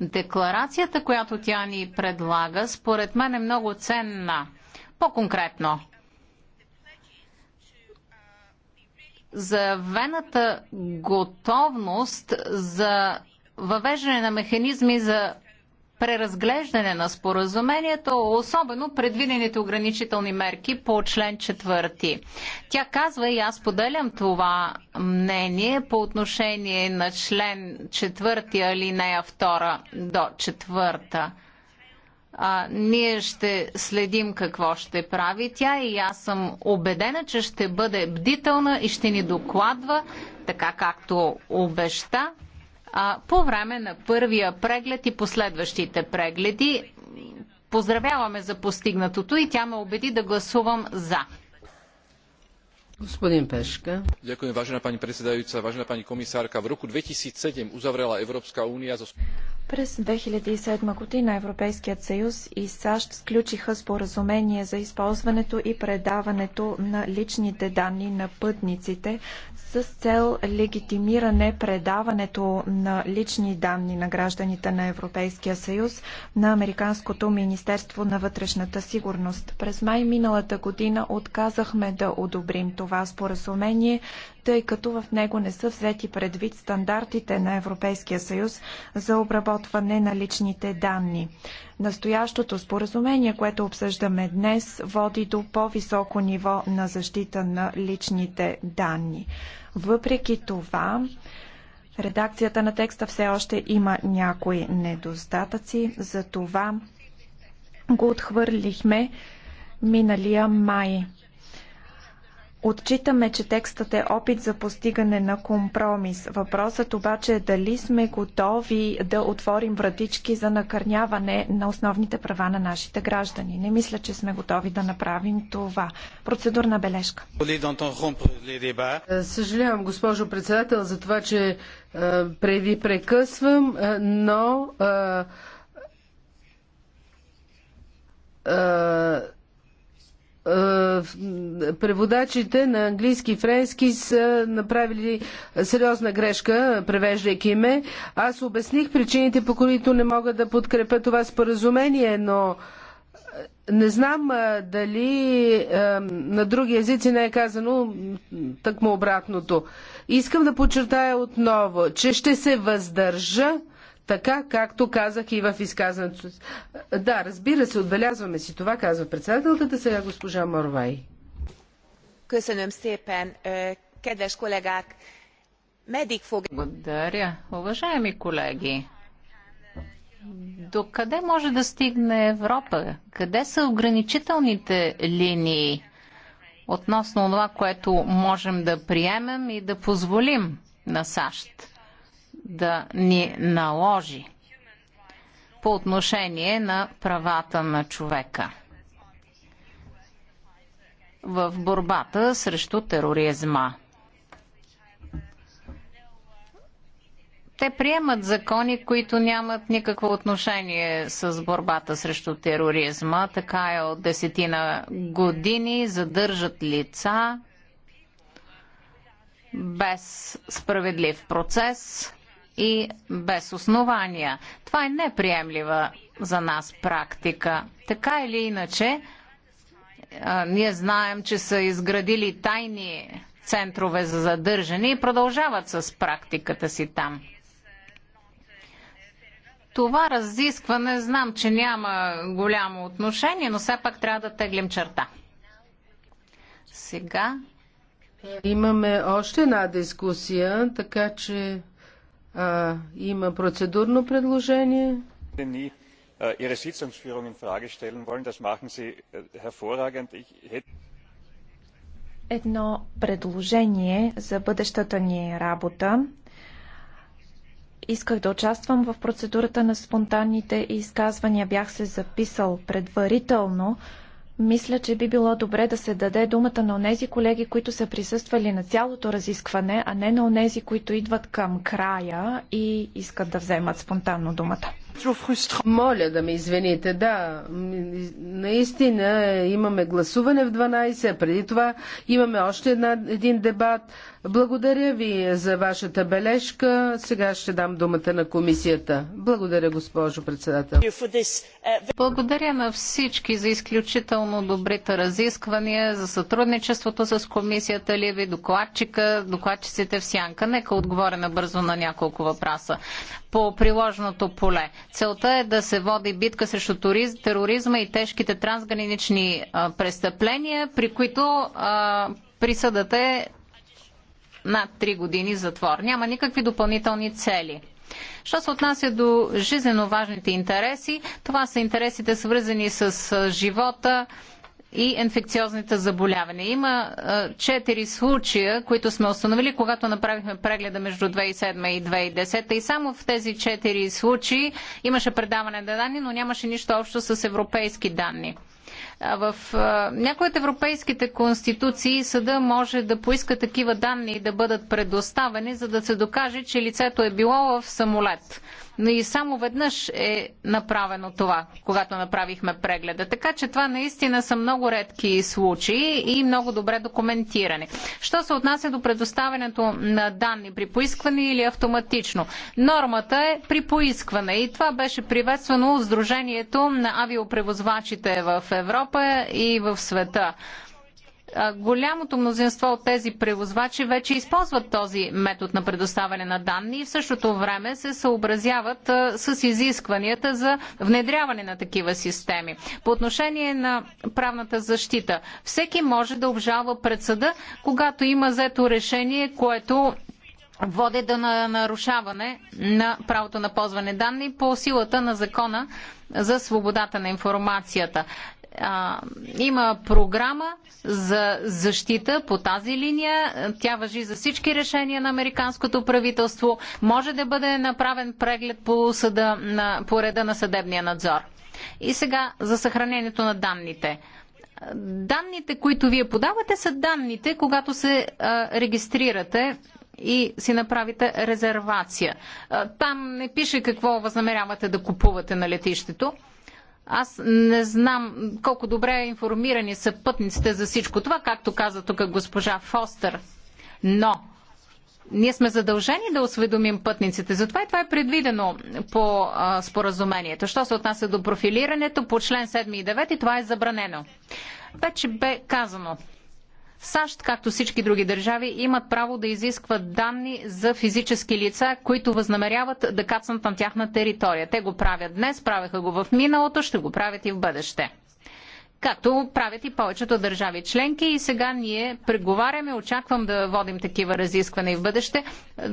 Декларацията, която тя ни предлага, според мен е много ценна. По-конкретно, заявената готовност за въвеждане на механизми за преразглеждане на споразумението, особено предвидените ограничителни мерки по член 4. Тя казва и аз поделям това мнение по отношение на член 4 алинея 2 до 4. А, ние ще следим какво ще прави тя и аз съм убедена, че ще бъде бдителна и ще ни докладва, така както обеща, а, по време на първия преглед и последващите прегледи. Поздравяваме за постигнатото и тя ме убеди да гласувам за. Господин Пешка. Ďakujem, vážená pani predsedajúca, vážená pani komisárka. V roku 2007 uzavrela Európska únia so... През 2007 година Европейският съюз и САЩ сключиха споразумение за използването и предаването на личните данни на пътниците с цел легитимиране предаването на лични данни на гражданите на Европейския съюз на Американското Министерство на вътрешната сигурност. През май миналата година отказахме да одобрим това споразумение, тъй като в него не са взети предвид стандартите на Европейския съюз за обработване на личните данни. Настоящото споразумение, което обсъждаме днес, води до по-високо ниво на защита на личните данни. Въпреки това, редакцията на текста все още има някои недостатъци, за това го отхвърлихме миналия май. Отчитаме, че текстът е опит за постигане на компромис. Въпросът обаче е дали сме готови да отворим вратички за накърняване на основните права на нашите граждани. Не мисля, че сме готови да направим това. Процедурна бележка. Съжалявам, госпожо председател, за това, че е, преди прекъсвам, е, но е, е, преводачите на английски и френски са направили сериозна грешка, превеждайки ме. Аз обясних причините, по които не мога да подкрепя това споразумение, но е, не знам е, дали на други езици не е казано тъкмо обратното. Искам да подчертая отново, че ще се въздържа така както казах и в изказването. Да, разбира се, отбелязваме си това, казва председателката, сега госпожа Морвай. Е, Благодаря. Уважаеми колеги, до къде може да стигне Европа? Къде са ограничителните линии относно това, което можем да приемем и да позволим на САЩ? да ни наложи по отношение на правата на човека в борбата срещу тероризма. Те приемат закони, които нямат никакво отношение с борбата срещу тероризма. Така е от десетина години задържат лица без справедлив процес и без основания. Това е неприемлива за нас практика. Така или иначе, ние знаем, че са изградили тайни центрове за задържане и продължават с практиката си там. Това разискване знам, че няма голямо отношение, но все пак трябва да теглим черта. Сега. Имаме още една дискусия, така че а, има процедурно предложение. Ihre Sitzungsführung in Frage stellen wollen. Das machen Sie hervorragend. Ich hätte едно предложение за бъдещата ни работа. Исках да участвам в процедурата на спонтанните изказвания. Бях се записал предварително, мисля, че би било добре да се даде думата на онези колеги, които са присъствали на цялото разискване, а не на онези, които идват към края и искат да вземат спонтанно думата. Моля да ме извините, да. Наистина имаме гласуване в 12, а преди това имаме още една, един дебат. Благодаря ви за вашата бележка. Сега ще дам думата на комисията. Благодаря, госпожо председател. Благодаря на всички за изключително добрите разисквания, за сътрудничеството с комисията Ливи, докладчика, докладчиците в Сянка. Нека отговоря набързо на няколко въпроса по приложното поле. Целта е да се води битка срещу тероризма и тежките трансгранични престъпления, при които присъдата е над 3 години затвор. Няма никакви допълнителни цели. Що се отнася до жизненно важните интереси, това са интересите свързани с живота, и инфекциозните заболявания. Има четири случая, които сме установили, когато направихме прегледа между 2007 и 2010. И само в тези четири случаи имаше предаване на данни, но нямаше нищо общо с европейски данни. В някои от европейските конституции съда може да поиска такива данни да бъдат предоставени, за да се докаже, че лицето е било в самолет но и само веднъж е направено това, когато направихме прегледа. Така че това наистина са много редки случаи и много добре документирани. Що се отнася до предоставянето на данни при поискване или автоматично? Нормата е при поискване и това беше приветствано от Сдружението на авиопревозвачите в Европа и в света голямото мнозинство от тези превозвачи вече използват този метод на предоставяне на данни и в същото време се съобразяват с изискванията за внедряване на такива системи. По отношение на правната защита, всеки може да обжалва пред съда, когато има взето решение, което води до на нарушаване на правото на ползване данни по силата на закона за свободата на информацията а, има програма за защита по тази линия. Тя въжи за всички решения на американското правителство. Може да бъде направен преглед по, съда, на, по реда на съдебния надзор. И сега за съхранението на данните. Данните, които вие подавате, са данните, когато се а, регистрирате и си направите резервация. А, там не пише какво възнамерявате да купувате на летището. Аз не знам колко добре информирани са пътниците за всичко това, както каза тук госпожа Фостер. Но ние сме задължени да осведомим пътниците. Затова и това е предвидено по а, споразумението. Що се отнася до профилирането по член 7 и 9, това е забранено. Вече бе казано САЩ, както всички други държави, имат право да изискват данни за физически лица, които възнамеряват да кацнат на тяхна територия. Те го правят днес, правеха го в миналото, ще го правят и в бъдеще както правят и повечето държави членки. И сега ние преговаряме, очаквам да водим такива разисквания в бъдеще,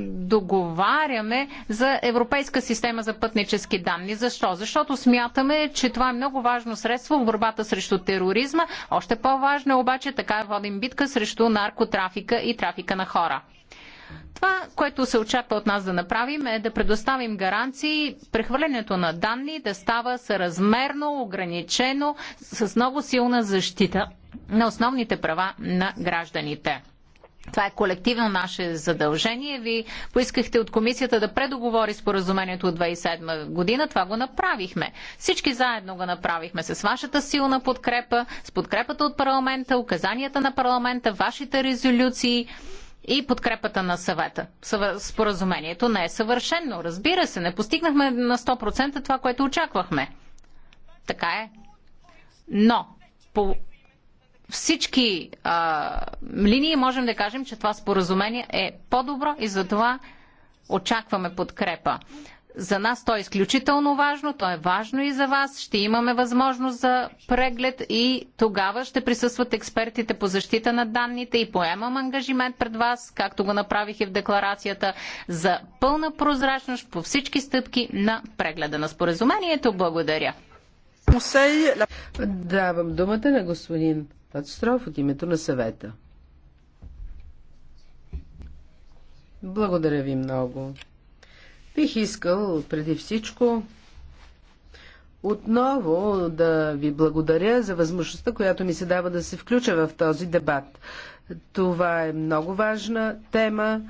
договаряме за Европейска система за пътнически данни. Защо? Защото смятаме, че това е много важно средство в борбата срещу тероризма. Още по-важно е обаче така водим битка срещу наркотрафика и трафика на хора. Това, което се очаква от нас да направим е да предоставим гаранции прехвърлянето на данни да става съразмерно, ограничено, с много силна защита на основните права на гражданите. Това е колективно наше задължение. Ви поискахте от комисията да предоговори споразумението от 2007 година. Това го направихме. Всички заедно го направихме с вашата силна подкрепа, с подкрепата от парламента, указанията на парламента, вашите резолюции и подкрепата на съвета. Споразумението не е съвършено. Разбира се, не постигнахме на 100% това, което очаквахме. Така е. Но по всички а, линии можем да кажем, че това споразумение е по-добро и затова очакваме подкрепа. За нас то е изключително важно, то е важно и за вас. Ще имаме възможност за преглед и тогава ще присъстват експертите по защита на данните и поемам ангажимент пред вас, както го направих и в декларацията, за пълна прозрачност по всички стъпки на прегледа на споразумението. Благодаря. Давам думата на господин Пацстров от името на съвета. Благодаря ви много. Бих искал преди всичко отново да ви благодаря за възможността, която ми се дава да се включа в този дебат. Това е много важна тема,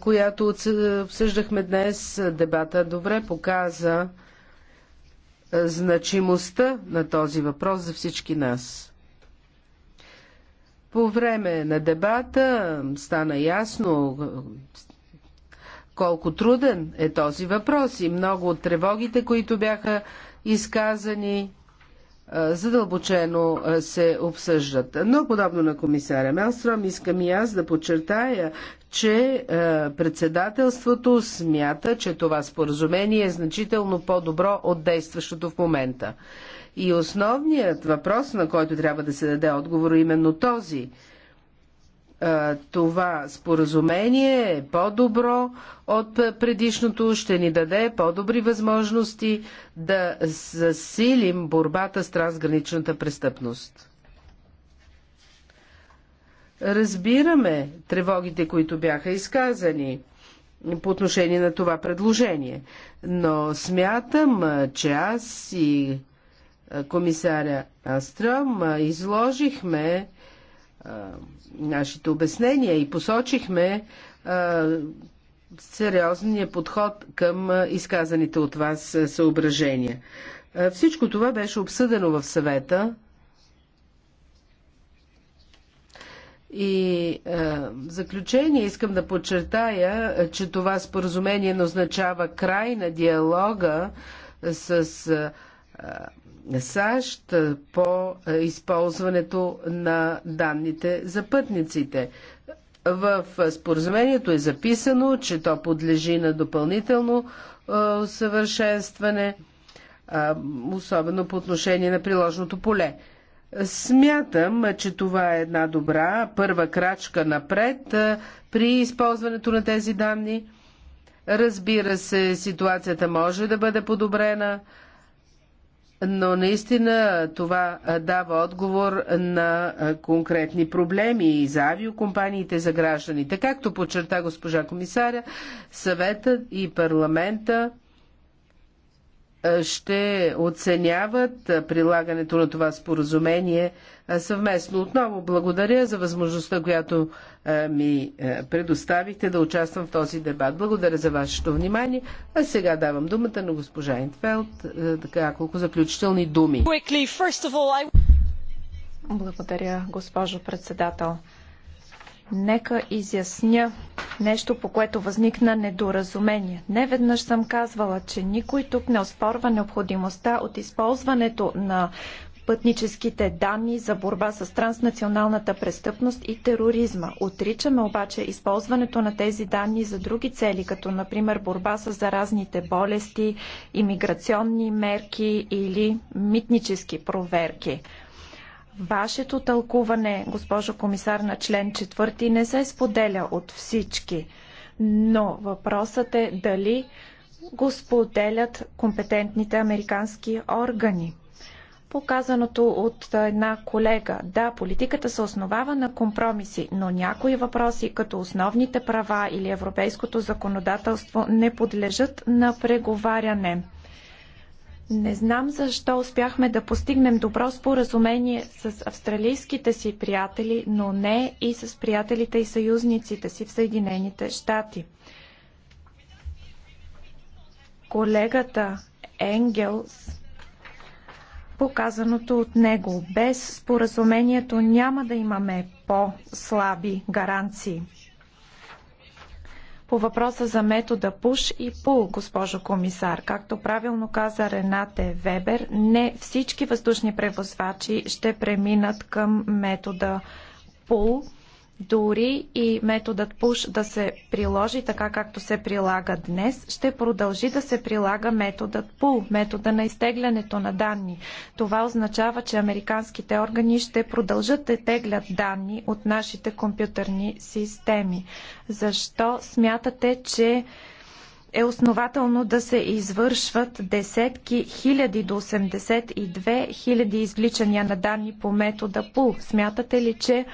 която обсъждахме днес. Дебата добре показа е, значимостта на този въпрос за всички нас. По време на дебата стана ясно колко труден е този въпрос и много от тревогите, които бяха изказани, задълбочено се обсъждат. Но подобно на комисаря Мелстром, искам и аз да подчертая, че председателството смята, че това споразумение е значително по-добро от действащото в момента. И основният въпрос, на който трябва да се даде отговор, е именно този – това споразумение е по-добро от предишното, ще ни даде по-добри възможности да засилим борбата с трансграничната престъпност. Разбираме тревогите, които бяха изказани по отношение на това предложение, но смятам, че аз и комисаря Астром изложихме нашите обяснения и посочихме а, сериозния подход към изказаните от вас съображения. А, всичко това беше обсъдено в съвета И а, в заключение искам да подчертая, че това споразумение не означава край на диалога с А, САЩ по използването на данните за пътниците. В споразумението е записано, че то подлежи на допълнително усъвършенстване, особено по отношение на приложното поле. Смятам, че това е една добра първа крачка напред при използването на тези данни. Разбира се, ситуацията може да бъде подобрена но наистина това дава отговор на конкретни проблеми и за авиокомпаниите, за гражданите. Както подчерта госпожа комисаря, съветът и парламента е, ще оценяват е, прилагането на това споразумение е, съвместно. Отново благодаря за възможността, която ми предоставихте да участвам в този дебат. Благодаря за вашето внимание. А сега давам думата на госпожа Интфелд така няколко заключителни думи. Благодаря, госпожо председател. Нека изясня нещо, по което възникна недоразумение. Не веднъж съм казвала, че никой тук не оспорва необходимостта от използването на пътническите данни за борба с транснационалната престъпност и тероризма. Отричаме обаче използването на тези данни за други цели, като например борба с заразните болести, имиграционни мерки или митнически проверки. Вашето тълкуване, госпожо комисар, на член 4 не се споделя от всички, но въпросът е дали го споделят компетентните американски органи. Показаното от една колега. Да, политиката се основава на компромиси, но някои въпроси, като основните права или европейското законодателство, не подлежат на преговаряне. Не знам защо успяхме да постигнем добро споразумение с австралийските си приятели, но не и с приятелите и съюзниците си в Съединените щати. Колегата Енгелс показаното от него. Без споразумението няма да имаме по-слаби гаранции. По въпроса за метода Пуш и Пул, госпожо комисар, както правилно каза Ренате Вебер, не всички въздушни превозвачи ще преминат към метода Пул дори и методът PUSH да се приложи така, както се прилага днес, ще продължи да се прилага методът PULL, метода на изтеглянето на данни. Това означава, че американските органи ще продължат да теглят данни от нашите компютърни системи. Защо смятате, че е основателно да се извършват десетки хиляди до 82 хиляди изличания на данни по метода Пул? Смятате ли, че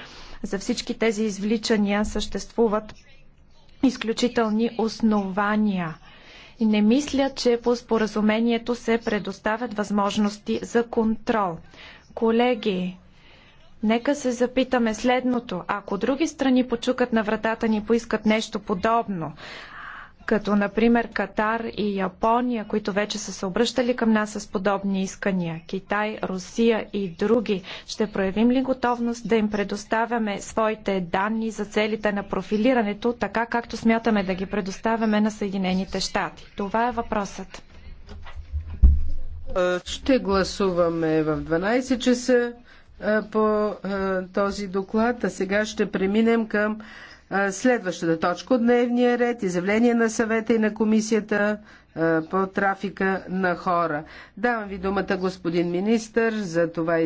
за всички тези извличания съществуват изключителни основания. не мисля, че по споразумението се предоставят възможности за контрол. Колеги, Нека се запитаме следното. Ако други страни почукат на вратата ни и поискат нещо подобно, като например Катар и Япония, които вече са се обръщали към нас с подобни искания, Китай, Русия и други, ще проявим ли готовност да им предоставяме своите данни за целите на профилирането, така както смятаме да ги предоставяме на Съединените щати? Това е въпросът. Ще гласуваме в 12 часа по този доклад, а сега ще преминем към Следващата точка от дневния ред изявление на съвета и на комисията по трафика на хора. Давам ви думата, господин министър, за това